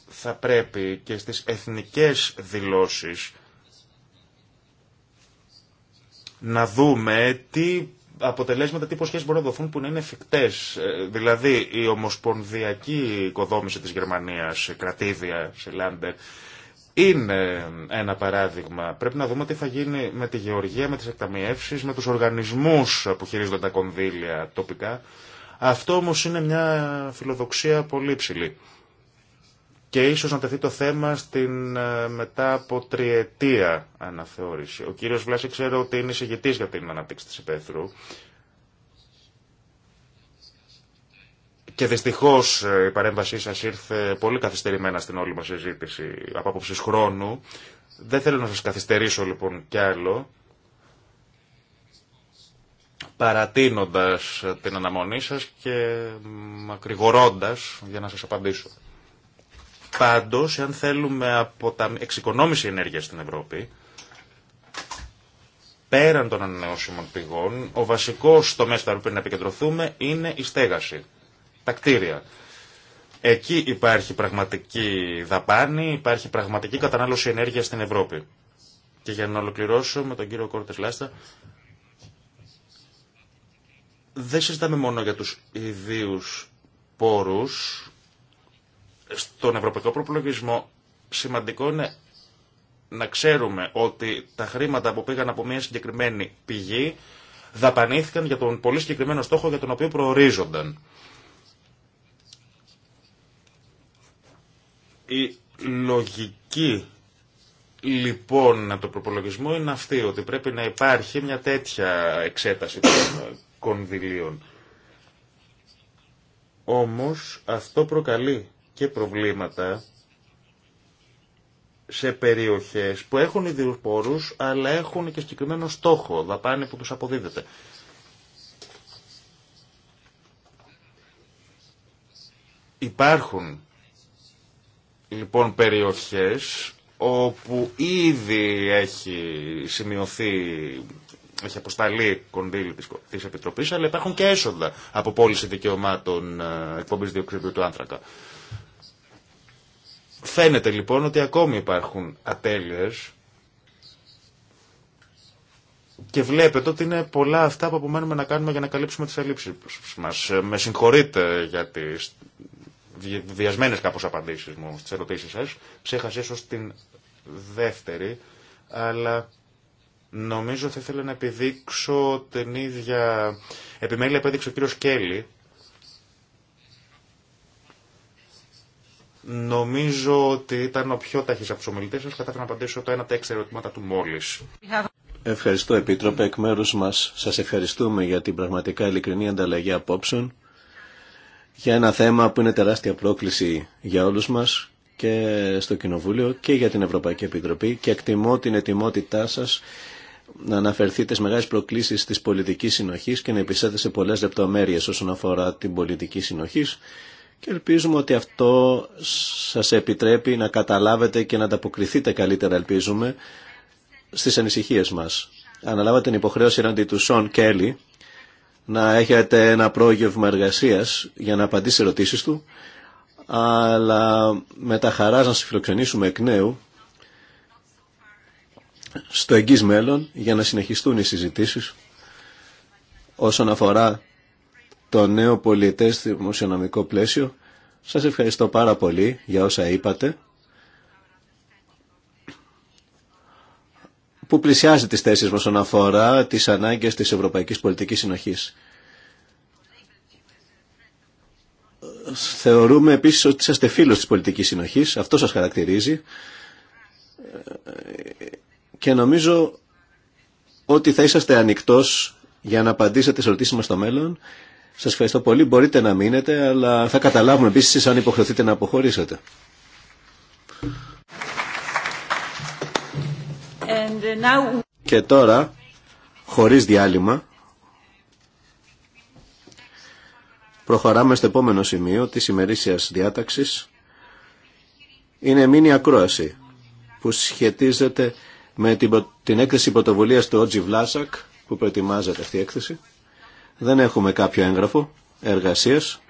θα πρέπει και στις εθνικές δηλώσεις να δούμε τι αποτελέσματα τύπου σχέσει μπορούν να δοθούν που να είναι εφικτέ. Ε, δηλαδή η ομοσπονδιακή οικοδόμηση τη Γερμανία, σε κρατήδια, σε Λάντερ, είναι ένα παράδειγμα. Πρέπει να δούμε τι θα γίνει με τη γεωργία, με τι εκταμιεύσει, με του οργανισμού που χειρίζονται τα κονδύλια τοπικά. Αυτό όμω είναι μια φιλοδοξία πολύ ψηλή και ίσως να τεθεί το θέμα στην ε, μετά από τριετία αναθεώρηση. Ο κύριος Βλάση ξέρω ότι είναι εισηγητής για την αναπτύξη της υπαίθρου και δυστυχώ ε, η παρέμβασή σας ήρθε πολύ καθυστερημένα στην όλη μα συζήτηση από άποψη χρόνου. Δεν θέλω να σας καθυστερήσω λοιπόν κι άλλο Παρατείνοντα την αναμονή σας και μακρηγορώντα για να σα απαντήσω. Πάντω αν θέλουμε από τα εξοικονόμηση ενέργειας στην Ευρώπη, πέραν των ανανεώσιμων πηγών, ο βασικός τομέας που πρέπει να επικεντρωθούμε είναι η στέγαση, τα κτίρια. Εκεί υπάρχει πραγματική δαπάνη, υπάρχει πραγματική κατανάλωση ενέργειας στην Ευρώπη. Και για να ολοκληρώσω με τον κύριο Κόρτες Λάστα, δεν συζητάμε μόνο για τους ιδίου πόρους, στον ευρωπαϊκό προπολογισμό σημαντικό είναι να ξέρουμε ότι τα χρήματα που πήγαν από μια συγκεκριμένη πηγή δαπανήθηκαν για τον πολύ συγκεκριμένο στόχο για τον οποίο προορίζονταν. Η λογική λοιπόν του προπολογισμού είναι αυτή, ότι πρέπει να υπάρχει μια τέτοια εξέταση των κονδυλίων. Όμως αυτό προκαλεί και προβλήματα σε περιοχές που έχουν ιδίους αλλά έχουν και συγκεκριμένο στόχο, δαπάνη που τους αποδίδεται. Υπάρχουν λοιπόν περιοχές όπου ήδη έχει σημειωθεί, έχει αποσταλεί κονδύλι της Επιτροπής, αλλά υπάρχουν και έσοδα από πώληση δικαιωμάτων ε, εκπομπής διοξυδίου του άνθρακα. Φαίνεται λοιπόν ότι ακόμη υπάρχουν ατέλειες και βλέπετε ότι είναι πολλά αυτά που απομένουμε να κάνουμε για να καλύψουμε τις ελλείψεις μας. Ε, με συγχωρείτε για τις βιασμένες κάπως απαντήσεις μου στις ερωτήσεις σας. Ξέχασα ίσως την δεύτερη, αλλά νομίζω θα ήθελα να επιδείξω την ίδια επιμέλεια που έδειξε ο κύριος Κέλλη Νομίζω ότι ήταν ο πιο ταχύ από του ομιλητέ σας. Κατάφερα να απαντήσω το ένα από τα έξι ερωτήματα του μόλι. Ευχαριστώ Επίτροπε εκ μέρου μα σα ευχαριστούμε για την πραγματικά ειλικρινή ανταλλαγή απόψεων για ένα θέμα που είναι τεράστια πρόκληση για όλου μα και στο Κοινοβούλιο και για την Ευρωπαϊκή Επιτροπή και εκτιμώ την ετοιμότητά σα να αναφερθείτε στι μεγάλε προκλήσει τη πολιτική συνοχή και να επισέθετε σε πολλέ λεπτομέρειε όσον αφορά την πολιτική συνοχή και ελπίζουμε ότι αυτό σας επιτρέπει να καταλάβετε και να ανταποκριθείτε καλύτερα, ελπίζουμε, στις ανησυχίες μας. Αναλάβατε την υποχρέωση αντι του Σον Κέλλη να έχετε ένα πρόγευμα εργασίας για να απαντήσει ερωτήσεις του, αλλά με τα χαράς να σας φιλοξενήσουμε εκ νέου στο εγγύς μέλλον για να συνεχιστούν οι συζητήσεις όσον αφορά το νέο πολιτές δημοσιονομικό πλαίσιο. Σας ευχαριστώ πάρα πολύ για όσα είπατε. Που πλησιάζει τις θέσεις μας όσον αφορά τις ανάγκες της Ευρωπαϊκής Πολιτικής Συνοχής. Θεωρούμε επίσης ότι είστε φίλος της πολιτικής συνοχής, αυτό σας χαρακτηρίζει και νομίζω ότι θα είσαστε ανοιχτός για να απαντήσετε σε ερωτήσεις μας στο μέλλον σας ευχαριστώ πολύ. Μπορείτε να μείνετε, αλλά θα καταλάβουμε επίσης αν υποχρεωθείτε να αποχωρήσετε. Uh, Και τώρα, χωρίς διάλειμμα, προχωράμε στο επόμενο σημείο της ημερήσιας διάταξης. Είναι μήνυα ακρόαση που σχετίζεται με την, έκθεση πρωτοβουλίας του Ότζι Βλάσακ που προετοιμάζεται αυτή η έκθεση. Δεν έχουμε κάποιο έγγραφο εργασίας.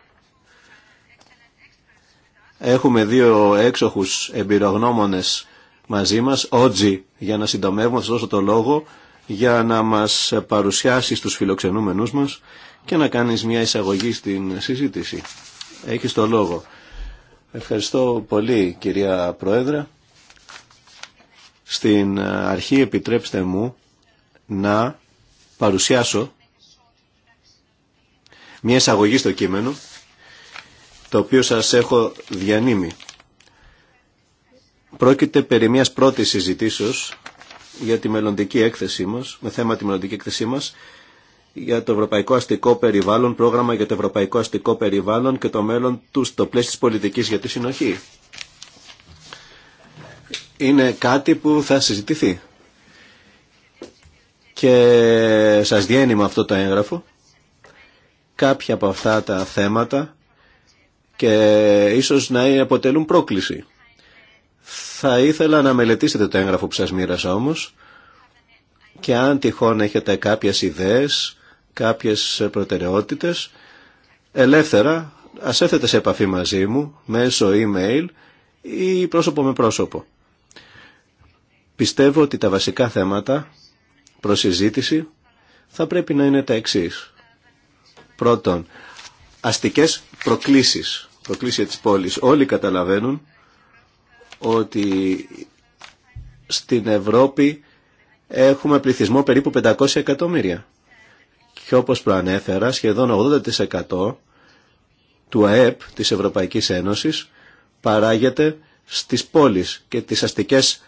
Έχουμε δύο έξοχους εμπειρογνώμονες μαζί μας, ότζι για να συντομεύουμε, θα το λόγο, για να μας παρουσιάσει τους φιλοξενούμενούς μας και να κάνεις μια εισαγωγή στην συζήτηση. Έχεις το λόγο. Ευχαριστώ πολύ κυρία Πρόεδρε. Στην αρχή επιτρέψτε μου να παρουσιάσω μια εισαγωγή στο κείμενο, το οποίο σας έχω διανύμει. Πρόκειται περί μιας πρώτης συζητήσεως για τη μελλοντική έκθεσή μας, με θέμα τη μελλοντική έκθεσή μας, για το Ευρωπαϊκό Αστικό Περιβάλλον, πρόγραμμα για το Ευρωπαϊκό Αστικό Περιβάλλον και το μέλλον του στο πλαίσιο της πολιτικής για τη συνοχή. Είναι κάτι που θα συζητηθεί. Και σας με αυτό το έγγραφο κάποια από αυτά τα θέματα και ίσως να αποτελούν πρόκληση. Θα ήθελα να μελετήσετε το έγγραφο που σας μοίρασα όμως και αν τυχόν έχετε κάποιες ιδέες, κάποιες προτεραιότητες, ελεύθερα ας έρθετε σε επαφή μαζί μου μέσω email ή πρόσωπο με πρόσωπο. Πιστεύω ότι τα βασικά θέματα προς συζήτηση θα πρέπει να είναι τα εξής. Πρώτον, αστικές προκλήσεις, προκλήσεις της πόλης. Όλοι καταλαβαίνουν ότι στην Ευρώπη έχουμε πληθυσμό περίπου 500 εκατομμύρια. Και όπως προανέφερα, σχεδόν 80% του ΑΕΠ της Ευρωπαϊκής Ένωσης παράγεται στις πόλεις και τις αστικές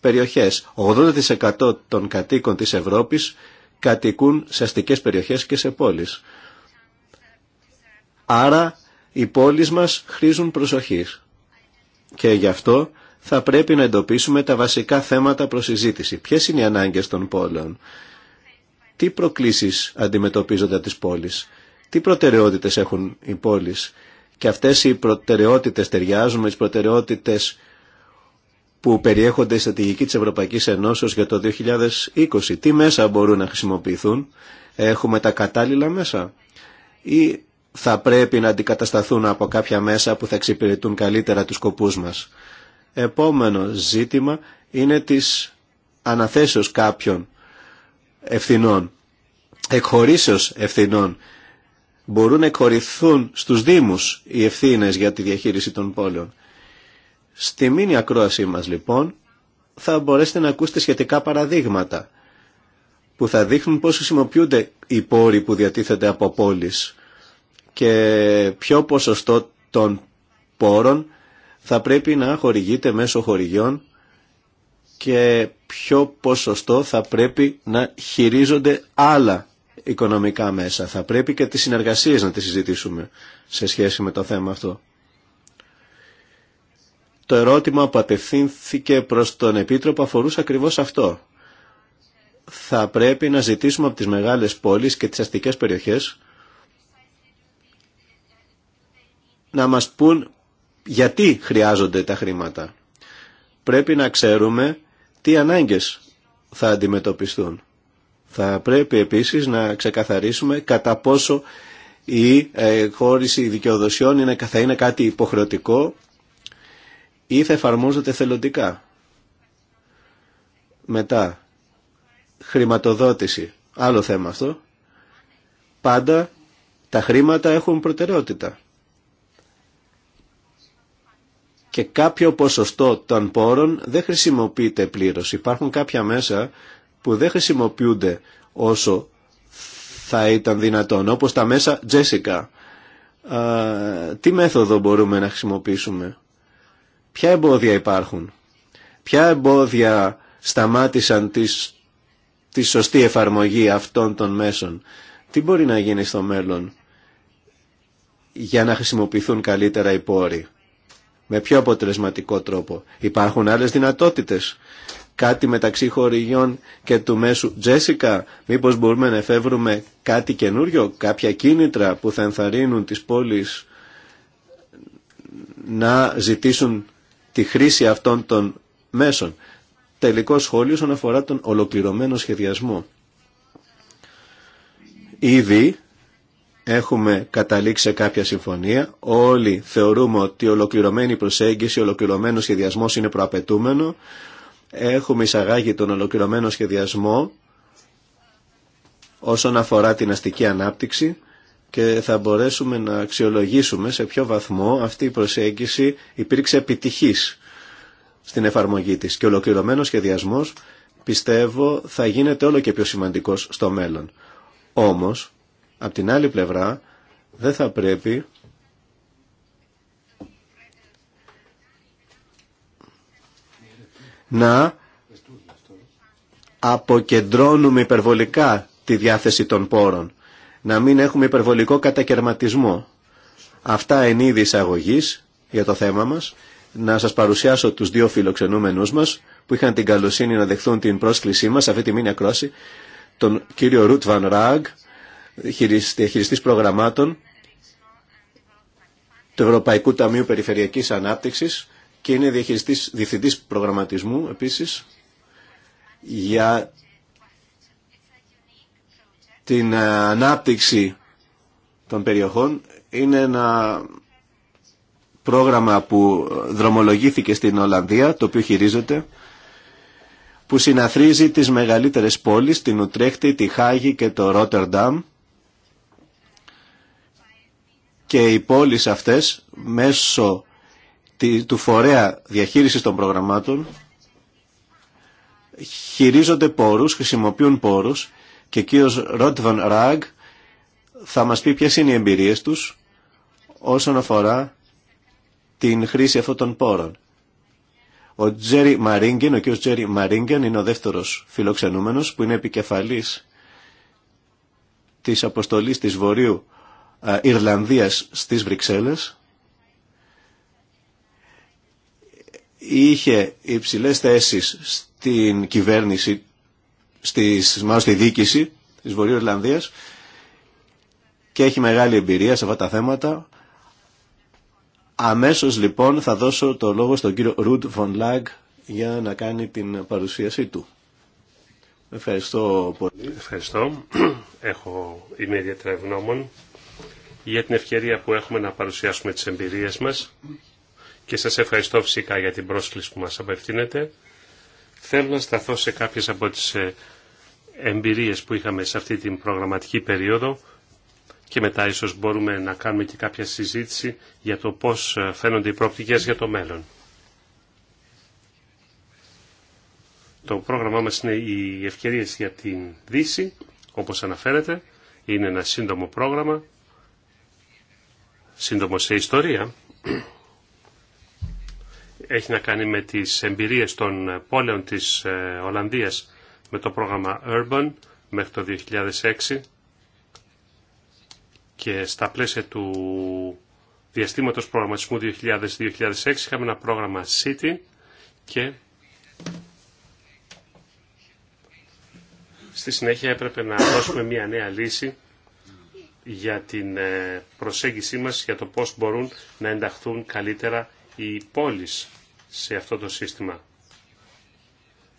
περιοχές. 80% των κατοίκων της Ευρώπης κατοικούν σε αστικές περιοχές και σε πόλεις. Άρα οι πόλεις μας χρήζουν προσοχής. Και γι' αυτό θα πρέπει να εντοπίσουμε τα βασικά θέματα προς συζήτηση. Ποιες είναι οι ανάγκες των πόλεων. Τι προκλήσεις αντιμετωπίζονται από τις πόλεις. Τι προτεραιότητες έχουν οι πόλεις. Και αυτές οι προτεραιότητες ταιριάζουν με τις προτεραιότητες που περιέχονται η στρατηγική της Ευρωπαϊκής Ενώσεως για το 2020. Τι μέσα μπορούν να χρησιμοποιηθούν. Έχουμε τα κατάλληλα μέσα. Ή θα πρέπει να αντικατασταθούν από κάποια μέσα που θα εξυπηρετούν καλύτερα τους σκοπούς μας. Επόμενο ζήτημα είναι της αναθέσεως κάποιων ευθυνών, εκχωρήσεως ευθυνών. Μπορούν να εκχωρηθούν στους Δήμους οι ευθύνες για τη διαχείριση των πόλεων. Στη μήνυα ακρόασή μας λοιπόν θα μπορέσετε να ακούσετε σχετικά παραδείγματα που θα δείχνουν πώς χρησιμοποιούνται οι πόροι που διατίθεται από πόλεις και ποιο ποσοστό των πόρων θα πρέπει να χορηγείται μέσω χορηγιών και ποιο ποσοστό θα πρέπει να χειρίζονται άλλα οικονομικά μέσα. Θα πρέπει και τις συνεργασίες να τις συζητήσουμε σε σχέση με το θέμα αυτό. Το ερώτημα που απευθύνθηκε προς τον Επίτροπο αφορούσε ακριβώς αυτό. Θα πρέπει να ζητήσουμε από τις μεγάλες πόλεις και τις αστικές περιοχές να μας πούν γιατί χρειάζονται τα χρήματα. Πρέπει να ξέρουμε τι ανάγκες θα αντιμετωπιστούν. Θα πρέπει επίσης να ξεκαθαρίσουμε κατά πόσο η ε, χώριση δικαιοδοσιών είναι, θα είναι κάτι υποχρεωτικό ή θα εφαρμόζεται θελοντικά. Μετά, χρηματοδότηση. Άλλο θέμα αυτό. Πάντα τα χρήματα έχουν προτεραιότητα και κάποιο ποσοστό των πόρων δεν χρησιμοποιείται πλήρως. Υπάρχουν κάποια μέσα που δεν χρησιμοποιούνται όσο θα ήταν δυνατόν, όπως τα μέσα Jessica. τι μέθοδο μπορούμε να χρησιμοποιήσουμε, ποια εμπόδια υπάρχουν, ποια εμπόδια σταμάτησαν τις, τη σωστή εφαρμογή αυτών των μέσων, τι μπορεί να γίνει στο μέλλον για να χρησιμοποιηθούν καλύτερα οι πόροι με πιο αποτελεσματικό τρόπο. Υπάρχουν άλλες δυνατότητες. Κάτι μεταξύ χωριών και του μέσου. Τζέσικα, μήπως μπορούμε να εφεύρουμε κάτι καινούριο, κάποια κίνητρα που θα ενθαρρύνουν τις πόλεις να ζητήσουν τη χρήση αυτών των μέσων. Τελικό σχόλιο όσον αφορά τον ολοκληρωμένο σχεδιασμό. Ήδη έχουμε καταλήξει σε κάποια συμφωνία. Όλοι θεωρούμε ότι η ολοκληρωμένη προσέγγιση, ο ολοκληρωμένο σχεδιασμό είναι προαπαιτούμενο. Έχουμε εισαγάγει τον ολοκληρωμένο σχεδιασμό όσον αφορά την αστική ανάπτυξη και θα μπορέσουμε να αξιολογήσουμε σε ποιο βαθμό αυτή η προσέγγιση υπήρξε επιτυχής στην εφαρμογή της. Και ο ολοκληρωμένος σχεδιασμός πιστεύω θα γίνεται όλο και πιο σημαντικό στο μέλλον. Όμως, Απ' την άλλη πλευρά δεν θα πρέπει να αποκεντρώνουμε υπερβολικά τη διάθεση των πόρων, να μην έχουμε υπερβολικό κατακαιρματισμό. Αυτά εν είδη εισαγωγή για το θέμα μας. Να σας παρουσιάσω τους δύο φιλοξενούμενους μας που είχαν την καλοσύνη να δεχθούν την πρόσκλησή μας σε αυτή τη μήνυα κρόση, τον κύριο Ρουτ Βαν Ράγκ, διαχειριστής προγραμμάτων του Ευρωπαϊκού Ταμείου Περιφερειακής Ανάπτυξης και είναι διαχειριστής, διευθυντής προγραμματισμού επίσης για την ε, ανάπτυξη των περιοχών. Είναι ένα πρόγραμμα που δρομολογήθηκε στην Ολλανδία, το οποίο χειρίζεται, που συναθρίζει τις μεγαλύτερες πόλεις, την Ουτρέχτη, τη Χάγη και το Ρότερνταμ, και οι πόλεις αυτές μέσω του φορέα διαχείρισης των προγραμμάτων χειρίζονται πόρους, χρησιμοποιούν πόρους και ο κύριος Ρότβαν Ραγκ θα μας πει ποιες είναι οι εμπειρίες τους όσον αφορά την χρήση αυτών των πόρων. Ο Τζέρι ο κύριος Τζέρι Μαρίγκεν είναι ο δεύτερος φιλοξενούμενος που είναι επικεφαλής της αποστολής της Βορείου ε, Ιρλανδίας στις Βρυξέλλες είχε υψηλές θέσεις στην κυβέρνηση, στις, μάλλον στη διοίκηση της Βορείου Ιρλανδίας και έχει μεγάλη εμπειρία σε αυτά τα θέματα. Αμέσως λοιπόν θα δώσω το λόγο στον κύριο Ρουντ Βον Λάγκ για να κάνει την παρουσίασή του. Ευχαριστώ πολύ. Ευχαριστώ. Έχω, είμαι ιδιαίτερα ευγνώμων για την ευκαιρία που έχουμε να παρουσιάσουμε τις εμπειρίες μας και σας ευχαριστώ φυσικά για την πρόσκληση που μας απευθύνετε. Θέλω να σταθώ σε κάποιες από τις ε, εμπειρίες που είχαμε σε αυτή την προγραμματική περίοδο και μετά ίσως μπορούμε να κάνουμε και κάποια συζήτηση για το πώς ε, φαίνονται οι προοπτικές για το μέλλον. Το πρόγραμμά μας είναι οι ευκαιρίες για την Δύση, όπως αναφέρεται. Είναι ένα σύντομο πρόγραμμα σύντομο σε ιστορία έχει να κάνει με τις εμπειρίες των πόλεων της ε, Ολλανδίας με το πρόγραμμα Urban μέχρι το 2006 και στα πλαίσια του διαστήματος προγραμματισμού 2000-2006 είχαμε ένα πρόγραμμα City και στη συνέχεια έπρεπε να δώσουμε μια νέα λύση για την ε, προσέγγιση μας για το πώς μπορούν να ενταχθούν καλύτερα οι πόλεις σε αυτό το σύστημα.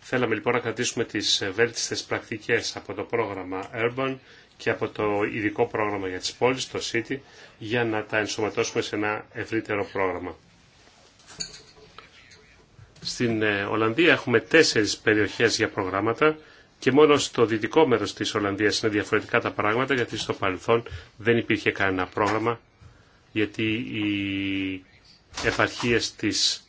Θέλαμε λοιπόν να κρατήσουμε τις βέλτιστες πρακτικές από το πρόγραμμα Urban και από το ειδικό πρόγραμμα για τις πόλεις, το City, για να τα ενσωματώσουμε σε ένα ευρύτερο πρόγραμμα. Στην ε, Ολλανδία έχουμε τέσσερις περιοχές για προγράμματα και μόνο στο δυτικό μέρος της Ολλανδίας είναι διαφορετικά τα πράγματα γιατί στο παρελθόν δεν υπήρχε κανένα πρόγραμμα γιατί οι επαρχίες της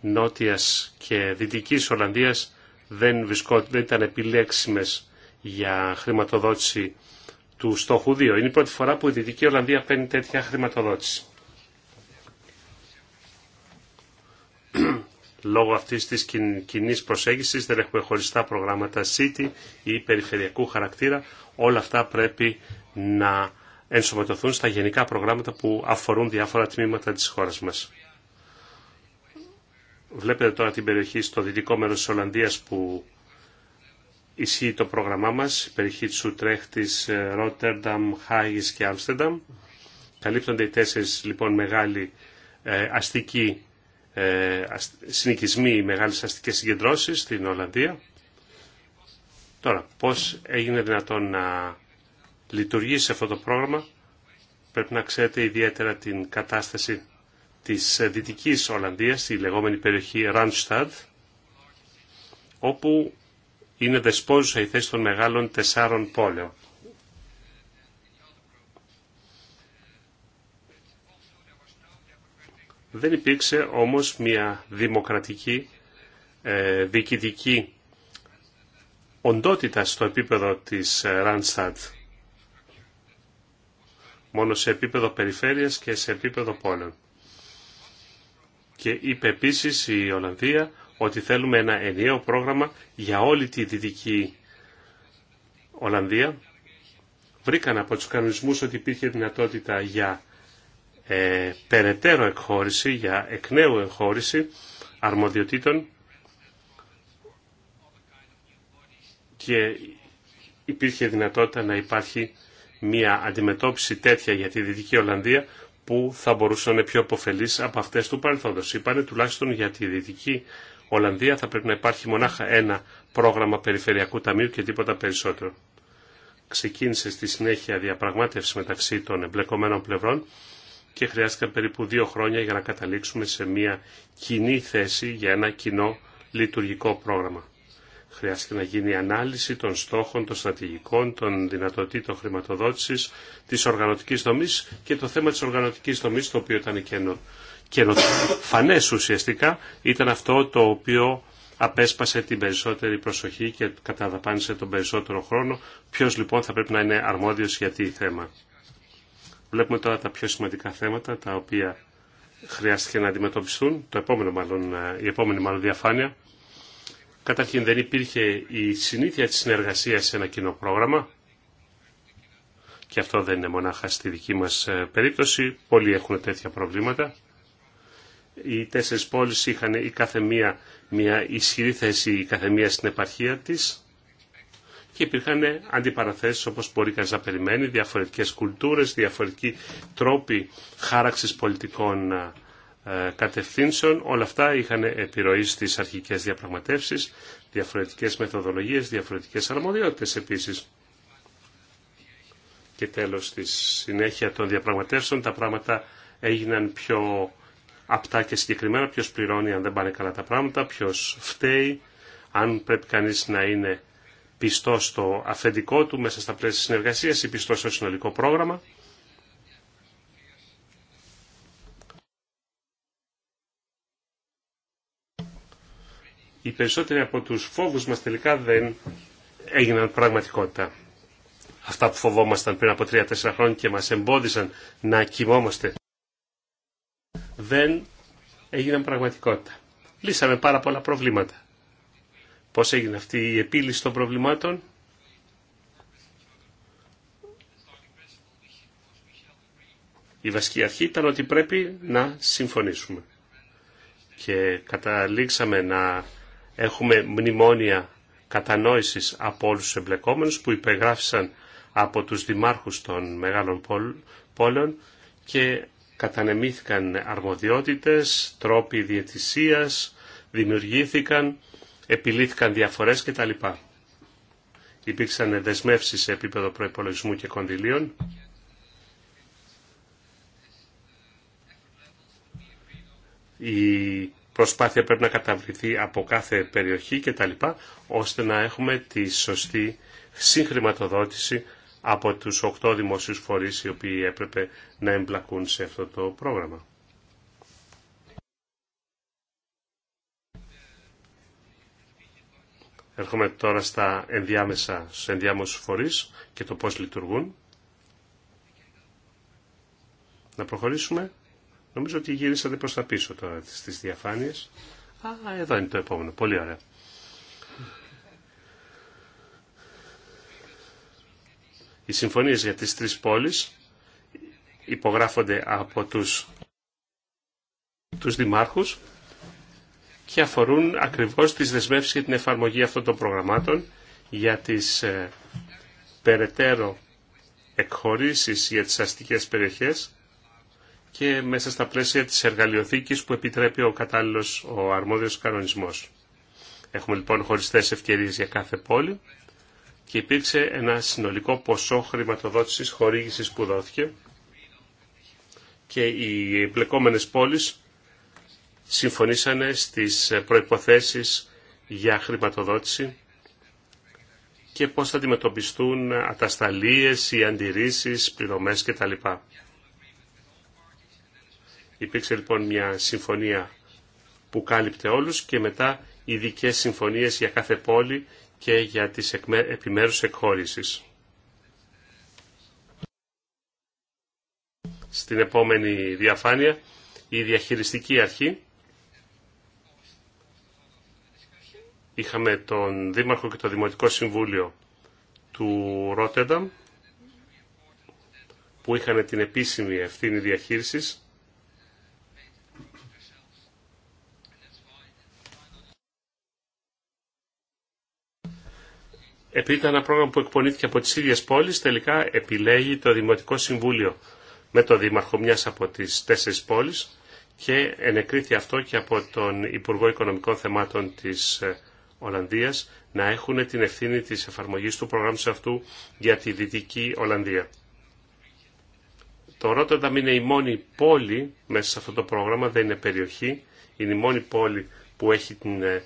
νότιας και δυτικής Ολλανδίας δεν, δεν ήταν επιλέξιμες για χρηματοδότηση του στόχου 2. Είναι η πρώτη φορά που η Δυτική Ολλανδία παίρνει τέτοια χρηματοδότηση. Λόγω αυτής της κοινή προσέγγισης δεν έχουμε χωριστά προγράμματα city ή περιφερειακού χαρακτήρα. Όλα αυτά πρέπει να ενσωματωθούν στα γενικά προγράμματα που αφορούν διάφορα τμήματα της χώρας μας. Βλέπετε τώρα την περιοχή στο δυτικό μέρος της Ολλανδίας που ισχύει το πρόγραμμά μας, η περιοχή της Ουτρέχτη, ε, Ρότερνταμ, Χάγης και Άμστερνταμ. Καλύπτονται οι τέσσερις λοιπόν μεγάλοι ε, αστικοί ε, συνοικισμοί, μεγάλες αστικές συγκεντρώσεις στην Ολλανδία. Τώρα, πώς έγινε δυνατόν να λειτουργήσει αυτό το πρόγραμμα. Πρέπει να ξέρετε ιδιαίτερα την κατάσταση της Δυτικής Ολλανδίας, στη λεγόμενη περιοχή Randstad, όπου είναι δεσπόζουσα η θέση των μεγάλων τεσσάρων πόλεων. Δεν υπήρξε όμως μια δημοκρατική ε, διοικητική οντότητα στο επίπεδο της Ρανστατ. Ε, Μόνο σε επίπεδο περιφέρειας και σε επίπεδο πόλεων. Και είπε επίση η Ολλανδία ότι θέλουμε ένα ενιαίο πρόγραμμα για όλη τη δυτική Ολλανδία. Βρήκαν από τους κανονισμούς ότι υπήρχε δυνατότητα για ε, περαιτέρω εκχώρηση, για εκ νέου εγχώρηση αρμοδιοτήτων και υπήρχε δυνατότητα να υπάρχει μια αντιμετώπιση τέτοια για τη Δυτική Ολλανδία που θα μπορούσε να είναι πιο αποφελής από αυτές του παρελθόντος. Είπανε τουλάχιστον για τη Δυτική Ολλανδία θα πρέπει να υπάρχει μονάχα ένα πρόγραμμα περιφερειακού ταμείου και τίποτα περισσότερο. Ξεκίνησε στη συνέχεια διαπραγμάτευση μεταξύ των εμπλεκομένων πλευρών και χρειάστηκαν περίπου δύο χρόνια για να καταλήξουμε σε μια κοινή θέση για ένα κοινό λειτουργικό πρόγραμμα. Χρειάστηκε να γίνει η ανάλυση των στόχων, των στρατηγικών, των δυνατοτήτων χρηματοδότησης, της οργανωτικής δομής και το θέμα της οργανωτικής δομής, το οποίο ήταν καινο, Φανές ουσιαστικά, ήταν αυτό το οποίο απέσπασε την περισσότερη προσοχή και καταδαπάνησε τον περισσότερο χρόνο. Ποιος λοιπόν θα πρέπει να είναι αρμόδιος για τι θέμα. Βλέπουμε τώρα τα πιο σημαντικά θέματα τα οποία χρειάστηκε να αντιμετωπιστούν. Το επόμενο μάλλον, ε, η επόμενη μάλλον διαφάνεια. Καταρχήν δεν υπήρχε η συνήθεια της συνεργασίας σε ένα κοινό πρόγραμμα και αυτό δεν είναι μονάχα στη δική μας ε, περίπτωση. Πολλοί έχουν τέτοια προβλήματα. Οι τέσσερις πόλεις είχαν η κάθε μία μια ισχυρη θέση η στην επαρχία της και υπήρχαν αντιπαραθέσεις όπως μπορεί κανείς να περιμένει, διαφορετικές κουλτούρες, διαφορετικοί τρόποι χάραξης πολιτικών ε, κατευθύνσεων. Όλα αυτά είχαν επιρροή στις αρχικές διαπραγματεύσεις, διαφορετικές μεθοδολογίες, διαφορετικές αρμοδιότητες επίσης. Και τέλος, στη συνέχεια των διαπραγματεύσεων τα πράγματα έγιναν πιο απτά και συγκεκριμένα ποιος πληρώνει αν δεν πάνε καλά τα πράγματα, ποιος φταίει, αν πρέπει κανεί να είναι πιστό στο αφεντικό του μέσα στα πλαίσια συνεργασίας ή πιστό στο συνολικό πρόγραμμα. Οι περισσότεροι από τους φόβους μας τελικά δεν έγιναν πραγματικότητα. Αυτά που φοβόμασταν πριν από 3-4 χρόνια και μας εμπόδισαν να κοιμόμαστε δεν έγιναν πραγματικότητα. Λύσαμε πάρα πολλά προβλήματα. Πώς έγινε αυτή η επίλυση των προβλημάτων. Η βασική αρχή ήταν ότι πρέπει να συμφωνήσουμε. Και καταλήξαμε να έχουμε μνημόνια κατανόησης από όλους τους εμπλεκόμενους που υπεγράφησαν από τους δημάρχους των μεγάλων πόλεων και κατανεμήθηκαν αρμοδιότητες, τρόποι διαιτησίας, δημιουργήθηκαν Επιλήθηκαν διαφορές κτλ. Υπήρξαν δεσμεύσεις σε επίπεδο προϋπολογισμού και κονδυλίων. Η προσπάθεια πρέπει να καταβληθεί από κάθε περιοχή κτλ. ώστε να έχουμε τη σωστή συγχρηματοδότηση από τους οκτώ δημοσίους φορείς οι οποίοι έπρεπε να εμπλακούν σε αυτό το πρόγραμμα. Έρχομαι τώρα στα ενδιάμεσα, στους ενδιάμεσους φορείς και το πώς λειτουργούν. Να προχωρήσουμε. Νομίζω ότι γυρίσατε προς τα πίσω τώρα στις διαφάνειες. Α, εδώ είναι το επόμενο. Πολύ ωραία. Οι συμφωνίες για τις τρεις πόλεις υπογράφονται από τους, τους δημάρχους και αφορούν ακριβώς τις δεσμεύσεις και την εφαρμογή αυτών των προγραμμάτων για τις ε, περαιτέρω εκχωρήσεις για τις αστικές περιοχές και μέσα στα πλαίσια της εργαλειοθήκης που επιτρέπει ο κατάλληλος, ο αρμόδιος κανονισμός. Έχουμε λοιπόν χωριστές ευκαιρίες για κάθε πόλη και υπήρξε ένα συνολικό ποσό χρηματοδότησης χορήγησης που δόθηκε και οι εμπλεκόμενες πόλεις συμφωνήσανε στις ε, προϋποθέσεις για χρηματοδότηση και πώς θα αντιμετωπιστούν ε, ατασταλίες ή αντιρρήσεις, πληρωμές κτλ. Υπήρξε λοιπόν μια συμφωνία που κάλυπτε όλους και μετά ειδικέ συμφωνίες για κάθε πόλη και για τις επιμέρους εκχώρησης. Στην επόμενη διαφάνεια η διαχειριστική αρχή είχαμε τον Δήμαρχο και το Δημοτικό Συμβούλιο του Ρότερνταμ που είχαν την επίσημη ευθύνη διαχείρισης επειδή ήταν ένα πρόγραμμα που εκπονήθηκε από τις ίδιες πόλεις, τελικά επιλέγει το Δημοτικό Συμβούλιο με το Δήμαρχο μιας από τις τέσσερις πόλεις και ενεκρίθη αυτό και από τον Υπουργό Οικονομικών Θεμάτων της ε, Ολλανδίας να έχουν την ευθύνη της εφαρμογής του προγράμματος αυτού για τη Δυτική Ολλανδία. Το Ρότερνταμ είναι η μόνη πόλη μέσα σε αυτό το πρόγραμμα, δεν είναι περιοχή, είναι η μόνη πόλη που, έχει την, ε,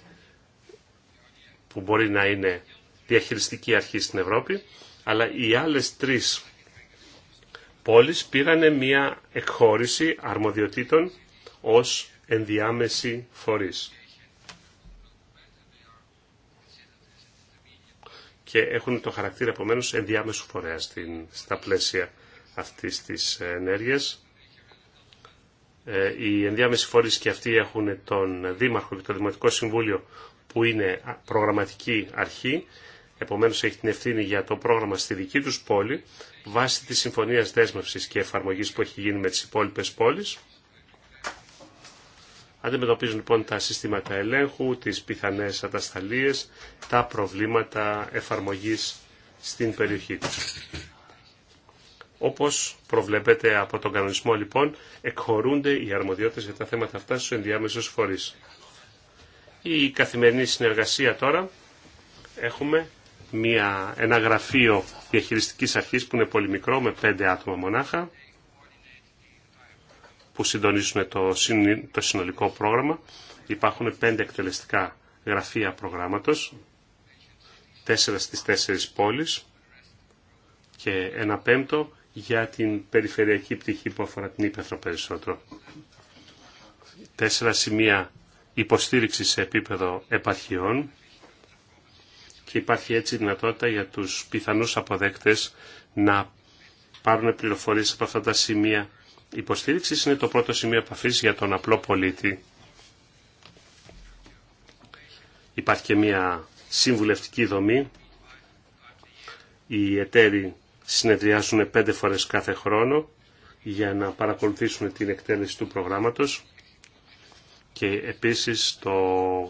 που μπορεί να είναι διαχειριστική αρχή στην Ευρώπη, αλλά οι άλλες τρεις πόλεις πήραν μια εκχώρηση αρμοδιοτήτων ως ενδιάμεση φορείς. και έχουν το χαρακτήρα επομένω ενδιάμεσου φορέα στα πλαίσια αυτής της ενέργεια. Ε, οι ενδιάμεσοι φορείς και αυτοί έχουν τον Δήμαρχο και το Δημοτικό Συμβούλιο που είναι προγραμματική αρχή, Επομένω, έχει την ευθύνη για το πρόγραμμα στη δική του πόλη, βάσει της Συμφωνίας δέσμευση και Εφαρμογής που έχει γίνει με τι υπόλοιπε πόλεις. Αντιμετωπίζουν λοιπόν τα συστήματα ελέγχου, τις πιθανές ατασταλίες, τα προβλήματα εφαρμογής στην περιοχή τους. Όπως προβλέπετε από τον κανονισμό λοιπόν, εκχωρούνται οι αρμοδιότητες για τα θέματα αυτά στους ενδιάμεσους φορείς. Η καθημερινή συνεργασία τώρα έχουμε μια, ένα γραφείο διαχειριστικής αρχής που είναι πολύ μικρό με πέντε άτομα μονάχα που συντονίζουν το, συνολικό πρόγραμμα. Υπάρχουν πέντε εκτελεστικά γραφεία προγράμματος, τέσσερα στις τέσσερις πόλεις και ένα πέμπτο για την περιφερειακή πτυχή που αφορά την Ήπεθρο περισσότερο. Τέσσερα σημεία υποστήριξη σε επίπεδο επαρχιών και υπάρχει έτσι δυνατότητα για τους πιθανούς αποδέκτες να πάρουν πληροφορίες από αυτά τα σημεία υποστήριξη είναι το πρώτο σημείο επαφή για τον απλό πολίτη. Υπάρχει και μια συμβουλευτική δομή. Οι εταίροι συνεδριάζουν πέντε φορές κάθε χρόνο για να παρακολουθήσουν την εκτέλεση του προγράμματος και επίσης το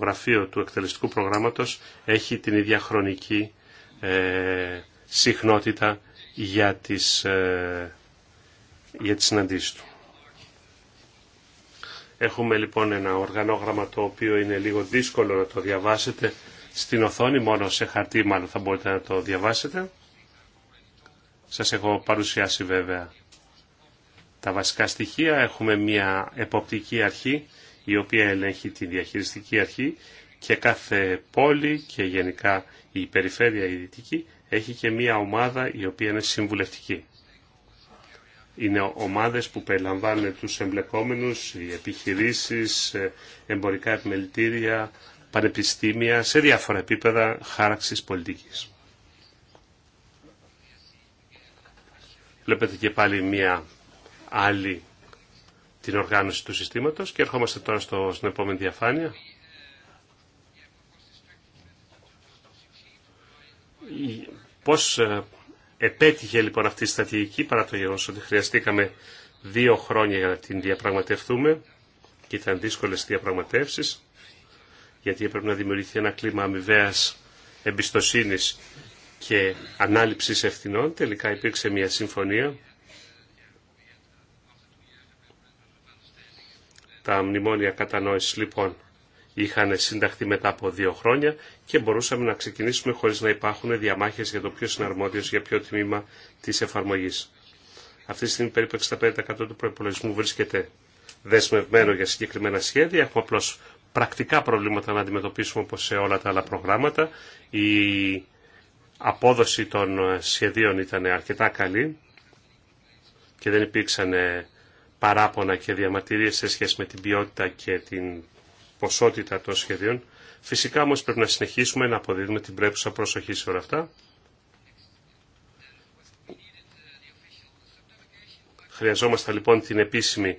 γραφείο του εκτελεστικού προγράμματος έχει την ίδια χρονική ε, συχνότητα για τις ε, για τις συναντήσεις του. Έχουμε λοιπόν ένα οργανόγραμμα το οποίο είναι λίγο δύσκολο να το διαβάσετε στην οθόνη, μόνο σε χαρτί μάλλον θα μπορείτε να το διαβάσετε. Σας έχω παρουσιάσει βέβαια τα βασικά στοιχεία. Έχουμε μια εποπτική αρχή η οποία ελέγχει τη διαχειριστική αρχή και κάθε πόλη και γενικά η περιφέρεια η δυτική έχει και μια ομάδα η οποία είναι συμβουλευτική είναι ομάδες που περιλαμβάνουν τους εμπλεκόμενους, οι επιχειρήσεις, ε, εμπορικά επιμελητήρια, πανεπιστήμια, σε διάφορα επίπεδα χάραξης πολιτικής. Βλέπετε και πάλι μία άλλη την οργάνωση του συστήματος και ερχόμαστε τώρα στο, στην επόμενη διαφάνεια. Πώς ε, Επέτυχε λοιπόν αυτή η στρατηγική παρά το γεγονός ότι χρειαστήκαμε δύο χρόνια για να την διαπραγματευτούμε και ήταν δύσκολες διαπραγματεύσει, γιατί έπρεπε να δημιουργηθεί ένα κλίμα αμοιβαία εμπιστοσύνη και ανάληψη ευθυνών. Τελικά υπήρξε μια συμφωνία. Τα μνημόνια κατανόηση λοιπόν είχαν συνταχθεί μετά από δύο χρόνια και μπορούσαμε να ξεκινήσουμε χωρίς να υπάρχουν διαμάχες για το ποιο είναι αρμόδιος για ποιο τμήμα της εφαρμογής. Αυτή τη στιγμή περίπου 65% του προπολογισμού βρίσκεται δεσμευμένο για συγκεκριμένα σχέδια. Έχουμε απλώς πρακτικά προβλήματα να αντιμετωπίσουμε όπως σε όλα τα άλλα προγράμματα. Η απόδοση των σχεδίων ήταν αρκετά καλή και δεν υπήρξαν παράπονα και διαμαρτυρίες σε σχέση με την ποιότητα και την ποσότητα των σχεδίων. Φυσικά όμως πρέπει να συνεχίσουμε να αποδίδουμε την πρέπουσα προσοχή σε όλα αυτά. Χρειαζόμαστε λοιπόν την επίσημη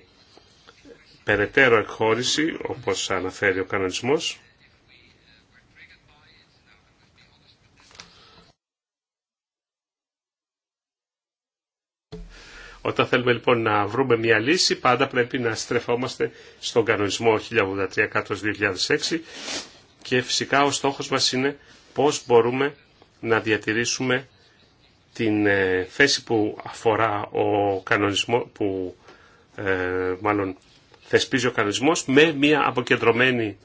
περαιτέρω εκχώρηση, όπως αναφέρει ο κανονισμός. Όταν θέλουμε λοιπόν να βρούμε μια λύση, πάντα πρέπει να στρεφόμαστε στον κανονισμό 1083-2006 και φυσικά ο στόχος μας είναι πώς μπορούμε να διατηρήσουμε την ε, θέση που αφορά ο κανονισμό, που ε, μάλλον θεσπίζει ο κανονισμός, με μια αποκεντρωμένη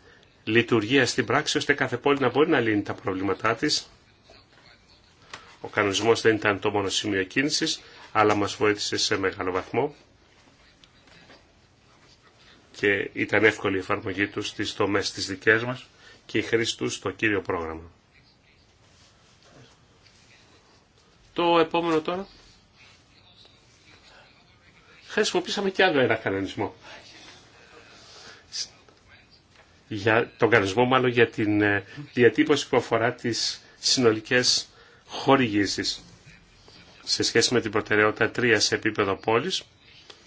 λειτουργία στην πράξη, ώστε κάθε πόλη να μπορεί να λύνει τα προβλήματά της. Ο κανονισμός δεν ήταν το μόνο σημείο κίνησης αλλά μας βοήθησε σε μεγάλο βαθμό και ήταν εύκολη η εφαρμογή τους στις τομές της δικές μας και η χρήση τους στο κύριο πρόγραμμα. Το επόμενο τώρα. Χρησιμοποίησαμε και άλλο ένα κανονισμό. Για τον κανονισμό μάλλον για την ε, διατύπωση που αφορά τις συνολικές χορηγήσεις σε σχέση με την προτεραιότητα 3 σε επίπεδο πόλης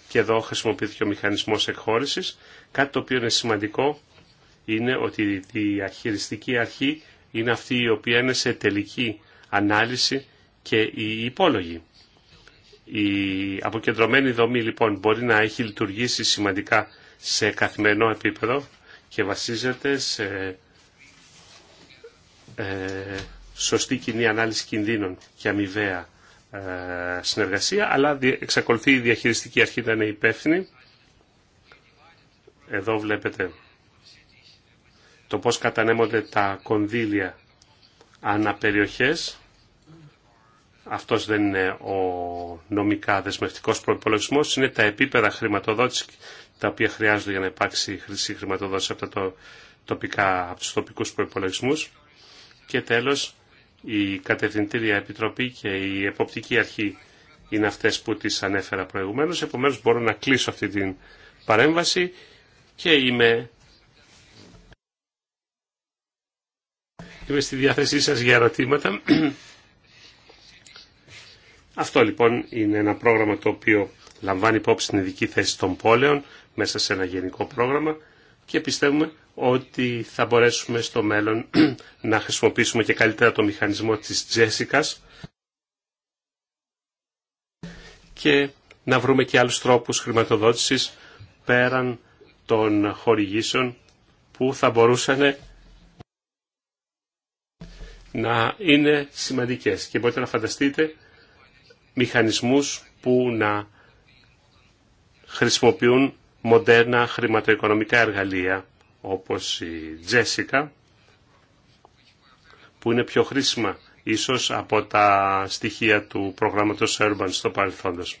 και εδώ χρησιμοποιήθηκε ο μηχανισμός εκχώρησης. Κάτι το οποίο είναι σημαντικό είναι ότι η διαχειριστική αρχή είναι αυτή η οποία είναι σε τελική ανάλυση και η υπόλογη. Η αποκεντρωμένη δομή λοιπόν μπορεί να έχει λειτουργήσει σημαντικά σε καθημερινό επίπεδο και βασίζεται σε ε, σωστή κοινή ανάλυση κινδύνων και αμοιβαία ε, συνεργασία, αλλά εξακολουθεί η διαχειριστική αρχή να είναι υπεύθυνη. Εδώ βλέπετε το πώς κατανέμονται τα κονδύλια αναπεριοχές. Αυτός δεν είναι ο νομικά δεσμευτικός προϋπολογισμός, είναι τα επίπεδα χρηματοδότηση τα οποία χρειάζονται για να υπάρξει χρήση χρηματοδότηση από, τα τοπικά, από τους τοπικούς προϋπολογισμούς. Και τέλος, η Κατευθυντήρια Επιτροπή και η Εποπτική Αρχή είναι αυτές που τις ανέφερα προηγουμένως. Επομένως μπορώ να κλείσω αυτή την παρέμβαση και είμαι, είμαι στη διάθεσή σας για ερωτήματα. Αυτό λοιπόν είναι ένα πρόγραμμα το οποίο λαμβάνει υπόψη την ειδική θέση των πόλεων μέσα σε ένα γενικό πρόγραμμα και πιστεύουμε ότι θα μπορέσουμε στο μέλλον να χρησιμοποιήσουμε και καλύτερα το μηχανισμό της Τζέσικας και να βρούμε και άλλους τρόπους χρηματοδότησης πέραν των χορηγήσεων που θα μπορούσαν να είναι σημαντικές. Και μπορείτε να φανταστείτε μηχανισμούς που να χρησιμοποιούν μοντέρνα χρηματοοικονομικά εργαλεία όπως η Τζέσικα που είναι πιο χρήσιμα ίσως από τα στοιχεία του προγράμματος Urban στο παρελθόντος.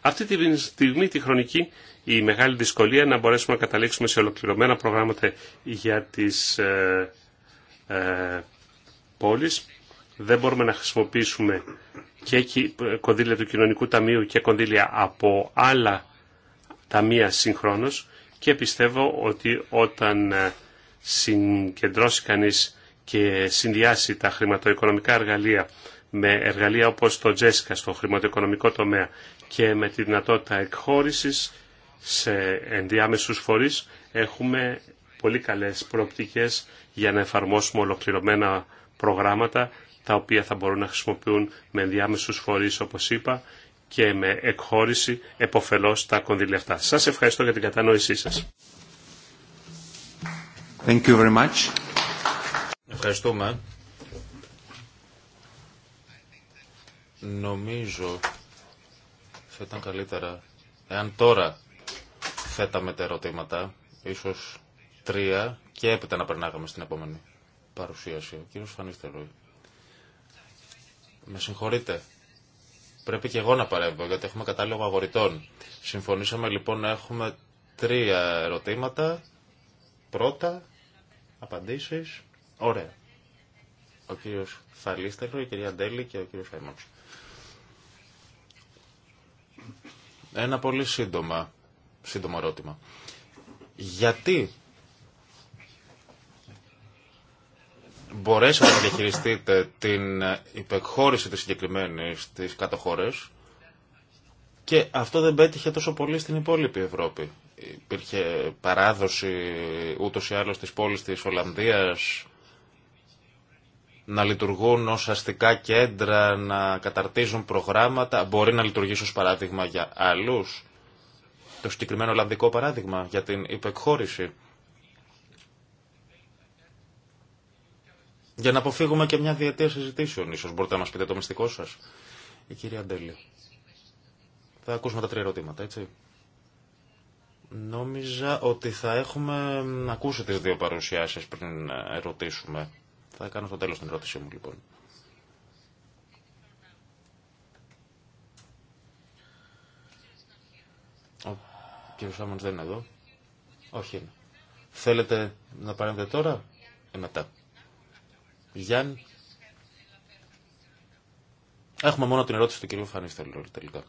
Αυτή τη στιγμή τη χρονική η μεγάλη δυσκολία να μπορέσουμε να καταλήξουμε σε ολοκληρωμένα προγράμματα για τις ε, ε πόλεις. Δεν μπορούμε να χρησιμοποιήσουμε και κονδύλια του Κοινωνικού Ταμείου και κονδύλια από άλλα ταμεία συγχρόνως και πιστεύω ότι όταν ε, συγκεντρώσει κανείς και συνδυάσει τα χρηματοοικονομικά εργαλεία με εργαλεία όπως το Τζέσικα στο χρηματοοικονομικό τομέα και με τη δυνατότητα εκχώρησης σε ενδιάμεσους φορείς έχουμε πολύ καλές προοπτικές για να εφαρμόσουμε ολοκληρωμένα προγράμματα τα οποία θα μπορούν να χρησιμοποιούν με ενδιάμεσους φορείς όπως είπα και με εκχώρηση εποφελώς τα κονδύλια αυτά. Σας ευχαριστώ για την κατανόησή σας. Thank you very much. Ευχαριστούμε. Νομίζω θα ήταν καλύτερα εάν τώρα θέταμε τα ερωτήματα, ίσως τρία και έπειτα να περνάγαμε στην επόμενη παρουσίαση. Ο κύριος Φανίστερου, Με συγχωρείτε πρέπει και εγώ να παρέμβω, γιατί έχουμε κατάλογο αγορητών. Συμφωνήσαμε λοιπόν να έχουμε τρία ερωτήματα. Πρώτα, απαντήσεις. Ωραία. Ο κύριος Φαλίστερο, η κυρία Ντέλη και ο κύριος Φαϊμός. Ένα πολύ σύντομα, σύντομο ερώτημα. Γιατί μπορέσετε να διαχειριστείτε την υπεκχώρηση της συγκεκριμένη στις κατοχώρες και αυτό δεν πέτυχε τόσο πολύ στην υπόλοιπη Ευρώπη. Υπήρχε παράδοση ούτως ή άλλως της πόλης της Ολλανδίας να λειτουργούν ως αστικά κέντρα, να καταρτίζουν προγράμματα. Μπορεί να λειτουργήσει ως παράδειγμα για άλλους. Το συγκεκριμένο Ολλανδικό παράδειγμα για την υπεκχώρηση. Για να αποφύγουμε και μια διετία συζητήσεων, ίσω μπορείτε να μα πείτε το μυστικό σα. Η κυρία Αντέλη. Θα ακούσουμε τα τρία ερωτήματα, έτσι. Νόμιζα ότι θα έχουμε ακούσει τις δύο παρουσιάσεις πριν ε, ερωτήσουμε. Θα κάνω στο τέλος την ερώτησή μου, λοιπόν. Ο κ. δεν είναι εδώ. Όχι είναι. Θέλετε να παρέμβετε τώρα ή μετά. Γιάννη. Έχουμε μόνο την ερώτηση του κυρίου Φανίστελ τελικά.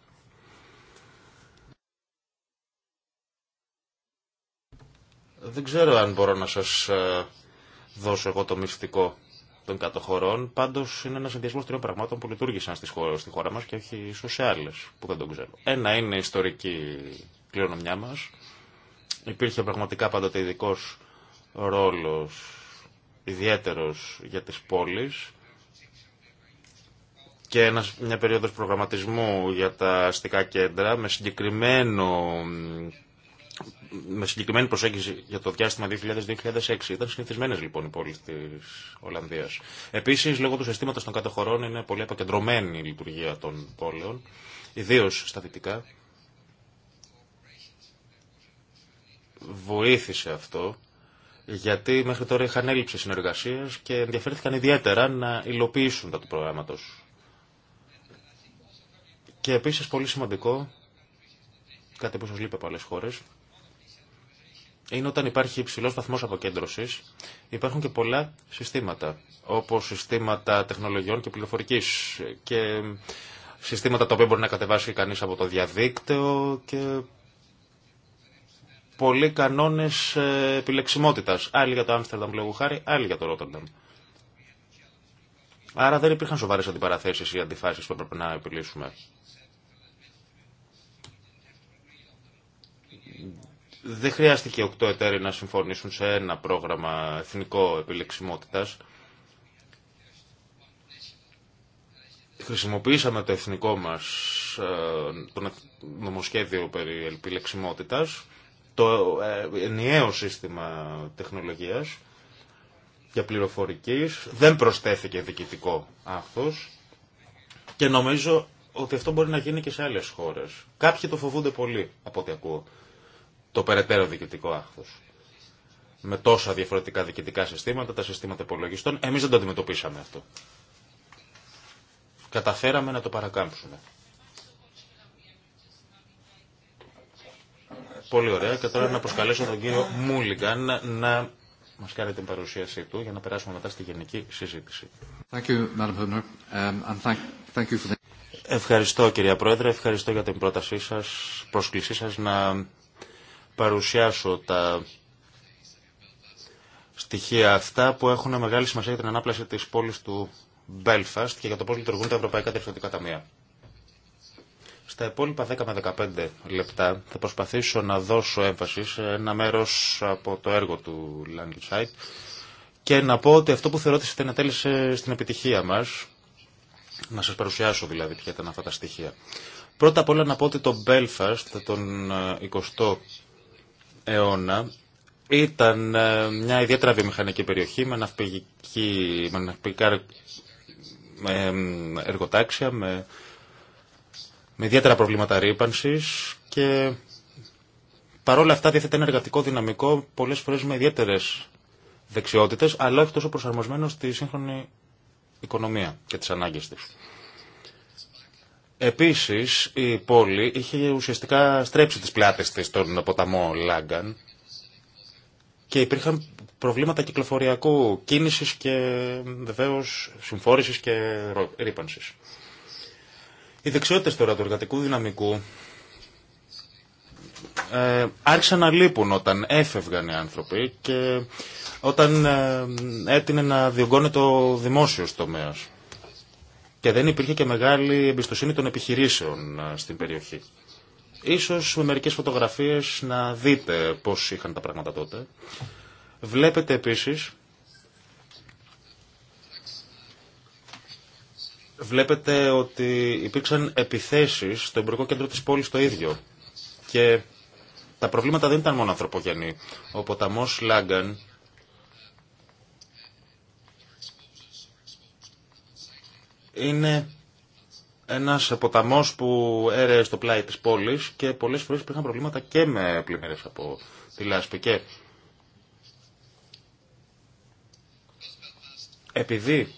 Δεν ξέρω αν μπορώ να σας ε, δώσω εγώ το μυστικό των κατοχωρών. Πάντως είναι ένας συνδυασμό τριών πραγμάτων που λειτουργήσαν στη χώρα, στη χώρα μα και όχι ίσως σε άλλες που δεν τον ξέρω. Ένα είναι η ιστορική κληρονομιά μας. Υπήρχε πραγματικά πάντοτε ειδικό ρόλος ιδιαίτερος για τις πόλεις και μια περίοδος προγραμματισμού για τα αστικά κέντρα με, συγκεκριμένο, με συγκεκριμένη προσέγγιση για το διάστημα 2000-2006. Ήταν συνηθισμένες λοιπόν οι πόλεις της Ολλανδίας. Επίσης, λόγω του συστήματος των κατεχωρών είναι πολύ επακεντρωμένη η λειτουργία των πόλεων, ιδίως στα δυτικά. Βοήθησε αυτό γιατί μέχρι τώρα είχαν έλλειψη συνεργασία και ενδιαφέρθηκαν ιδιαίτερα να υλοποιήσουν τα του προγράμματος. Και επίσης πολύ σημαντικό, κάτι που σα λείπει από άλλε χώρες, είναι όταν υπάρχει υψηλό βαθμό αποκέντρωση, υπάρχουν και πολλά συστήματα, όπω συστήματα τεχνολογιών και πληροφορική και συστήματα τα οποία μπορεί να κατεβάσει κανεί από το διαδίκτυο και πολλοί κανόνες ε, επιλεξιμότητας. Άλλοι για το Άμστερνταμ λόγου χάρη, άλλοι για το Ρότερνταμ. Άρα δεν υπήρχαν σοβαρέ αντιπαραθέσει ή αντιφάσεις που έπρεπε να επιλύσουμε. Δεν χρειάστηκε οκτώ εταίροι να συμφωνήσουν σε ένα πρόγραμμα εθνικό επιλεξιμότητας. Χρησιμοποίησαμε το εθνικό μας ε, το νομοσχέδιο περί επιλεξιμότητας το ε, ενιαίο σύστημα τεχνολογίας για πληροφορικής, δεν προσθέθηκε διοικητικό άχθος και νομίζω ότι αυτό μπορεί να γίνει και σε άλλες χώρες. Κάποιοι το φοβούνται πολύ, από ό,τι ακούω, το περαιτέρω διοικητικό άχθος. Με τόσα διαφορετικά διοικητικά συστήματα, τα συστήματα υπολογιστών, εμείς δεν το αντιμετωπίσαμε αυτό. Καταφέραμε να το παρακάμψουμε. Πολύ ωραία. Και τώρα να προσκαλέσω τον κύριο Μούλιγκαν να μα κάνει την παρουσίασή του για να περάσουμε μετά στη γενική συζήτηση. Thank you, Madam um, and thank you for Ευχαριστώ κυρία Πρόεδρε, ευχαριστώ για την πρότασή σας, πρόσκλησή σας να παρουσιάσω τα στοιχεία αυτά που έχουν μεγάλη σημασία για την ανάπλαση της πόλης του Belfast και για το πώς λειτουργούν τα Ευρωπαϊκά Διευθυντικά Ταμεία. Στα επόμενα 10 με 15 λεπτά θα προσπαθήσω να δώσω έμφαση σε ένα μέρος από το έργο του Landing και να πω ότι αυτό που θεωρώ ότι συνετέλεσε στην επιτυχία μας, να σας παρουσιάσω δηλαδή ποια ήταν αυτά τα στοιχεία. Πρώτα απ' όλα να πω ότι το Belfast τον 20ο ε, αιώνα ήταν ε, μια ιδιαίτερα βιομηχανική περιοχή με, με ναυπηγικά ε, εργοτάξια, με με ιδιαίτερα προβλήματα ρήπανση και παρόλα αυτά διαθέτει ένα εργατικό δυναμικό πολλέ φορέ με ιδιαίτερε δεξιότητε, αλλά όχι τόσο προσαρμοσμένο στη σύγχρονη οικονομία και τι ανάγκε τη. Επίση, η πόλη είχε ουσιαστικά στρέψει τι πλάτε τη στον ποταμό Λάγκαν και υπήρχαν προβλήματα κυκλοφοριακού κίνησης και βεβαίως συμφόρησης και ρήπανσης. Οι δεξιότητε τώρα του εργατικού δυναμικού ε, άρχισαν να λείπουν όταν έφευγαν οι άνθρωποι και όταν ε, έτεινε να διωγγώνεται ο δημόσιο τομέα. Και δεν υπήρχε και μεγάλη εμπιστοσύνη των επιχειρήσεων ε, στην περιοχή. Ίσως με μερικές φωτογραφίες να δείτε πώς είχαν τα πράγματα τότε. Βλέπετε επίσης βλέπετε ότι υπήρξαν επιθέσεις στο εμπορικό κέντρο της πόλης το ίδιο. Και τα προβλήματα δεν ήταν μόνο ανθρωπογενή. Ο ποταμός Λάγκαν είναι ένας ποταμός που έρεε στο πλάι της πόλης και πολλές φορές υπήρχαν προβλήματα και με πλημμύρες από τη λάσπη. επειδή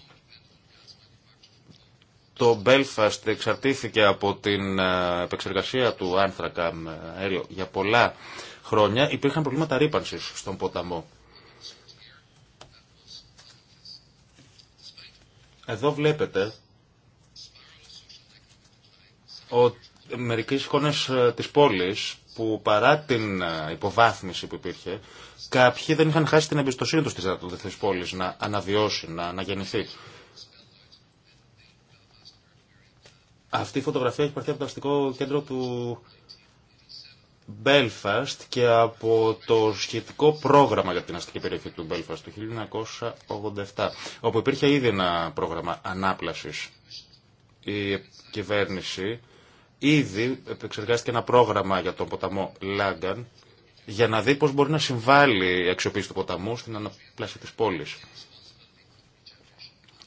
το Belfast εξαρτήθηκε από την ε, επεξεργασία του άνθρακα ε, αέριο για πολλά χρόνια, υπήρχαν προβλήματα ρήπανσης στον ποταμό. Εδώ βλέπετε ότι μερικές εικόνες ε, της πόλης που παρά την υποβάθμιση που υπήρχε, κάποιοι δεν είχαν χάσει την εμπιστοσύνη τους της πόλης να αναβιώσει, να αναγεννηθεί. Αυτή η φωτογραφία έχει πάρθει από το αστικό κέντρο του Belfast και από το σχετικό πρόγραμμα για την αστική περιοχή του Belfast του 1987, όπου υπήρχε ήδη ένα πρόγραμμα ανάπλασης. Η κυβέρνηση ήδη επεξεργάστηκε ένα πρόγραμμα για τον ποταμό Λάγκαν για να δει πώς μπορεί να συμβάλλει η αξιοποίηση του ποταμού στην αναπλάση της πόλης.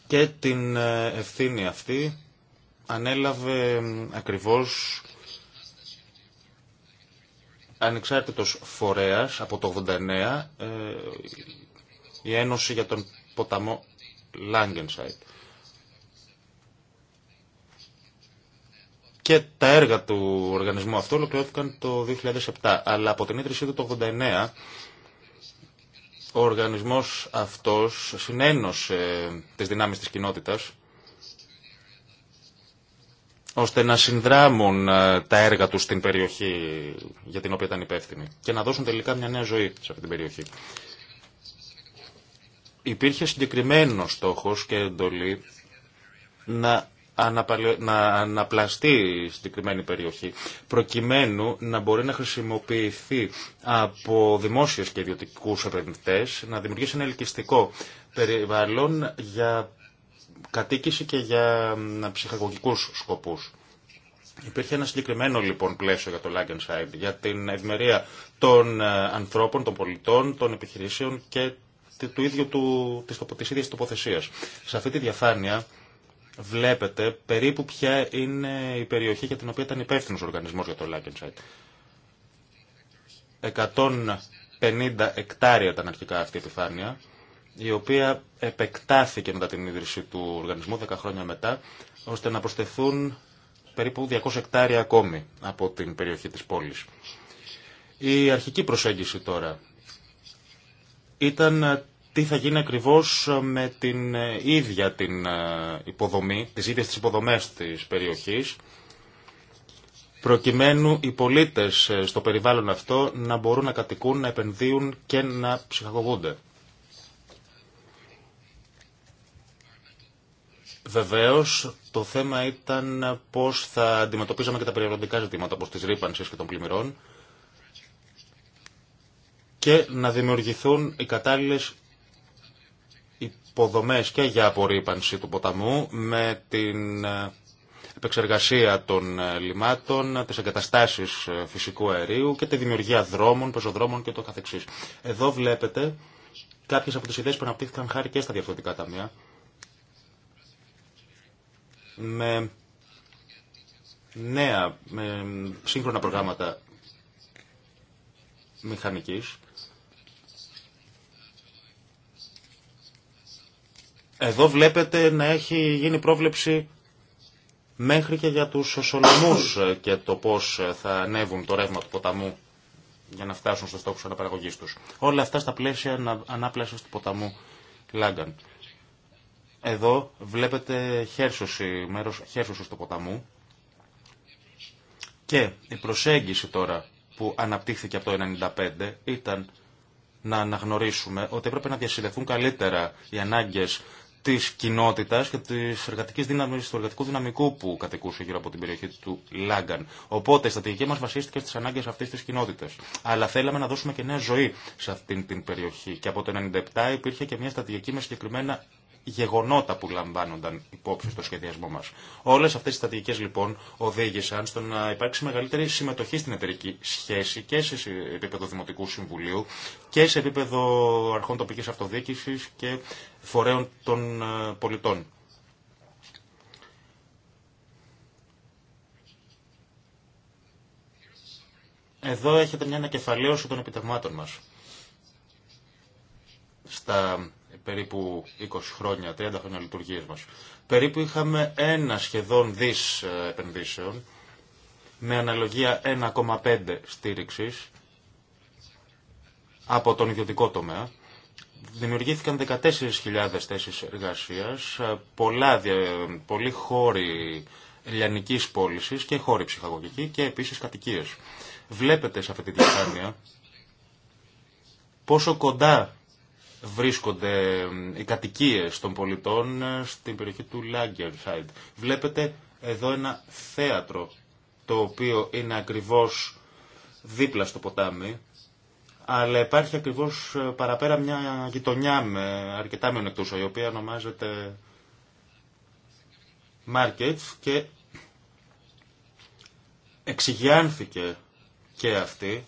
Και την ε, ευθύνη αυτή ανέλαβε ακριβώς ανεξάρτητος φορέας από το 89 ε, η Ένωση για τον ποταμό Λάγκενσάιτ. Και τα έργα του οργανισμού αυτού ολοκληρώθηκαν το 2007, αλλά από την ίδρυσή του το 89 ο οργανισμός αυτός συνένωσε τις δυνάμεις της κοινότητας ώστε να συνδράμουν ε, τα έργα τους στην περιοχή για την οποία ήταν υπεύθυνοι και να δώσουν τελικά μια νέα ζωή σε αυτή την περιοχή. Υπήρχε συγκεκριμένο στόχος και εντολή να να αναπλαστεί συγκεκριμένη περιοχή προκειμένου να μπορεί να χρησιμοποιηθεί από δημόσιες και ιδιωτικούς επενδυτές να δημιουργήσει ένα ελκυστικό περιβάλλον για κατοίκηση και για ψυχαγωγικού σκοπού. Υπήρχε ένα συγκεκριμένο λοιπόν πλαίσιο για το Λάγκενσάιντ, για την ευμερία των ε, ανθρώπων, των πολιτών, των επιχειρήσεων και του ίδιου του, της, της ίδιας τοποθεσίας. Σε αυτή τη διαφάνεια βλέπετε περίπου ποια είναι η περιοχή για την οποία ήταν υπεύθυνο ο οργανισμός για το Λάγκενσάιντ. 150 εκτάρια ήταν αρχικά αυτή η επιφάνεια η οποία επεκτάθηκε μετά την ίδρυση του οργανισμού 10 χρόνια μετά, ώστε να προσθεθούν περίπου 200 εκτάρια ακόμη από την περιοχή της πόλης. Η αρχική προσέγγιση τώρα ήταν τι θα γίνει ακριβώς με την ίδια την ε, υποδομή, τις ίδιες τις υποδομές της περιοχής, προκειμένου οι πολίτες ε, στο περιβάλλον αυτό να μπορούν να κατοικούν, να επενδύουν και να ψυχαγωγούνται. Βεβαίω, το θέμα ήταν πώ θα αντιμετωπίζαμε και τα περιβαλλοντικά ζητήματα, όπω τη ρήπανση και των πλημμυρών, και να δημιουργηθούν οι κατάλληλε υποδομέ και για απορρίπανση του ποταμού με την ε, επεξεργασία των ε, λιμάτων, τι εγκαταστάσει ε, φυσικού αερίου και τη δημιουργία δρόμων, πεζοδρόμων και το καθεξής. Εδώ βλέπετε κάποιε από τι ιδέε που αναπτύχθηκαν χάρη και στα διαφορετικά ταμεία με νέα, με σύγχρονα προγράμματα μηχανικής. Εδώ βλέπετε να έχει γίνει πρόβλεψη μέχρι και για τους σολομούς και το πώς θα ανέβουν το ρεύμα του ποταμού για να φτάσουν στους στόχους αναπαραγωγής τους. Όλα αυτά στα πλαίσια ανάπλασης του ποταμού Λάγκαν. Εδώ βλέπετε χέρσωση, μέρος χέρσωσης του ποταμού και η προσέγγιση τώρα που αναπτύχθηκε από το 1995 ήταν να αναγνωρίσουμε ότι έπρεπε να διασυνδεθούν καλύτερα οι ανάγκες της κοινότητας και της εργατικής δύναμης, του εργατικού δυναμικού που κατοικούσε γύρω από την περιοχή του Λάγκαν. Οπότε η στρατηγική μας βασίστηκε στις ανάγκες αυτής της κοινότητας. Αλλά θέλαμε να δώσουμε και νέα ζωή σε αυτή την περιοχή. Και από το 1997 υπήρχε και μια στρατηγική με συγκεκριμένα γεγονότα που λαμβάνονταν υπόψη στο σχεδιασμό μα. Όλε αυτέ οι στατικέ λοιπόν οδήγησαν στο να υπάρξει μεγαλύτερη συμμετοχή στην εταιρική σχέση και σε επίπεδο Δημοτικού Συμβουλίου και σε επίπεδο αρχών τοπική αυτοδιοίκηση και φορέων των ε, πολιτών. Εδώ έχετε μια ανακεφαλαίωση των επιτευγμάτων μας. Στα περίπου 20 χρόνια, 30 χρόνια λειτουργίας μας, περίπου είχαμε ένα σχεδόν δις ε, επενδύσεων, με αναλογία 1,5 στήριξης από τον ιδιωτικό τομέα. Δημιουργήθηκαν 14.000 θέσεις εργασίας, ε, πολλά, πολλοί χώροι λιανικής πώληση και χώροι ψυχαγωγικοί και επίσης κατοικίες. Βλέπετε σε αυτή τη διαφάνεια πόσο κοντά βρίσκονται ε, οι κατοικίες των πολιτών ε, στην περιοχή του Λάγκερσάιντ. Βλέπετε εδώ ένα θέατρο το οποίο είναι ακριβώς δίπλα στο ποτάμι, αλλά υπάρχει ακριβώς ε, παραπέρα μια γειτονιά με αρκετά μειονεκτούσα, η οποία ονομάζεται Markets και εξηγιάνθηκε και αυτή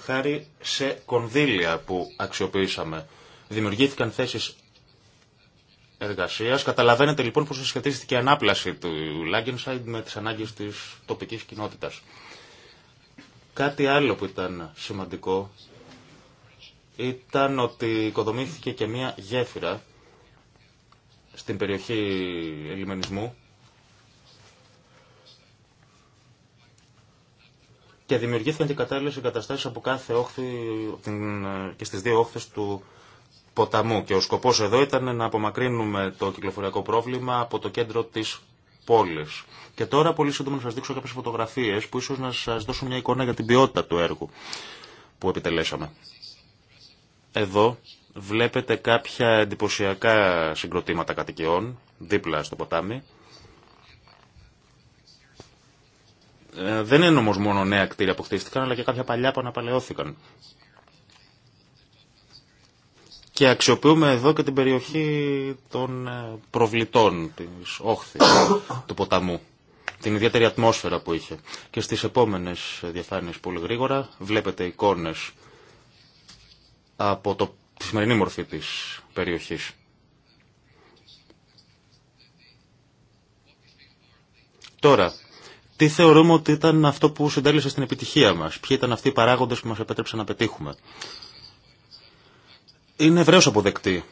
χάρη σε κονδύλια που αξιοποιήσαμε. Δημιουργήθηκαν θέσεις εργασίας. Καταλαβαίνετε λοιπόν πως συσχετίστηκε η ανάπλαση του Λάγκενσάιντ με τις ανάγκες της τοπικής κοινότητας. Κάτι άλλο που ήταν σημαντικό ήταν ότι οικοδομήθηκε και μία γέφυρα στην περιοχή ελιμενισμού και δημιουργήθηκαν και κατάλληλες εγκαταστάσεις από κάθε όχθη και στις δύο όχθες του ποταμού και ο σκοπός εδώ ήταν να απομακρύνουμε το κυκλοφοριακό πρόβλημα από το κέντρο της πόλης. Και τώρα πολύ σύντομα να σα δείξω κάποιες φωτογραφίες που ίσως να σα δώσουν μια εικόνα για την ποιότητα του έργου που επιτελέσαμε. Εδώ βλέπετε κάποια εντυπωσιακά συγκροτήματα κατοικιών δίπλα στο ποτάμι. Ε, δεν είναι όμω μόνο νέα κτίρια που χτίστηκαν, αλλά και κάποια παλιά που αναπαλαιώθηκαν. Και αξιοποιούμε εδώ και την περιοχή των ε, προβλητών της όχθης του ποταμού. Την ιδιαίτερη ατμόσφαιρα που είχε. Και στις επόμενες διαφάνειες πολύ γρήγορα βλέπετε εικόνες από το, τη σημερινή μορφή της περιοχής. Τώρα, τι θεωρούμε ότι ήταν αυτό που συντέλεσε στην επιτυχία μας. Ποιοι ήταν αυτοί οι παράγοντες που μας επέτρεψαν να πετύχουμε είναι ευρέως αποδεκτή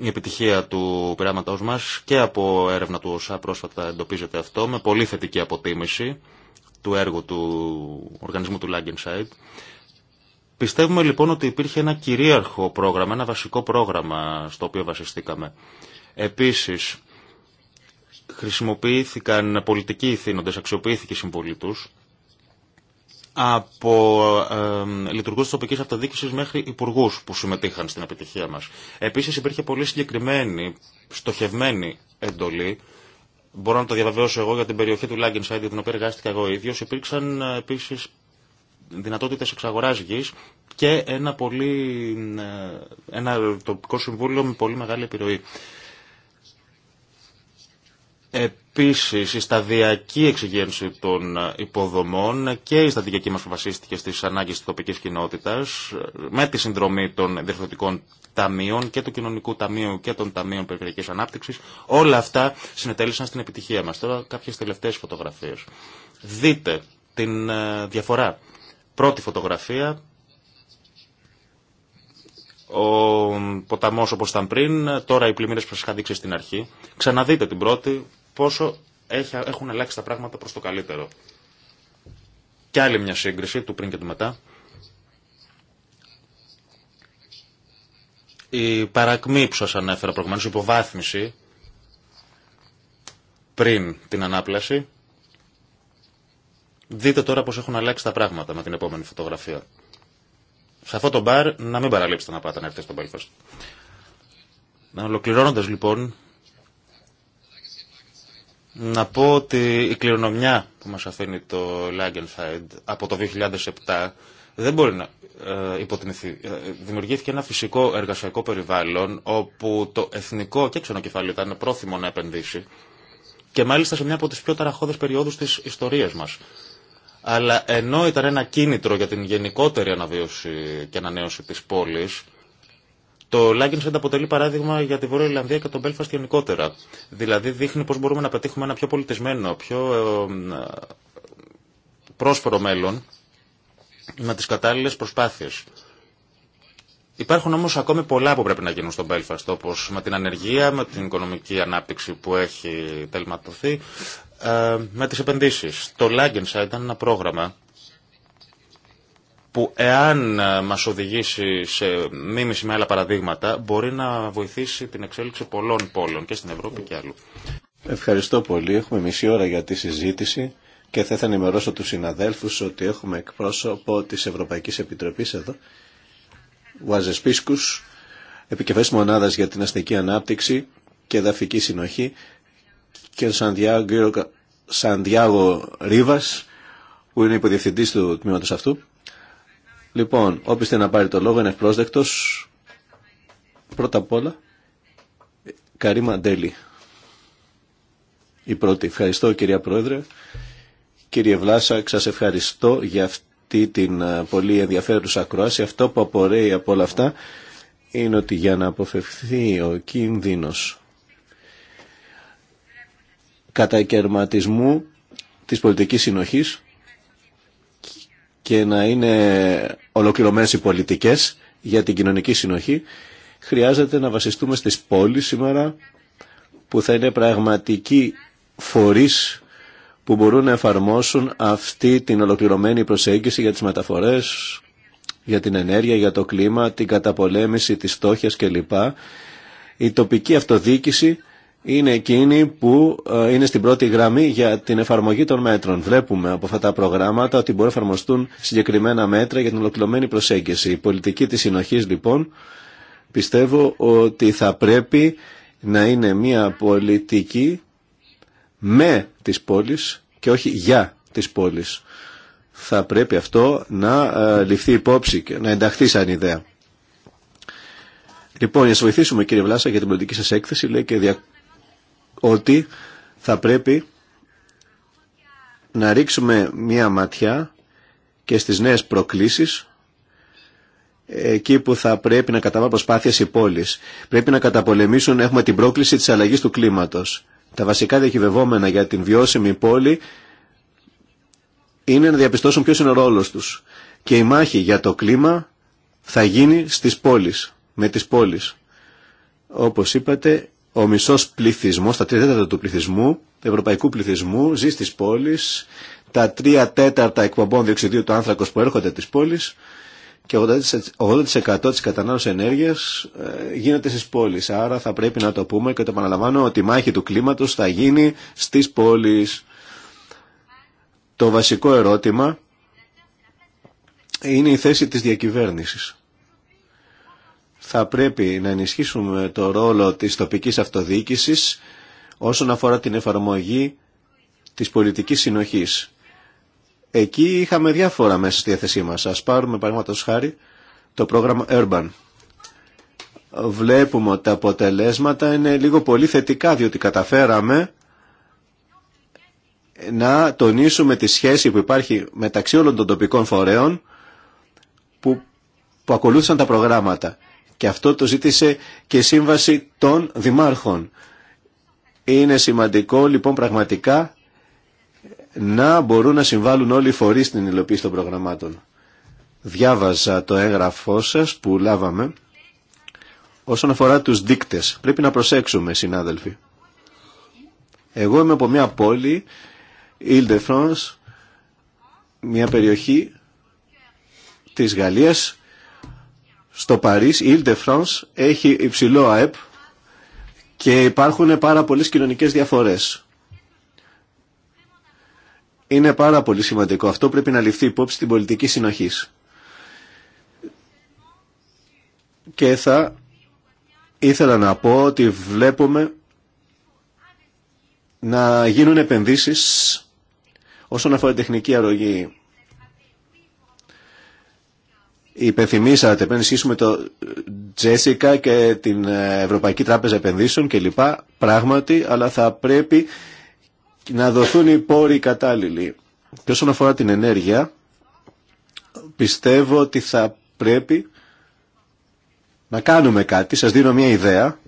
η επιτυχία του πειράματό μας και από έρευνα του ΩΣΑ πρόσφατα εντοπίζεται αυτό με πολύ θετική αποτίμηση του έργου του οργανισμού του Σάιτ. Πιστεύουμε λοιπόν ότι υπήρχε ένα κυρίαρχο πρόγραμμα, ένα βασικό πρόγραμμα στο οποίο βασιστήκαμε. Επίσης, χρησιμοποιήθηκαν πολιτικοί ηθήνοντες, αξιοποιήθηκε η συμβολή από ε, λειτουργούς της τοπικής αυτοδιοίκηση μέχρι υπουργού που συμμετείχαν στην επιτυχία μας. Επίσης υπήρχε πολύ συγκεκριμένη, στοχευμένη εντολή Μπορώ να το διαβεβαιώσω εγώ για την περιοχή του Λάγκενσάιντ, την οποία εργάστηκα εγώ ίδιο. Υπήρξαν επίση δυνατότητε εξαγορά γη και ένα, πολύ, ένα τοπικό συμβούλιο με πολύ μεγάλη επιρροή. Επίσης, η σταδιακή εξυγένση των υποδομών και η σταδιακή μας που βασίστηκε στις ανάγκες της τοπικής κοινότητας με τη συνδρομή των διευθυντικών ταμείων και του Κοινωνικού Ταμείου και των Ταμείων Περιφερειακής Ανάπτυξης, όλα αυτά συνετέλησαν στην επιτυχία μας. Τώρα κάποιες τελευταίες φωτογραφίες. Δείτε την ε, διαφορά. Πρώτη φωτογραφία, ο ποταμός όπως ήταν πριν, τώρα οι πλημμύρες που σας είχα δείξει στην αρχή. Ξαναδείτε την πρώτη, πόσο έχουν αλλάξει τα πράγματα προς το καλύτερο. Και άλλη μια σύγκριση του πριν και του μετά. Η παρακμή που σας ανέφερα προηγουμένως, η υποβάθμιση πριν την ανάπλαση. Δείτε τώρα πώς έχουν αλλάξει τα πράγματα με την επόμενη φωτογραφία. Σε αυτό το μπαρ να μην παραλείψετε να πάτε να έρθετε στον Belfast. Να ολοκληρώνοντας λοιπόν να πω ότι η κληρονομιά που μας αφήνει το Lagenfeld από το 2007 δεν μπορεί να ε, υποτιμηθεί. Ε, δημιουργήθηκε ένα φυσικό εργασιακό περιβάλλον όπου το εθνικό και ξενοκεφάλαιο ήταν πρόθυμο να επενδύσει και μάλιστα σε μια από τις πιο ταραχώδες περιόδους της ιστορίας μας. Αλλά ενώ ήταν ένα κίνητρο για την γενικότερη αναβίωση και ανανέωση της πόλης, το Λάγκενσεντ αποτελεί παράδειγμα για τη Βόρεια Ιρλανδία και τον Μπέλφαστ γενικότερα. Δηλαδή δείχνει πώ μπορούμε να πετύχουμε ένα πιο πολιτισμένο, πιο ε, πρόσφορο μέλλον με τι κατάλληλε προσπάθειε. Υπάρχουν όμω ακόμη πολλά που πρέπει να γίνουν στον Μπέλφαστ, όπω με την ανεργία, με την οικονομική ανάπτυξη που έχει τελματωθεί, ε, με τι επενδύσει. Το Lagenside ήταν ένα πρόγραμμα που εάν ε, μας οδηγήσει σε μίμηση με άλλα παραδείγματα μπορεί να βοηθήσει την εξέλιξη πολλών πόλεων και στην Ευρώπη και αλλού. Ευχαριστώ πολύ. Έχουμε μισή ώρα για τη συζήτηση και θα ήθελα να ενημερώσω τους συναδέλφους ότι έχουμε εκπρόσωπο της Ευρωπαϊκής Επιτροπής εδώ, Ο επικεφαλής μονάδας για την αστική ανάπτυξη και εδαφική συνοχή και ο Σαντιάγο Ρίβας που είναι υποδιευθυντής του τμήματο αυτού Λοιπόν, όποιος θέλει να πάρει το λόγο είναι ευπρόσδεκτος. Πρώτα απ' όλα, Καρίμα Ντέλη. Η πρώτη. Ευχαριστώ κυρία Πρόεδρε. Κύριε Βλάσα, σα ευχαριστώ για αυτή την ε, πολύ ενδιαφέρουσα ακρόαση. Αυτό που απορρέει από όλα αυτά είναι ότι για να αποφευθεί ο κίνδυνος κατακαιρματισμού της πολιτικής συνοχής και να είναι ολοκληρωμένες οι πολιτικές για την κοινωνική συνοχή, χρειάζεται να βασιστούμε στις πόλεις σήμερα που θα είναι πραγματικοί φορείς που μπορούν να εφαρμόσουν αυτή την ολοκληρωμένη προσέγγιση για τις μεταφορές, για την ενέργεια, για το κλίμα, την καταπολέμηση της φτώχεια κλπ. Η τοπική αυτοδιοίκηση είναι εκείνη που ε, είναι στην πρώτη γραμμή για την εφαρμογή των μέτρων. Βλέπουμε από αυτά τα προγράμματα ότι μπορεί να εφαρμοστούν συγκεκριμένα μέτρα για την ολοκληρωμένη προσέγγιση. Η πολιτική της συνοχής λοιπόν πιστεύω ότι θα πρέπει να είναι μια πολιτική με τις πόλεις και όχι για τις πόλεις. Θα πρέπει αυτό να ε, ληφθεί υπόψη και να ενταχθεί σαν ιδέα. Λοιπόν, για να σας βοηθήσουμε κύριε Βλάσα για την πολιτική σας έκθεση, λέει και ότι θα πρέπει να ρίξουμε μία ματιά και στις νέες προκλήσεις εκεί που θα πρέπει να καταβάλουν προσπάθειες οι πόλεις. Πρέπει να καταπολεμήσουν, έχουμε την πρόκληση της αλλαγής του κλίματος. Τα βασικά διακυβευόμενα για την βιώσιμη πόλη είναι να διαπιστώσουν ποιος είναι ο ρόλος τους. Και η μάχη για το κλίμα θα γίνει στις πόλεις, με τις πόλεις. Όπως είπατε, ο μισός πληθυσμό, τα τρία τέταρτα του πληθυσμού, του ευρωπαϊκού πληθυσμού, ζει στις πόλεις, τα τρία τέταρτα εκπομπών διοξιδίου του άνθρακο που έρχονται τι πόλει και 80% της κατανάλωσης ενέργειας ε, γίνεται στις πόλεις. Άρα θα πρέπει να το πούμε και το επαναλαμβάνω ότι η μάχη του κλίματος θα γίνει στις πόλεις. Το βασικό ερώτημα είναι η θέση της διακυβέρνησης θα πρέπει να ενισχύσουμε το ρόλο της τοπικής αυτοδιοίκησης όσον αφορά την εφαρμογή της πολιτικής συνοχής. Εκεί είχαμε διάφορα μέσα στη θέση μας. Ας πάρουμε παραδείγματος χάρη το πρόγραμμα Urban. Βλέπουμε ότι τα αποτελέσματα είναι λίγο πολύ θετικά διότι καταφέραμε να τονίσουμε τη σχέση που υπάρχει μεταξύ όλων των τοπικών φορέων που, που ακολούθησαν τα προγράμματα. Και αυτό το ζήτησε και η Σύμβαση των Δημάρχων. Είναι σημαντικό λοιπόν πραγματικά να μπορούν να συμβάλλουν όλοι οι φορείς στην υλοποίηση των προγραμμάτων. Διάβαζα το έγγραφό σας που λάβαμε όσον αφορά τους δίκτες Πρέπει να προσέξουμε συνάδελφοι. Εγώ είμαι από μια πόλη, Ile de France, μια περιοχή της Γαλλίας στο Παρίσι, η Ile de France έχει υψηλό ΑΕΠ και υπάρχουν πάρα πολλές κοινωνικές διαφορές. Είναι πάρα πολύ σημαντικό. Αυτό πρέπει να ληφθεί υπόψη στην πολιτική συνοχή. Και θα ήθελα να πω ότι βλέπουμε να γίνουν επενδύσεις όσον αφορά τεχνική αρρωγή υπενθυμίσατε πριν ισχύσουμε το Τζέσικα και την ε, Ευρωπαϊκή Τράπεζα Επενδύσεων κλπ. Πράγματι, αλλά θα πρέπει να δοθούν οι πόροι κατάλληλοι. Και όσον αφορά την ενέργεια, πιστεύω ότι θα πρέπει να κάνουμε κάτι. Σας δίνω μια ιδέα.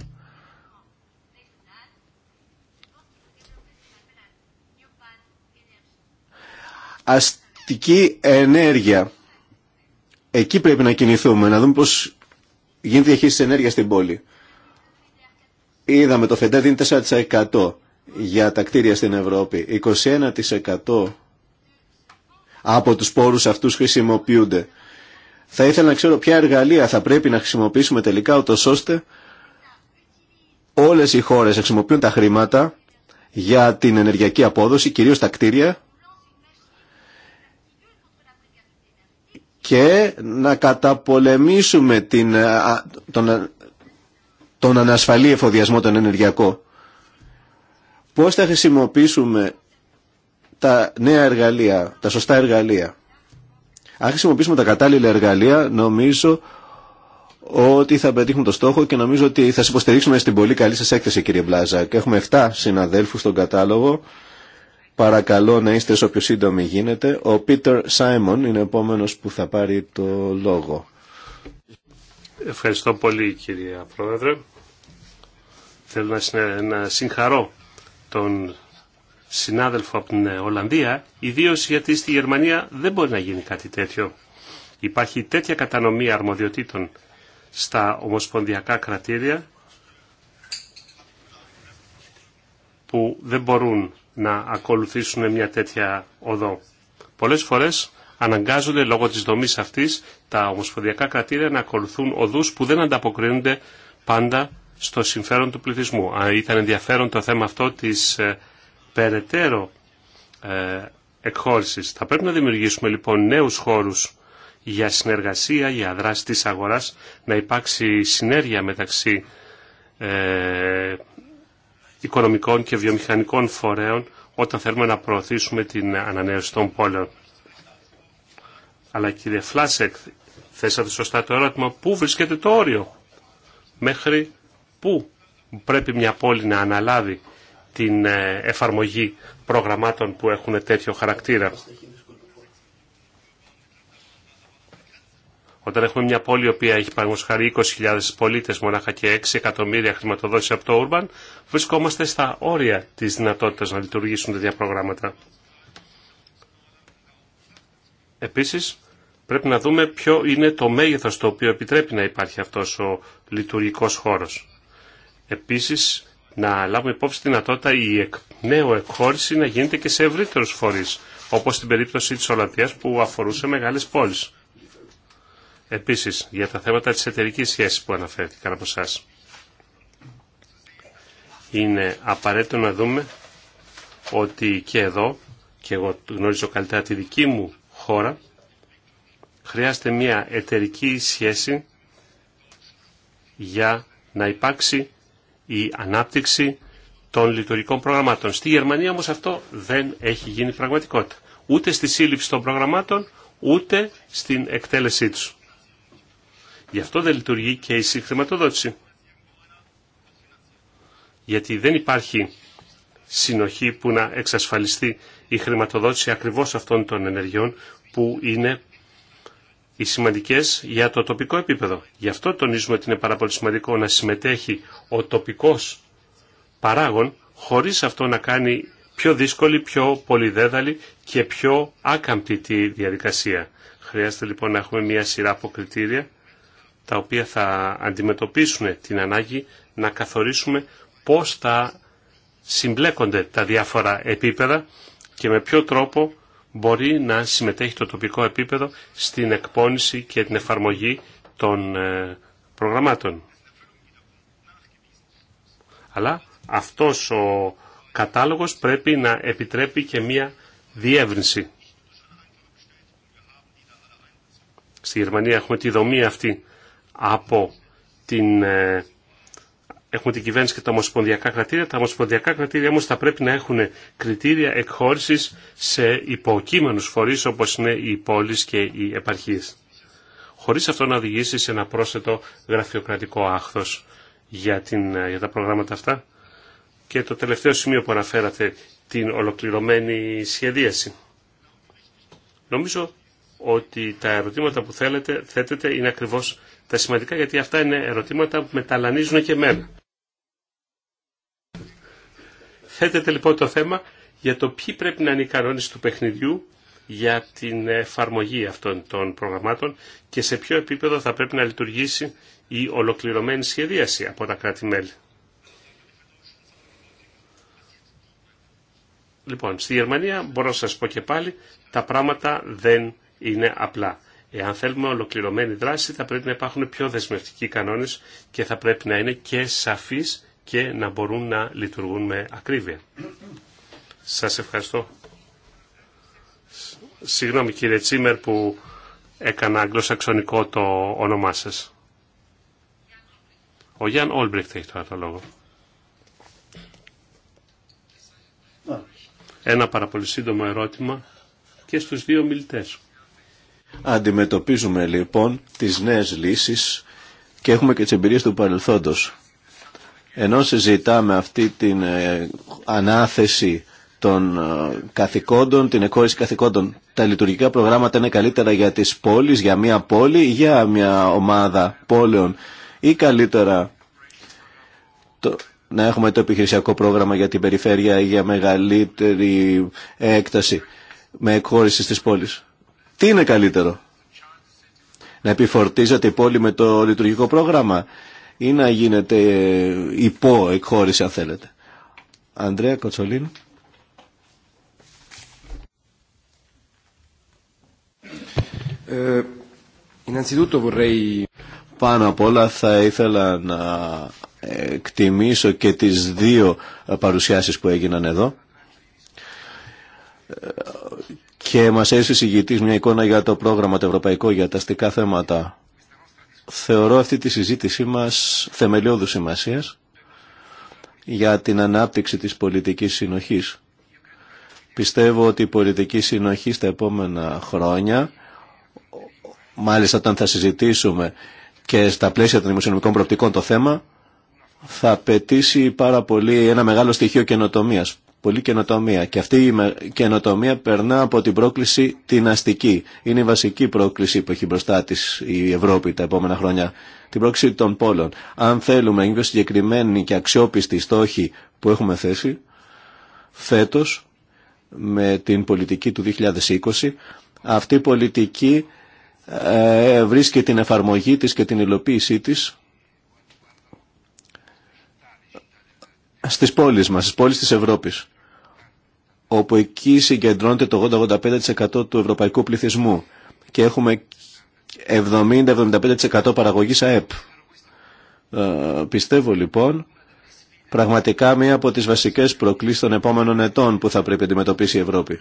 Αστική ενέργεια Εκεί πρέπει να κινηθούμε, να δούμε πώς γίνεται η διαχείριση ενέργειας στην πόλη. Είδαμε το ΦΕΝΤΕ δίνει 4% για τα κτίρια στην Ευρώπη. 21% από τους πόρους αυτούς χρησιμοποιούνται. Θα ήθελα να ξέρω ποια εργαλεία θα πρέπει να χρησιμοποιήσουμε τελικά, ούτως ώστε όλες οι χώρες χρησιμοποιούν τα χρήματα για την ενεργειακή απόδοση, κυρίως τα κτίρια, και να καταπολεμήσουμε την, ε, τον, ε, τον ανασφαλή εφοδιασμό τον ενεργειακό. Πώς θα χρησιμοποιήσουμε τα νέα εργαλεία, τα σωστά εργαλεία. Αν χρησιμοποιήσουμε τα κατάλληλα εργαλεία, νομίζω ότι θα πετύχουμε το στόχο και νομίζω ότι θα σας υποστηρίξουμε στην πολύ καλή σας έκθεση κύριε Μπλάζα. Και έχουμε 7 συναδέλφους στον κατάλογο. Παρακαλώ να είστε όσο σύντομοι γίνεται. Ο Πίτερ Σάιμον είναι ο επόμενος που θα πάρει το λόγο. Ευχαριστώ πολύ κυρία Πρόεδρε. Θέλω να συγχαρώ τον συνάδελφο από την Ολλανδία, ιδίω γιατί στη Γερμανία δεν μπορεί να γίνει κάτι τέτοιο. Υπάρχει τέτοια κατανομή αρμοδιοτήτων στα ομοσπονδιακά κρατήρια που δεν μπορούν να ακολουθήσουν μια τέτοια οδό. Πολλές φορές αναγκάζονται λόγω της δομής αυτής τα ομοσπονδιακά κρατήρια να ακολουθούν οδούς που δεν ανταποκρίνονται πάντα στο συμφέρον του πληθυσμού. Αν ήταν ενδιαφέρον το θέμα αυτό της ε, περαιτέρω ε, εκχώρησης. Θα πρέπει να δημιουργήσουμε λοιπόν νέους χώρους για συνεργασία, για δράση της αγοράς, να υπάρξει συνέργεια μεταξύ ε, οικονομικών και βιομηχανικών φορέων όταν θέλουμε να προωθήσουμε την ανανέωση των πόλεων. Αλλά κύριε Φλάσεκ, θέσατε σωστά το ερώτημα πού βρίσκεται το όριο. Μέχρι πού πρέπει μια πόλη να αναλάβει την ε, εφαρμογή προγραμμάτων που έχουν τέτοιο χαρακτήρα. Όταν έχουμε μια πόλη η οποία έχει παραγωγή 20.000 πολίτες μονάχα και 6 εκατομμύρια χρηματοδότηση από το Urban, βρισκόμαστε στα όρια της δυνατότητας να λειτουργήσουν τέτοια προγράμματα. Επίσης, πρέπει να δούμε ποιο είναι το μέγεθος το οποίο επιτρέπει να υπάρχει αυτός ο λειτουργικός χώρος. Επίσης, να λάβουμε υπόψη τη δυνατότητα η εκ, νέο εκχώρηση να γίνεται και σε ευρύτερου φορεί, όπως στην περίπτωση της Ολλανδίας που αφορούσε μεγάλες πόλεις. Επίσης, για τα θέματα της εταιρικής σχέσης που αναφέρθηκαν από εσά. Είναι απαραίτητο να δούμε ότι και εδώ, και εγώ γνωρίζω καλύτερα τη δική μου χώρα, χρειάζεται μια εταιρική σχέση για να υπάρξει η ανάπτυξη των λειτουργικών προγραμμάτων. Στη Γερμανία όμως αυτό δεν έχει γίνει πραγματικότητα. Ούτε στη σύλληψη των προγραμμάτων, ούτε στην εκτέλεσή τους. Γι' αυτό δεν λειτουργεί και η συγχρηματοδότηση. Γιατί δεν υπάρχει συνοχή που να εξασφαλιστεί η χρηματοδότηση ακριβώς αυτών των ενεργειών που είναι οι σημαντικές για το τοπικό επίπεδο. Γι' αυτό τονίζουμε ότι είναι πάρα πολύ σημαντικό να συμμετέχει ο τοπικός παράγων χωρίς αυτό να κάνει πιο δύσκολη, πιο πολυδέδαλη και πιο άκαμπτη τη διαδικασία. Χρειάζεται λοιπόν να έχουμε μια σειρά από κριτήρια τα οποία θα αντιμετωπίσουν την ανάγκη να καθορίσουμε πώς θα συμπλέκονται τα διάφορα επίπεδα και με ποιο τρόπο μπορεί να συμμετέχει το τοπικό επίπεδο στην εκπόνηση και την εφαρμογή των ε, προγραμμάτων. Αλλά αυτός ο κατάλογος πρέπει να επιτρέπει και μία διεύρυνση. Στη Γερμανία έχουμε τη δομή αυτή από την, ε, έχουμε την κυβέρνηση και τα ομοσπονδιακά κρατήρια. Τα ομοσπονδιακά κρατήρια όμως θα πρέπει να έχουν κριτήρια εκχώρησης σε υποκείμενους φορείς όπως είναι οι πόλεις και οι επαρχίες. Χωρίς αυτό να οδηγήσει σε ένα πρόσθετο γραφειοκρατικό άχθο για, ε, για τα προγράμματα αυτά. Και το τελευταίο σημείο που αναφέρατε, την ολοκληρωμένη σχεδίαση. Νομίζω ότι τα ερωτήματα που θέλετε, θέτετε είναι ακριβώς τα σημαντικά γιατί αυτά είναι ερωτήματα που με ταλανίζουν και εμένα. Θέτετε λοιπόν το θέμα για το ποιοι πρέπει να είναι οι κανόνες του παιχνιδιού για την εφαρμογή αυτών των προγραμμάτων και σε ποιο επίπεδο θα πρέπει να λειτουργήσει η ολοκληρωμένη σχεδίαση από τα κράτη-μέλη. Λοιπόν, στη Γερμανία μπορώ να σας πω και πάλι, τα πράγματα δεν είναι απλά. Εάν θέλουμε ολοκληρωμένη δράση θα πρέπει να υπάρχουν πιο δεσμευτικοί κανόνες και θα πρέπει να είναι και σαφείς και να μπορούν να λειτουργούν με ακρίβεια. Σας ευχαριστώ. Συγγνώμη κύριε Τσίμερ που έκανα αγγλοσαξονικό το όνομά σας. Ο Γιάνν Όλμπριχτ έχει τώρα το λόγο. Ναι. Ένα πάρα πολύ σύντομο ερώτημα και στους δύο μιλητές. Αντιμετωπίζουμε λοιπόν τις νέες λύσεις και έχουμε και τις εμπειρίες του παρελθόντος. Ενώ συζητάμε αυτή την ε, ανάθεση των ε, καθηκόντων, την εκχώρηση καθηκόντων, τα λειτουργικά προγράμματα είναι καλύτερα για τις πόλεις, για μια πόλη ή για μια ομάδα πόλεων ή καλύτερα να έχουμε το επιχειρησιακό πρόγραμμα για την περιφέρεια ή για μεγαλύτερη έκταση με εκχώρηση στις πόλεις. Τι είναι καλύτερο, να επιφορτίζεται η πόλη με το λειτουργικό πρόγραμμα ή να γίνεται υπό εκχώρηση αν θέλετε. Ανδρέα ε, Πάνω απ' όλα θα ήθελα να εκτιμήσω και τις δύο παρουσιάσεις που έγιναν εδώ ε, και μας έδωσε συγγητής μια εικόνα για το πρόγραμμα το ευρωπαϊκό για τα αστικά θέματα. Θεωρώ αυτή τη συζήτησή μας θεμελιώδου σημασίας για την ανάπτυξη της πολιτικής συνοχής. Πιστεύω ότι η πολιτική συνοχή στα επόμενα χρόνια, μάλιστα όταν θα συζητήσουμε και στα πλαίσια των δημοσιονομικών προοπτικών το θέμα, θα απαιτήσει πάρα πολύ ένα μεγάλο στοιχείο καινοτομίας πολύ καινοτομία. Και αυτή η καινοτομία περνά από την πρόκληση την αστική. Είναι η βασική πρόκληση που έχει μπροστά τη η Ευρώπη τα επόμενα χρόνια. Την πρόκληση των πόλων. Αν θέλουμε να είναι και αξιόπιστη στόχη που έχουμε θέσει, φέτο με την πολιτική του 2020, αυτή η πολιτική ε, βρίσκει την εφαρμογή της και την υλοποίησή της στις πόλεις μας, στις πόλεις της Ευρώπης όπου εκεί συγκεντρώνεται το 80-85% του ευρωπαϊκού πληθυσμού και έχουμε 70-75% παραγωγής ΑΕΠ. Ε, πιστεύω λοιπόν πραγματικά μία από τις βασικές προκλήσεις των επόμενων ετών που θα πρέπει να αντιμετωπίσει η Ευρώπη.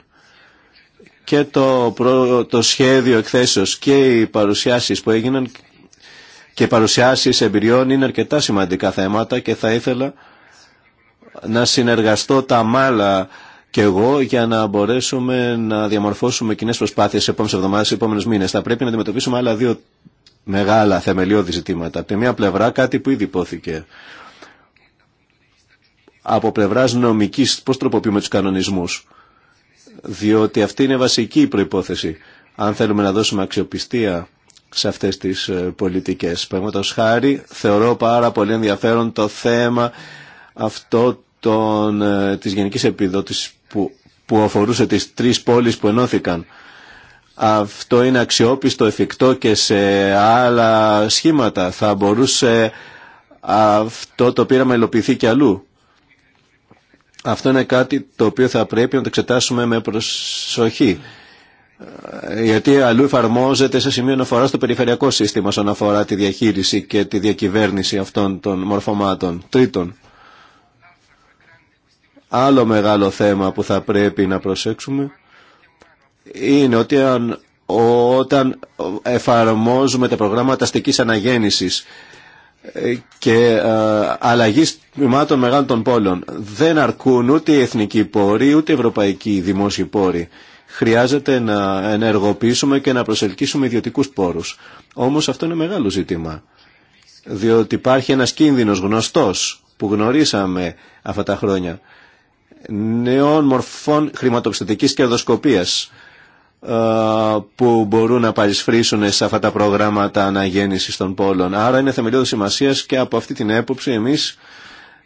Και το, το σχέδιο εκθέσεως και οι παρουσιάσεις που έγιναν και οι παρουσιάσεις εμπειριών είναι αρκετά σημαντικά θέματα και θα ήθελα να συνεργαστώ τα μάλα και εγώ για να μπορέσουμε να διαμορφώσουμε κοινέ προσπάθειε σε επόμενε εβδομάδε, σε επόμενου μήνε. Θα πρέπει να αντιμετωπίσουμε άλλα δύο μεγάλα θεμελιώδη ζητήματα. Από τη μία πλευρά κάτι που ήδη υπόθηκε. Από πλευρά νομική, πώ τροποποιούμε του κανονισμού. Διότι αυτή είναι βασική η προπόθεση. Αν θέλουμε να δώσουμε αξιοπιστία σε αυτέ τι ε, πολιτικέ. Παραδείγματο χάρη, θεωρώ πάρα πολύ ενδιαφέρον το θέμα αυτό ε, τη γενική γενικής που, αφορούσε τις τρεις πόλεις που ενώθηκαν. Αυτό είναι αξιόπιστο, εφικτό και σε άλλα σχήματα. Θα μπορούσε αυτό το πείραμα υλοποιηθεί και αλλού. Αυτό είναι κάτι το οποίο θα πρέπει να το εξετάσουμε με προσοχή. Γιατί αλλού εφαρμόζεται σε σημείο αναφορά στο περιφερειακό σύστημα όσον αφορά τη διαχείριση και τη διακυβέρνηση αυτών των μορφωμάτων. Τρίτον, Άλλο μεγάλο θέμα που θα πρέπει να προσέξουμε είναι ότι όταν εφαρμόζουμε τα προγράμματα αστικής αναγέννησης ε, και ε, αλλαγή τμήματων μεγάλων των πόλων δεν αρκούν ούτε οι εθνικοί πόροι ούτε οι ευρωπαϊκοί δημόσιοι πόροι. Χρειάζεται να ενεργοποιήσουμε και να προσελκύσουμε ιδιωτικούς πόρους. Όμως αυτό είναι μεγάλο ζήτημα. Διότι υπάρχει ένας κίνδυνος γνωστός που γνωρίσαμε αυτά τα χρόνια νέων μορφών χρηματοπιστωτικής κερδοσκοπίας ε, που μπορούν να παρισφρήσουν σε αυτά τα προγράμματα αναγέννησης των πόλων. Άρα είναι θεμελιώδη σημασία και από αυτή την έποψη εμείς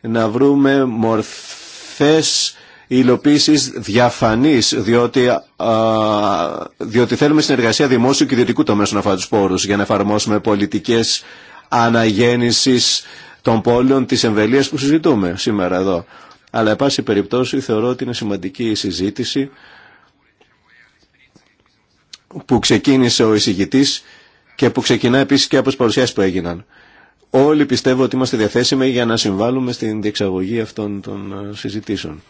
να βρούμε μορφές υλοποίησης διαφανής, διότι, διότι θέλουμε συνεργασία δημόσιου και ιδιωτικού τομέα στον αφορά τους πόρους για να εφαρμόσουμε πολιτικές αναγέννησης των πόλεων της εμβελίας που συζητούμε σήμερα εδώ. Αλλά, εν πάση περιπτώσει, θεωρώ ότι είναι σημαντική η συζήτηση που ξεκίνησε ο εισηγητή και που ξεκινά επίσης και από τι παρουσιάσει που έγιναν. Όλοι πιστεύω ότι είμαστε διαθέσιμοι για να συμβάλλουμε στην διεξαγωγή αυτών των ε, συζητήσεων.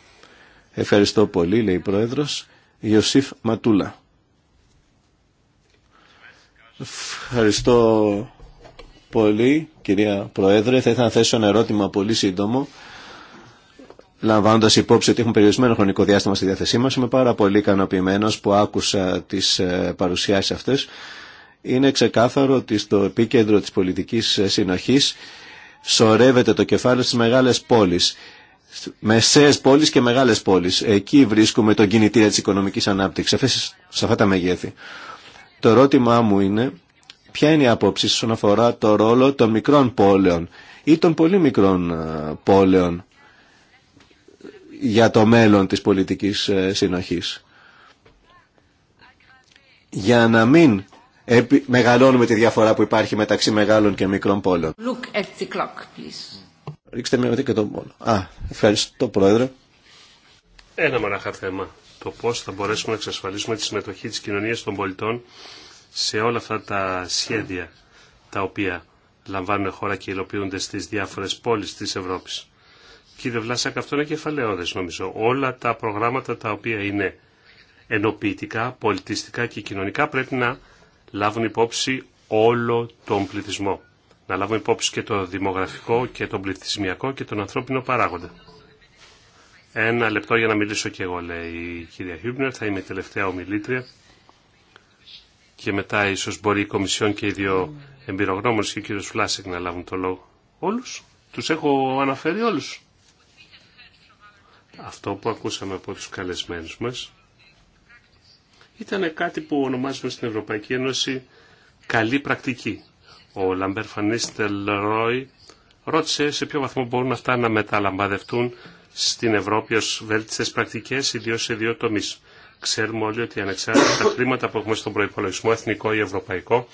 Ευχαριστώ πολύ, λέει η Πρόεδρος, Ιωσήφ Ματούλα. Ευχαριστώ πολύ, κυρία Πρόεδρε. Θα ήθελα να θέσω ένα ερώτημα πολύ σύντομο Λαμβάνοντα υπόψη ότι έχουμε περιορισμένο χρονικό διάστημα στη διάθεσή μα, είμαι πάρα πολύ ικανοποιημένο που άκουσα τι ε, παρουσιάσει αυτέ. Είναι ξεκάθαρο ότι στο επίκεντρο τη πολιτική ε, συνοχή σορεύεται το κεφάλαιο στι μεγάλε πόλει. Μεσαίε πόλει και μεγάλε πόλει. Εκεί βρίσκουμε τον κινητήρα τη οικονομική ανάπτυξη, σε αυτά τα μεγέθη. Το ερώτημά μου είναι, ποια είναι η άποψη όσον αφορά το ρόλο των μικρών πόλεων ή των πολύ μικρών ε, πόλεων για το μέλλον της πολιτικής ε, συνοχής. Για να μην μεγαλώνουμε τη διαφορά που υπάρχει μεταξύ μεγάλων και μικρών πόλεων. Look at the clock, Ρίξτε με και το πόλο. Α, ευχαριστώ Πρόεδρε. Ένα μονάχα θέμα. Το πώς θα μπορέσουμε να εξασφαλίσουμε τη συμμετοχή της κοινωνίας των πολιτών σε όλα αυτά τα σχέδια τα οποία λαμβάνουν χώρα και υλοποιούνται στις διάφορες πόλεις της Ευρώπης. Κύριε Βλάσακ, αυτό είναι κεφαλαιόδες νομίζω. Όλα τα προγράμματα τα οποία είναι ενοποιητικά, πολιτιστικά και κοινωνικά πρέπει να λάβουν υπόψη όλο τον πληθυσμό. Να λάβουν υπόψη και το δημογραφικό και τον πληθυσμιακό και τον ανθρώπινο παράγοντα. Ένα λεπτό για να μιλήσω και εγώ, λέει η κυρία Χιούμπνερ, θα είμαι η τελευταία ομιλήτρια και μετά ίσως μπορεί η Κομισιόν και οι δύο εμπειρογνώμονε και ο κύριο Φλάσικ να λάβουν το λόγο. όλου. Του έχω αναφέρει όλου. Αυτό που ακούσαμε από τους καλεσμένους μας ήταν κάτι που ονομάζουμε στην Ευρωπαϊκή Ένωση καλή πρακτική. Ο Λαμπέρ Φανίστελ Ρόι ρώτησε σε ποιο βαθμό μπορούν αυτά να μεταλαμπαδευτούν στην Ευρώπη ως βέλτιστες πρακτικές, ιδίως σε δύο τομείς. Ξέρουμε όλοι ότι ανεξάρτητα τα χρήματα που έχουμε στον προϋπολογισμό, εθνικό ή ευρωπαϊκό,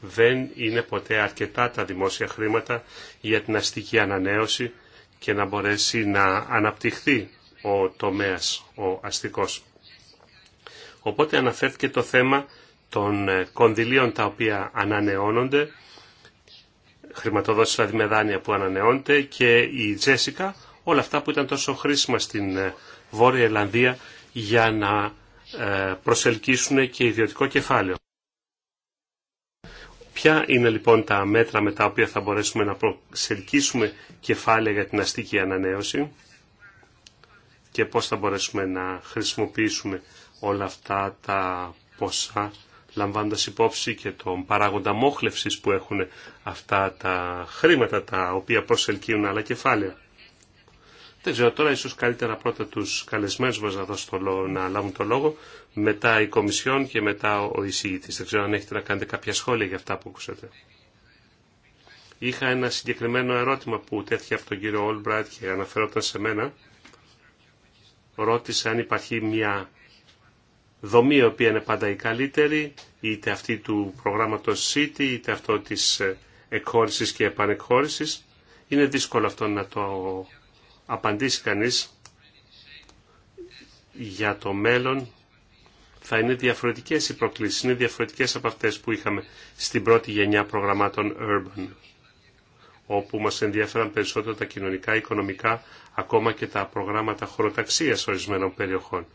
δεν είναι ποτέ αρκετά τα δημόσια χρήματα για την αστική ανανέωση και να μπορέσει να αναπτυχθεί ο τομέας, ο αστικός. Οπότε αναφέρθηκε το θέμα των ε, κονδυλίων τα οποία ανανεώνονται, χρηματοδότηση δηλαδή με δάνεια που ανανεώνεται και η Τζέσικα, όλα αυτά που ήταν τόσο χρήσιμα στην ε, Βόρεια Ελλανδία για να ε, προσελκύσουν και ιδιωτικό κεφάλαιο. Ποια είναι λοιπόν τα μέτρα με τα οποία θα μπορέσουμε να προσελκύσουμε κεφάλαια για την αστική ανανέωση και πώς θα μπορέσουμε να χρησιμοποιήσουμε όλα αυτά τα ποσά λαμβάνοντας υπόψη και τον παράγοντα μόχλευσης που έχουν αυτά τα χρήματα τα οποία προσελκύουν άλλα κεφάλαια. Δεν ξέρω τώρα, ίσως καλύτερα πρώτα τους καλεσμένους μας να, λόγο, να λάβουν το λόγο, μετά η Κομισιόν και μετά ο εισηγητής. Δεν ξέρω αν έχετε να κάνετε κάποια σχόλια για αυτά που ακούσατε. Είχα ένα συγκεκριμένο ερώτημα που τέθηκε από τον κύριο Όλμπρατ και αναφερόταν σε μένα ρώτησε αν υπάρχει μια δομή η οποία είναι πάντα η καλύτερη, είτε αυτή του προγράμματος City, είτε αυτό της εκχώρησης και επανεκχώρησης. Είναι δύσκολο αυτό να το απαντήσει κανείς για το μέλλον. Θα είναι διαφορετικές οι προκλήσεις, είναι διαφορετικές από αυτές που είχαμε στην πρώτη γενιά προγραμμάτων Urban όπου μας ενδιαφέραν περισσότερο τα κοινωνικά, οικονομικά, ακόμα και τα προγράμματα χωροταξίας ορισμένων περιοχών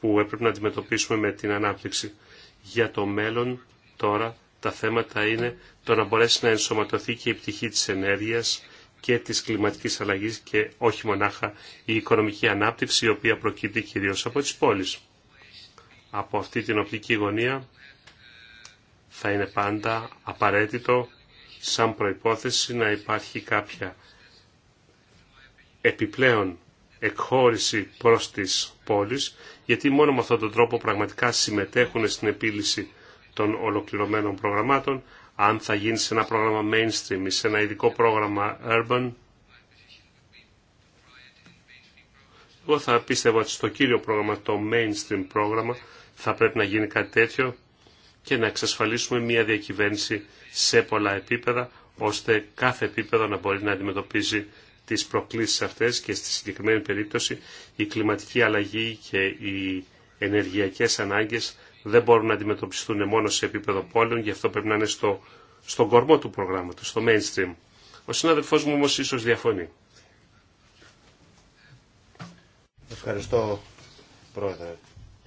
που έπρεπε να αντιμετωπίσουμε με την ανάπτυξη. Για το μέλλον τώρα τα θέματα είναι το να μπορέσει να ενσωματωθεί και η πτυχή της ενέργειας και της κλιματικής αλλαγής και όχι μονάχα η οικονομική ανάπτυξη η οποία προκύπτει κυρίως από τις πόλεις. Από αυτή την οπτική γωνία θα είναι πάντα απαραίτητο σαν προϋπόθεση να υπάρχει κάποια επιπλέον εκχώρηση προς τις πόλεις, γιατί μόνο με αυτόν τον τρόπο πραγματικά συμμετέχουν στην επίλυση των ολοκληρωμένων προγραμμάτων, αν θα γίνει σε ένα πρόγραμμα mainstream ή σε ένα ειδικό πρόγραμμα urban. Εγώ θα πίστευα ότι στο κύριο πρόγραμμα, το mainstream πρόγραμμα, θα πρέπει να γίνει κάτι τέτοιο και να εξασφαλίσουμε μια διακυβέρνηση σε πολλά επίπεδα, ώστε κάθε επίπεδο να μπορεί να αντιμετωπίζει τις προκλήσεις αυτές και στη συγκεκριμένη περίπτωση η κλιματική αλλαγή και οι ενεργειακές ανάγκες δεν μπορούν να αντιμετωπιστούν μόνο σε επίπεδο πόλεων, γι' αυτό πρέπει να είναι στο, στον κορμό του προγράμματος, στο mainstream. Ο συνάδελφός μου όμως ίσως διαφωνεί. Ευχαριστώ, Πρόεδρε,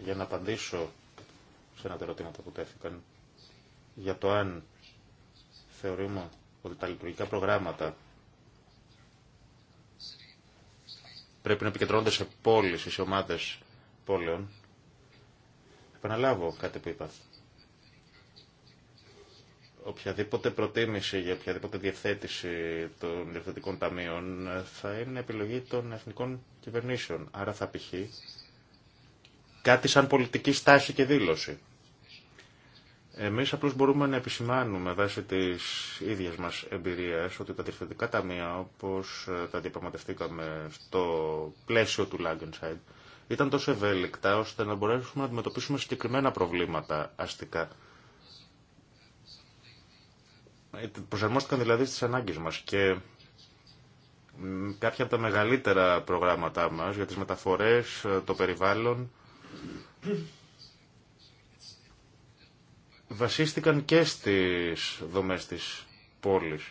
για να απαντήσω σε ένα ερωτήματα που τέθηκαν για το αν θεωρούμε ότι τα λειτουργικά προγράμματα πρέπει να επικεντρώνονται σε πόλεις ή σε ομάδες πόλεων. Επαναλάβω κάτι που είπα. Οποιαδήποτε προτίμηση για οποιαδήποτε διευθέτηση των διευθετικών ταμείων θα είναι επιλογή των εθνικών κυβερνήσεων. Άρα θα πηχεί κάτι σαν πολιτική στάση και δήλωση. Εμείς απλώς μπορούμε να επισημάνουμε βάσει της ίδιας μας εμπειρίας ότι τα διευθυντικά ταμεία όπως τα διαπραγματευτήκαμε στο πλαίσιο του Λάγκενσάιντ ήταν τόσο ευέλικτα ώστε να μπορέσουμε να αντιμετωπίσουμε συγκεκριμένα προβλήματα αστικά. Ε, προσαρμόστηκαν δηλαδή στις ανάγκες μας και κάποια από τα μεγαλύτερα προγράμματά μας για τις μεταφορές, ε, το περιβάλλον βασίστηκαν και στις δομές της πόλης.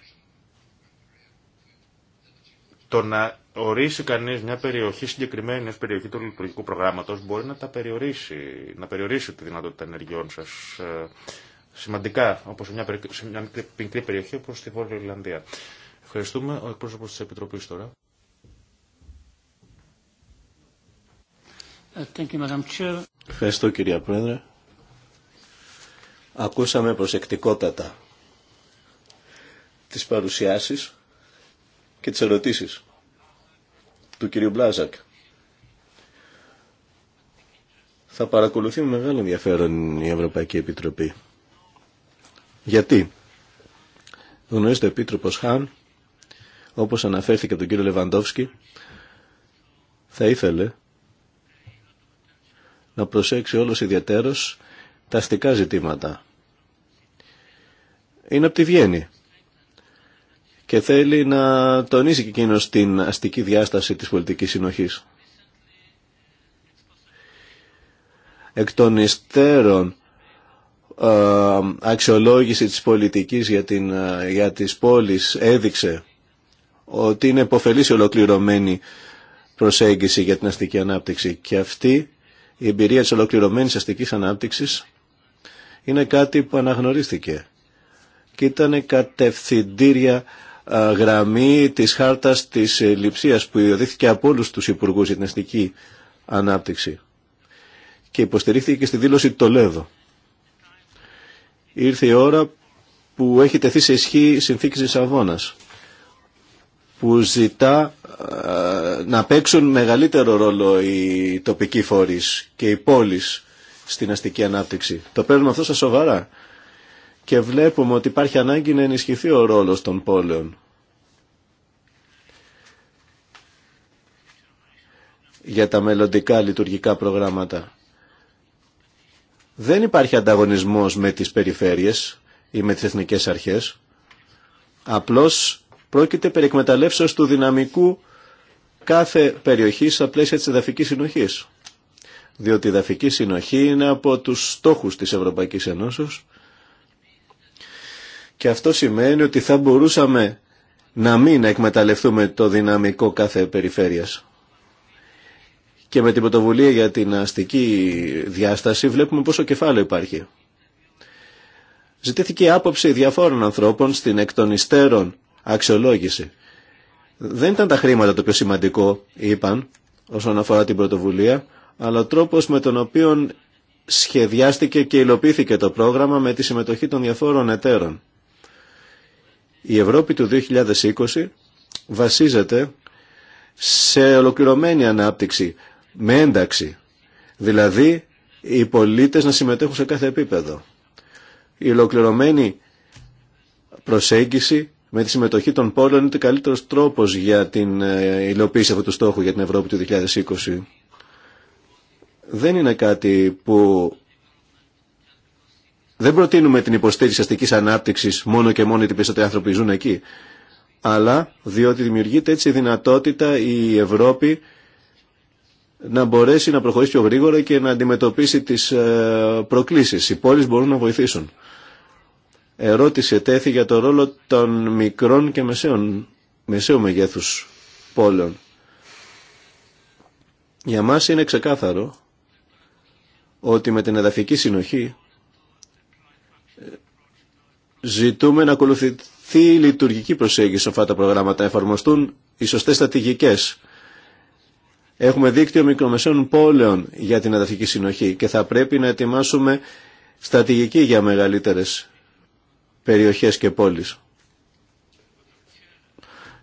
Το να ορίσει κανείς μια περιοχή συγκεκριμένη ως περιοχή του λειτουργικού προγράμματος μπορεί να τα περιορίσει, να περιορίσει τη δυνατότητα ενεργειών σας ε, σημαντικά, όπως σε μια, σε μια μικρή, περιοχή όπως στη Βόρεια Ιρλανδία. Ευχαριστούμε. Ο εκπρόσωπος της Επιτροπής τώρα. Ευχαριστώ κυρία Πρόεδρε. Ακούσαμε προσεκτικότατα τις παρουσιάσεις και τις ερωτήσεις του κυρίου Μπλάζακ. Θα παρακολουθεί με μεγάλο ενδιαφέρον η Ευρωπαϊκή Επιτροπή. Γιατί γνωρίζετε ο Επίτροπος Χάν, όπως αναφέρθηκε από τον κύριο Λεβαντόφσκι, θα ήθελε να προσέξει όλος ιδιαίτερος τα αστικά ζητήματα είναι από τη Βιέννη και θέλει να τονίσει και εκείνο την αστική διάσταση της πολιτικής συνοχής. Εκ των υστέρων ε, αξιολόγηση της πολιτικής για, την, ε, για τις πόλεις έδειξε ότι είναι υποφελής ολοκληρωμένη προσέγγιση για την αστική ανάπτυξη και αυτή η εμπειρία της ολοκληρωμένης αστικής ανάπτυξης είναι κάτι που αναγνωρίστηκε και ήταν κατευθυντήρια γραμμή της χάρτας της λειψίας που ιδιωθήθηκε από όλους τους υπουργούς για την αστική ανάπτυξη και υποστηρίχθηκε και στη δήλωση Τολέδο. Ήρθε η ώρα που έχει τεθεί σε ισχύ η συνθήκη της Αβώνας που ζητά να παίξουν μεγαλύτερο ρόλο οι τοπικοί φορείς και οι πόλεις στην αστική ανάπτυξη. Το παίρνουμε αυτό στα σοβαρά και βλέπουμε ότι υπάρχει ανάγκη να ενισχυθεί ο ρόλος των πόλεων. για τα μελλοντικά λειτουργικά προγράμματα. Δεν υπάρχει ανταγωνισμός με τις περιφέρειες ή με τις εθνικές αρχές. Απλώς πρόκειται περί εκμεταλλεύσεως του δυναμικού κάθε περιοχή στα πλαίσια της εδαφικής συνοχής. Διότι η δαφική συνοχή είναι από τους στόχους της Ευρωπαϊκής Ενώσεως και αυτό σημαίνει ότι θα μπορούσαμε να μην εκμεταλλευτούμε το δυναμικό κάθε περιφέρειας. Και με την πρωτοβουλία για την αστική διάσταση βλέπουμε πόσο κεφάλαιο υπάρχει. Ζητήθηκε άποψη διαφόρων ανθρώπων στην εκ των υστέρων αξιολόγηση. Δεν ήταν τα χρήματα το πιο σημαντικό, είπαν, όσον αφορά την πρωτοβουλία, αλλά ο τρόπος με τον οποίο σχεδιάστηκε και υλοποιήθηκε το πρόγραμμα με τη συμμετοχή των διαφόρων εταίρων. Η Ευρώπη του 2020 βασίζεται σε ολοκληρωμένη ανάπτυξη, με ένταξη. Δηλαδή, οι πολίτες να συμμετέχουν σε κάθε επίπεδο. Η ολοκληρωμένη προσέγγιση με τη συμμετοχή των πόλων είναι ο καλύτερος τρόπος για την ε, υλοποίηση αυτού του στόχου για την Ευρώπη του 2020. Δεν είναι κάτι που δεν προτείνουμε την υποστήριξη αστική ανάπτυξη μόνο και μόνο γιατί περισσότεροι άνθρωποι ζουν εκεί. Αλλά διότι δημιουργείται έτσι η δυνατότητα η Ευρώπη να μπορέσει να προχωρήσει πιο γρήγορα και να αντιμετωπίσει τις ε, προκλήσεις. Οι πόλεις μπορούν να βοηθήσουν. Ερώτηση τέθη για το ρόλο των μικρών και μεσαίων, μεσαίου μεγέθου πόλεων. Για μας είναι ξεκάθαρο ότι με την εδαφική συνοχή Ζητούμε να ακολουθηθεί η λειτουργική προσέγγιση σε αυτά τα προγράμματα, εφαρμοστούν οι σωστέ στρατηγικέ. Έχουμε δίκτυο μικρομεσαίων πόλεων για την εδαφική συνοχή και θα πρέπει να ετοιμάσουμε στρατηγική για μεγαλύτερες περιοχές και πόλεις.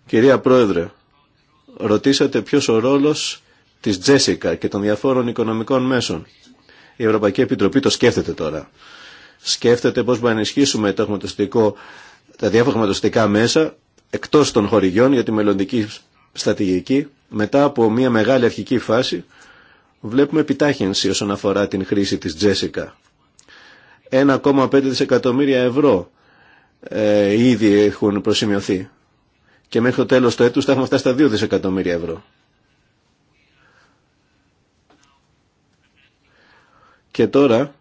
Κυρία Πρόεδρε, ρωτήσατε ποιος ο ρόλος της Τζέσικα και των διαφόρων οικονομικών μέσων. Η Ευρωπαϊκή Επιτροπή το σκέφτεται τώρα σκέφτεται πώς μπορούμε να ενισχύσουμε το τα διάφορα μέσα εκτός των χορηγιών για τη μελλοντική στρατηγική. Μετά από μια μεγάλη αρχική φάση βλέπουμε επιτάχυνση όσον αφορά την χρήση της Τζέσικα. 1,5 δισεκατομμύρια ευρώ ε, ήδη έχουν προσημειωθεί και μέχρι το τέλος του έτους θα έχουμε φτάσει στα 2 δισεκατομμύρια ευρώ. Και τώρα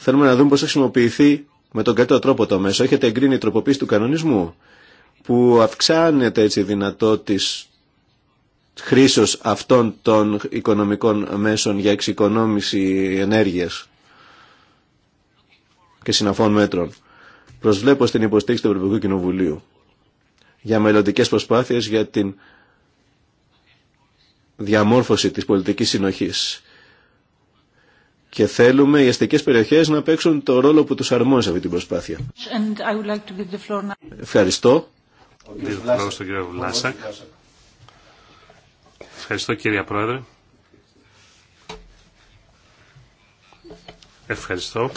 Θέλουμε να δούμε πώς θα χρησιμοποιηθεί με τον καλύτερο τρόπο το μέσο. Έχετε εγκρίνει τροποποίηση του κανονισμού που αυξάνεται έτσι δυνατότητα χρήσεως αυτών των οικονομικών μέσων για εξοικονόμηση ενέργειας και συναφών μέτρων. Προσβλέπω στην υποστήριξη του Ευρωπαϊκού Κοινοβουλίου για μελλοντικέ προσπάθειες για την διαμόρφωση της πολιτικής συνοχής και θέλουμε οι αστικές περιοχές να παίξουν το ρόλο που τους αρμόζει αυτή την προσπάθεια. Ευχαριστώ. Ευχαριστώ κύριε Πρόεδρε. Ευχαριστώ.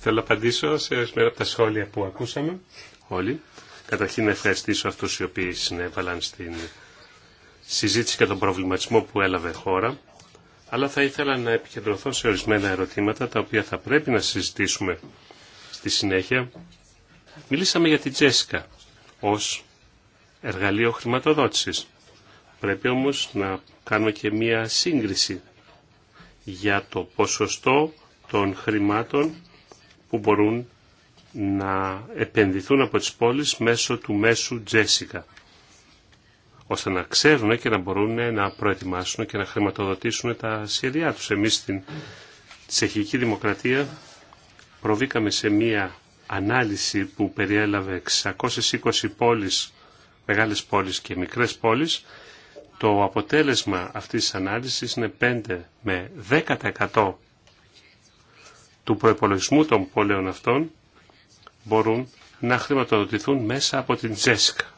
Θέλω να απαντήσω σε μέρα από τα σχόλια που ακούσαμε όλοι. Καταρχήν να ευχαριστήσω αυτούς οι οποίοι συνέβαλαν στην συζήτηση και τον προβληματισμό που έλαβε χώρα, αλλά θα ήθελα να επικεντρωθώ σε ορισμένα ερωτήματα τα οποία θα πρέπει να συζητήσουμε στη συνέχεια. Μιλήσαμε για την Τζέσικα ως εργαλείο χρηματοδότησης. Πρέπει όμως να κάνουμε και μία σύγκριση για το ποσοστό των χρημάτων που μπορούν να επενδυθούν από τις πόλεις μέσω του μέσου Τζέσικα ώστε να ξέρουν και να μπορούν να προετοιμάσουν και να χρηματοδοτήσουν τα σχέδιά τους. Εμείς στην Τσεχική Δημοκρατία προβήκαμε σε μία ανάλυση που περιέλαβε 620 πόλεις, μεγάλες πόλεις και μικρές πόλεις. Το αποτέλεσμα αυτής της ανάλυσης είναι 5 με 10% του προϋπολογισμού των πόλεων αυτών μπορούν να χρηματοδοτηθούν μέσα από την Τσέσικα.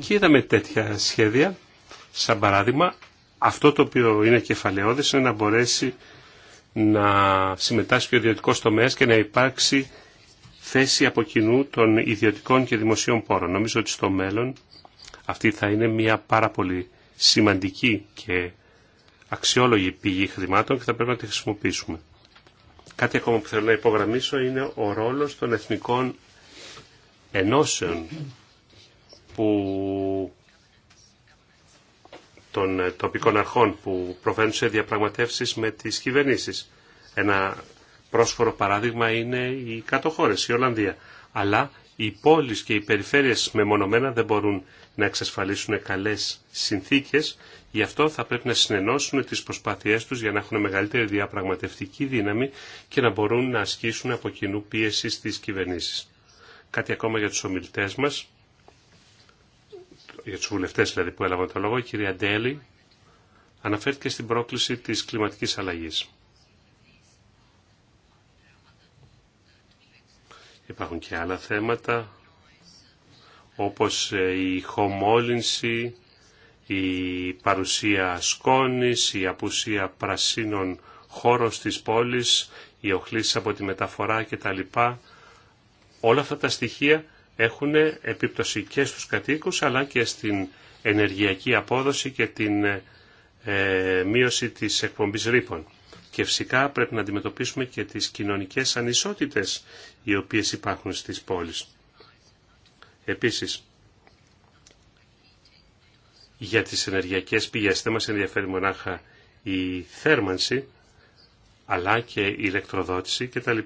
Και είδαμε τέτοια σχέδια, σαν παράδειγμα, αυτό το οποίο είναι κεφαλαιόδηση είναι να μπορέσει να συμμετάσχει ο ιδιωτικό τομέα και να υπάρξει θέση από κοινού των ιδιωτικών και δημοσίων πόρων. Νομίζω ότι στο μέλλον αυτή θα είναι μια πάρα πολύ σημαντική και αξιόλογη πηγή χρημάτων και θα πρέπει να τη χρησιμοποιήσουμε. Κάτι ακόμα που θέλω να υπογραμμίσω είναι ο ρόλος των εθνικών ενώσεων που των ε, τοπικών αρχών που προβαίνουν σε διαπραγματεύσεις με τις κυβερνήσεις. Ένα πρόσφορο παράδειγμα είναι οι κάτω χώρες, η Ολλανδία. Αλλά οι πόλεις και οι περιφέρειες μεμονωμένα δεν μπορούν να εξασφαλίσουν καλές συνθήκες, γι' αυτό θα πρέπει να συνενώσουν τις προσπάθειές τους για να έχουν μεγαλύτερη διαπραγματευτική δύναμη και να μπορούν να ασκήσουν από κοινού πίεση στις κυβερνήσεις. Κάτι ακόμα για τους ομιλητές μας για τους βουλευτές δηλαδή που έλαβαν το λόγο, η κυρία Ντέλη αναφέρθηκε στην πρόκληση της κλιματικής αλλαγής. Υπάρχουν και άλλα θέματα, όπως ε, η χωμόλυνση, η παρουσία σκόνης, η απουσία πρασίνων χώρων στις πόλεις, οι οχλήσεις από τη μεταφορά κτλ. Όλα αυτά τα στοιχεία έχουν επίπτωση και στους κατοίκους αλλά και στην ενεργειακή απόδοση και την ε, μείωση της εκπομπής ρήπων. Και φυσικά πρέπει να αντιμετωπίσουμε και τις κοινωνικές ανισότητες οι οποίες υπάρχουν στις πόλεις. Επίσης, για τις ενεργειακές πηγές δεν μας ενδιαφέρει μονάχα η θέρμανση, αλλά και η ηλεκτροδότηση κτλ.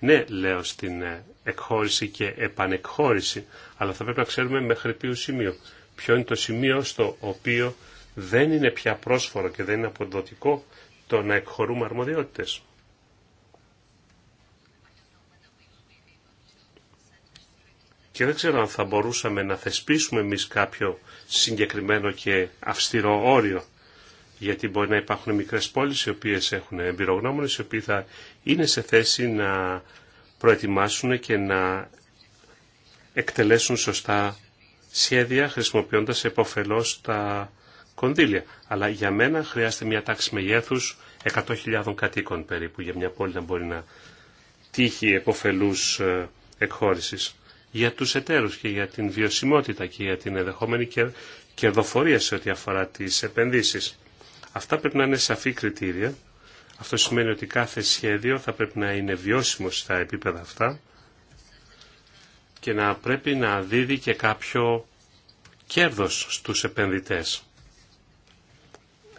Ναι, λέω στην ε, εκχώρηση και επανεκχώρηση, αλλά θα πρέπει να ξέρουμε μέχρι ποιο σημείο. Ποιο είναι το σημείο στο οποίο δεν είναι πια πρόσφορο και δεν είναι αποδοτικό το να εκχωρούμε αρμοδιότητες. Και δεν ξέρω αν θα μπορούσαμε να θεσπίσουμε εμεί κάποιο συγκεκριμένο και αυστηρό όριο. Γιατί μπορεί να υπάρχουν μικρές πόλεις οι οποίες έχουν εμπειρογνώμονες, οι οποίοι θα είναι σε θέση να προετοιμάσουν και να εκτελέσουν σωστά σχέδια χρησιμοποιώντας επωφελώς τα κονδύλια. Αλλά για μένα χρειάζεται μια τάξη μεγέθους 100.000 κατοίκων περίπου για μια πόλη να μπορεί να τύχει επωφελούς ε, εκχώρησης. Για τους εταίρους και για την βιωσιμότητα και για την ενδεχόμενη κερδοφορία σε ό,τι αφορά τις επενδύσεις. Αυτά πρέπει να είναι σαφή κριτήρια αυτό σημαίνει ότι κάθε σχέδιο θα πρέπει να είναι βιώσιμο στα επίπεδα αυτά και να πρέπει να δίδει και κάποιο κέρδος στους επενδυτές.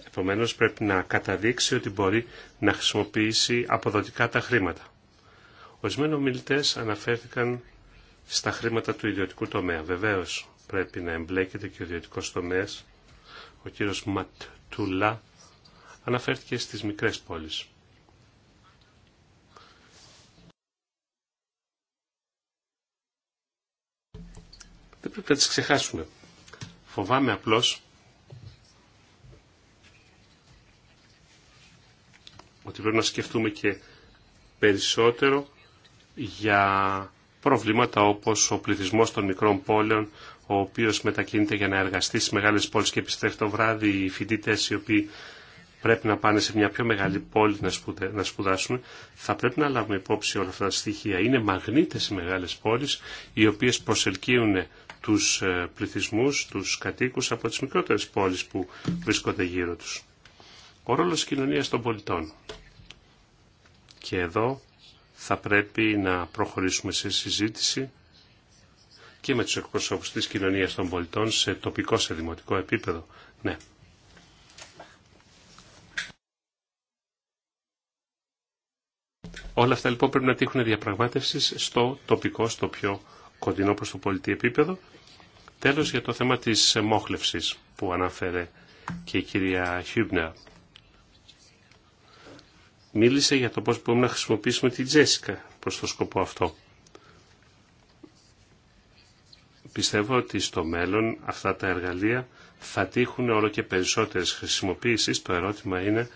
Επομένως πρέπει να καταδείξει ότι μπορεί να χρησιμοποιήσει αποδοτικά τα χρήματα. Ορισμένοι ομιλητέ αναφέρθηκαν στα χρήματα του ιδιωτικού τομέα. Βεβαίως πρέπει να εμπλέκεται και ο ιδιωτικό τομέα. Ο κύριος Ματτούλα αναφέρθηκε στις μικρές πόλεις. Δεν πρέπει να τις ξεχάσουμε. Φοβάμαι απλώς ότι πρέπει να σκεφτούμε και περισσότερο για προβλήματα όπως ο πληθυσμός των μικρών πόλεων, ο οποίος μετακινείται για να εργαστεί στις μεγάλες πόλεις και επιστρέφει το βράδυ, οι φοιτητές οι οποίοι πρέπει να πάνε σε μια πιο μεγάλη πόλη να, σπουδάσουν, θα πρέπει να λάβουμε υπόψη όλα αυτά τα στοιχεία. Είναι μαγνήτες οι μεγάλες πόλεις, οι οποίες προσελκύουν τους ε, πληθυσμούς, τους κατοίκους από τις μικρότερες πόλεις που βρίσκονται γύρω τους. Ο ρόλος της κοινωνίας των πολιτών. Και εδώ θα πρέπει να προχωρήσουμε σε συζήτηση και με τους εκπροσώπους της κοινωνίας των πολιτών σε τοπικό, σε δημοτικό επίπεδο. Ναι, Όλα αυτά λοιπόν πρέπει να τύχουν διαπραγμάτευση στο τοπικό, στο πιο κοντινό προς το πολιτή επίπεδο. Τέλος για το θέμα της μόχλευσης που αναφέρε και η κυρία Χιούμπνερ. Μίλησε για το πώς μπορούμε να χρησιμοποιήσουμε την Τζέσικα προς το σκοπό αυτό. Πιστεύω ότι στο μέλλον αυτά τα εργαλεία θα τύχουν όλο και περισσότερες χρησιμοποίησεις. Το ερώτημα είναι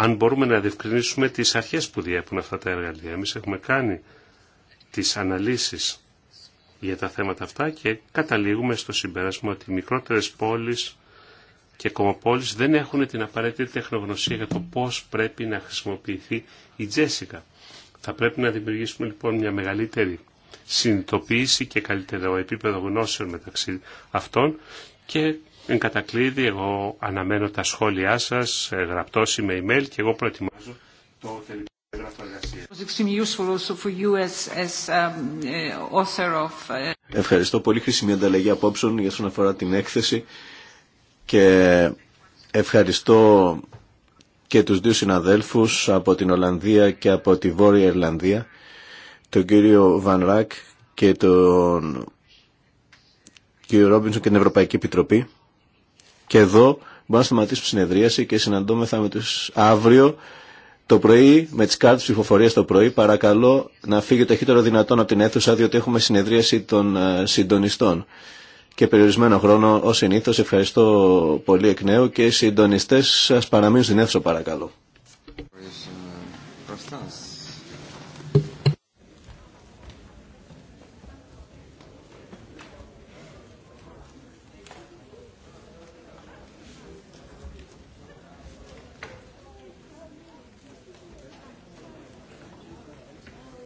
αν μπορούμε να διευκρινίσουμε τις αρχές που διέπουν αυτά τα εργαλεία. Εμείς έχουμε κάνει τις αναλύσεις για τα θέματα αυτά και καταλήγουμε στο συμπέρασμα ότι οι μικρότερες πόλεις και κομοπόλεις δεν έχουν την απαραίτητη τεχνογνωσία για το πώς πρέπει να χρησιμοποιηθεί η Τζέσικα. Θα πρέπει να δημιουργήσουμε λοιπόν μια μεγαλύτερη συνειδητοποίηση και καλύτερο επίπεδο γνώσεων μεταξύ αυτών και Εν κατακλείδη, εγώ αναμένω τα σχόλιά σας, γραπτώση με email και εγώ προετοιμάζω το τελικό έγγραφο εργασία. Um, uh, uh, ευχαριστώ πολύ χρήσιμη ανταλλαγή απόψεων για όσον αφορά την έκθεση και ευχαριστώ και τους δύο συναδέλφους από την Ολλανδία και από τη Βόρεια Ιρλανδία, τον κύριο Βαν Ρακ και τον κύριο Ρόμπινσον και την Ευρωπαϊκή Επιτροπή και εδώ μπορώ να τη συνεδρίαση και συναντώμεθα με τους αύριο το πρωί με τις κάρτες ψηφοφορίας το πρωί. Παρακαλώ να φύγει το δυνατόν από την αίθουσα διότι έχουμε συνεδρίαση των ε, συντονιστών. Και περιορισμένο χρόνο ως συνήθως ευχαριστώ πολύ εκ νέου και οι συντονιστές σας παραμείνουν στην αίθουσα παρακαλώ.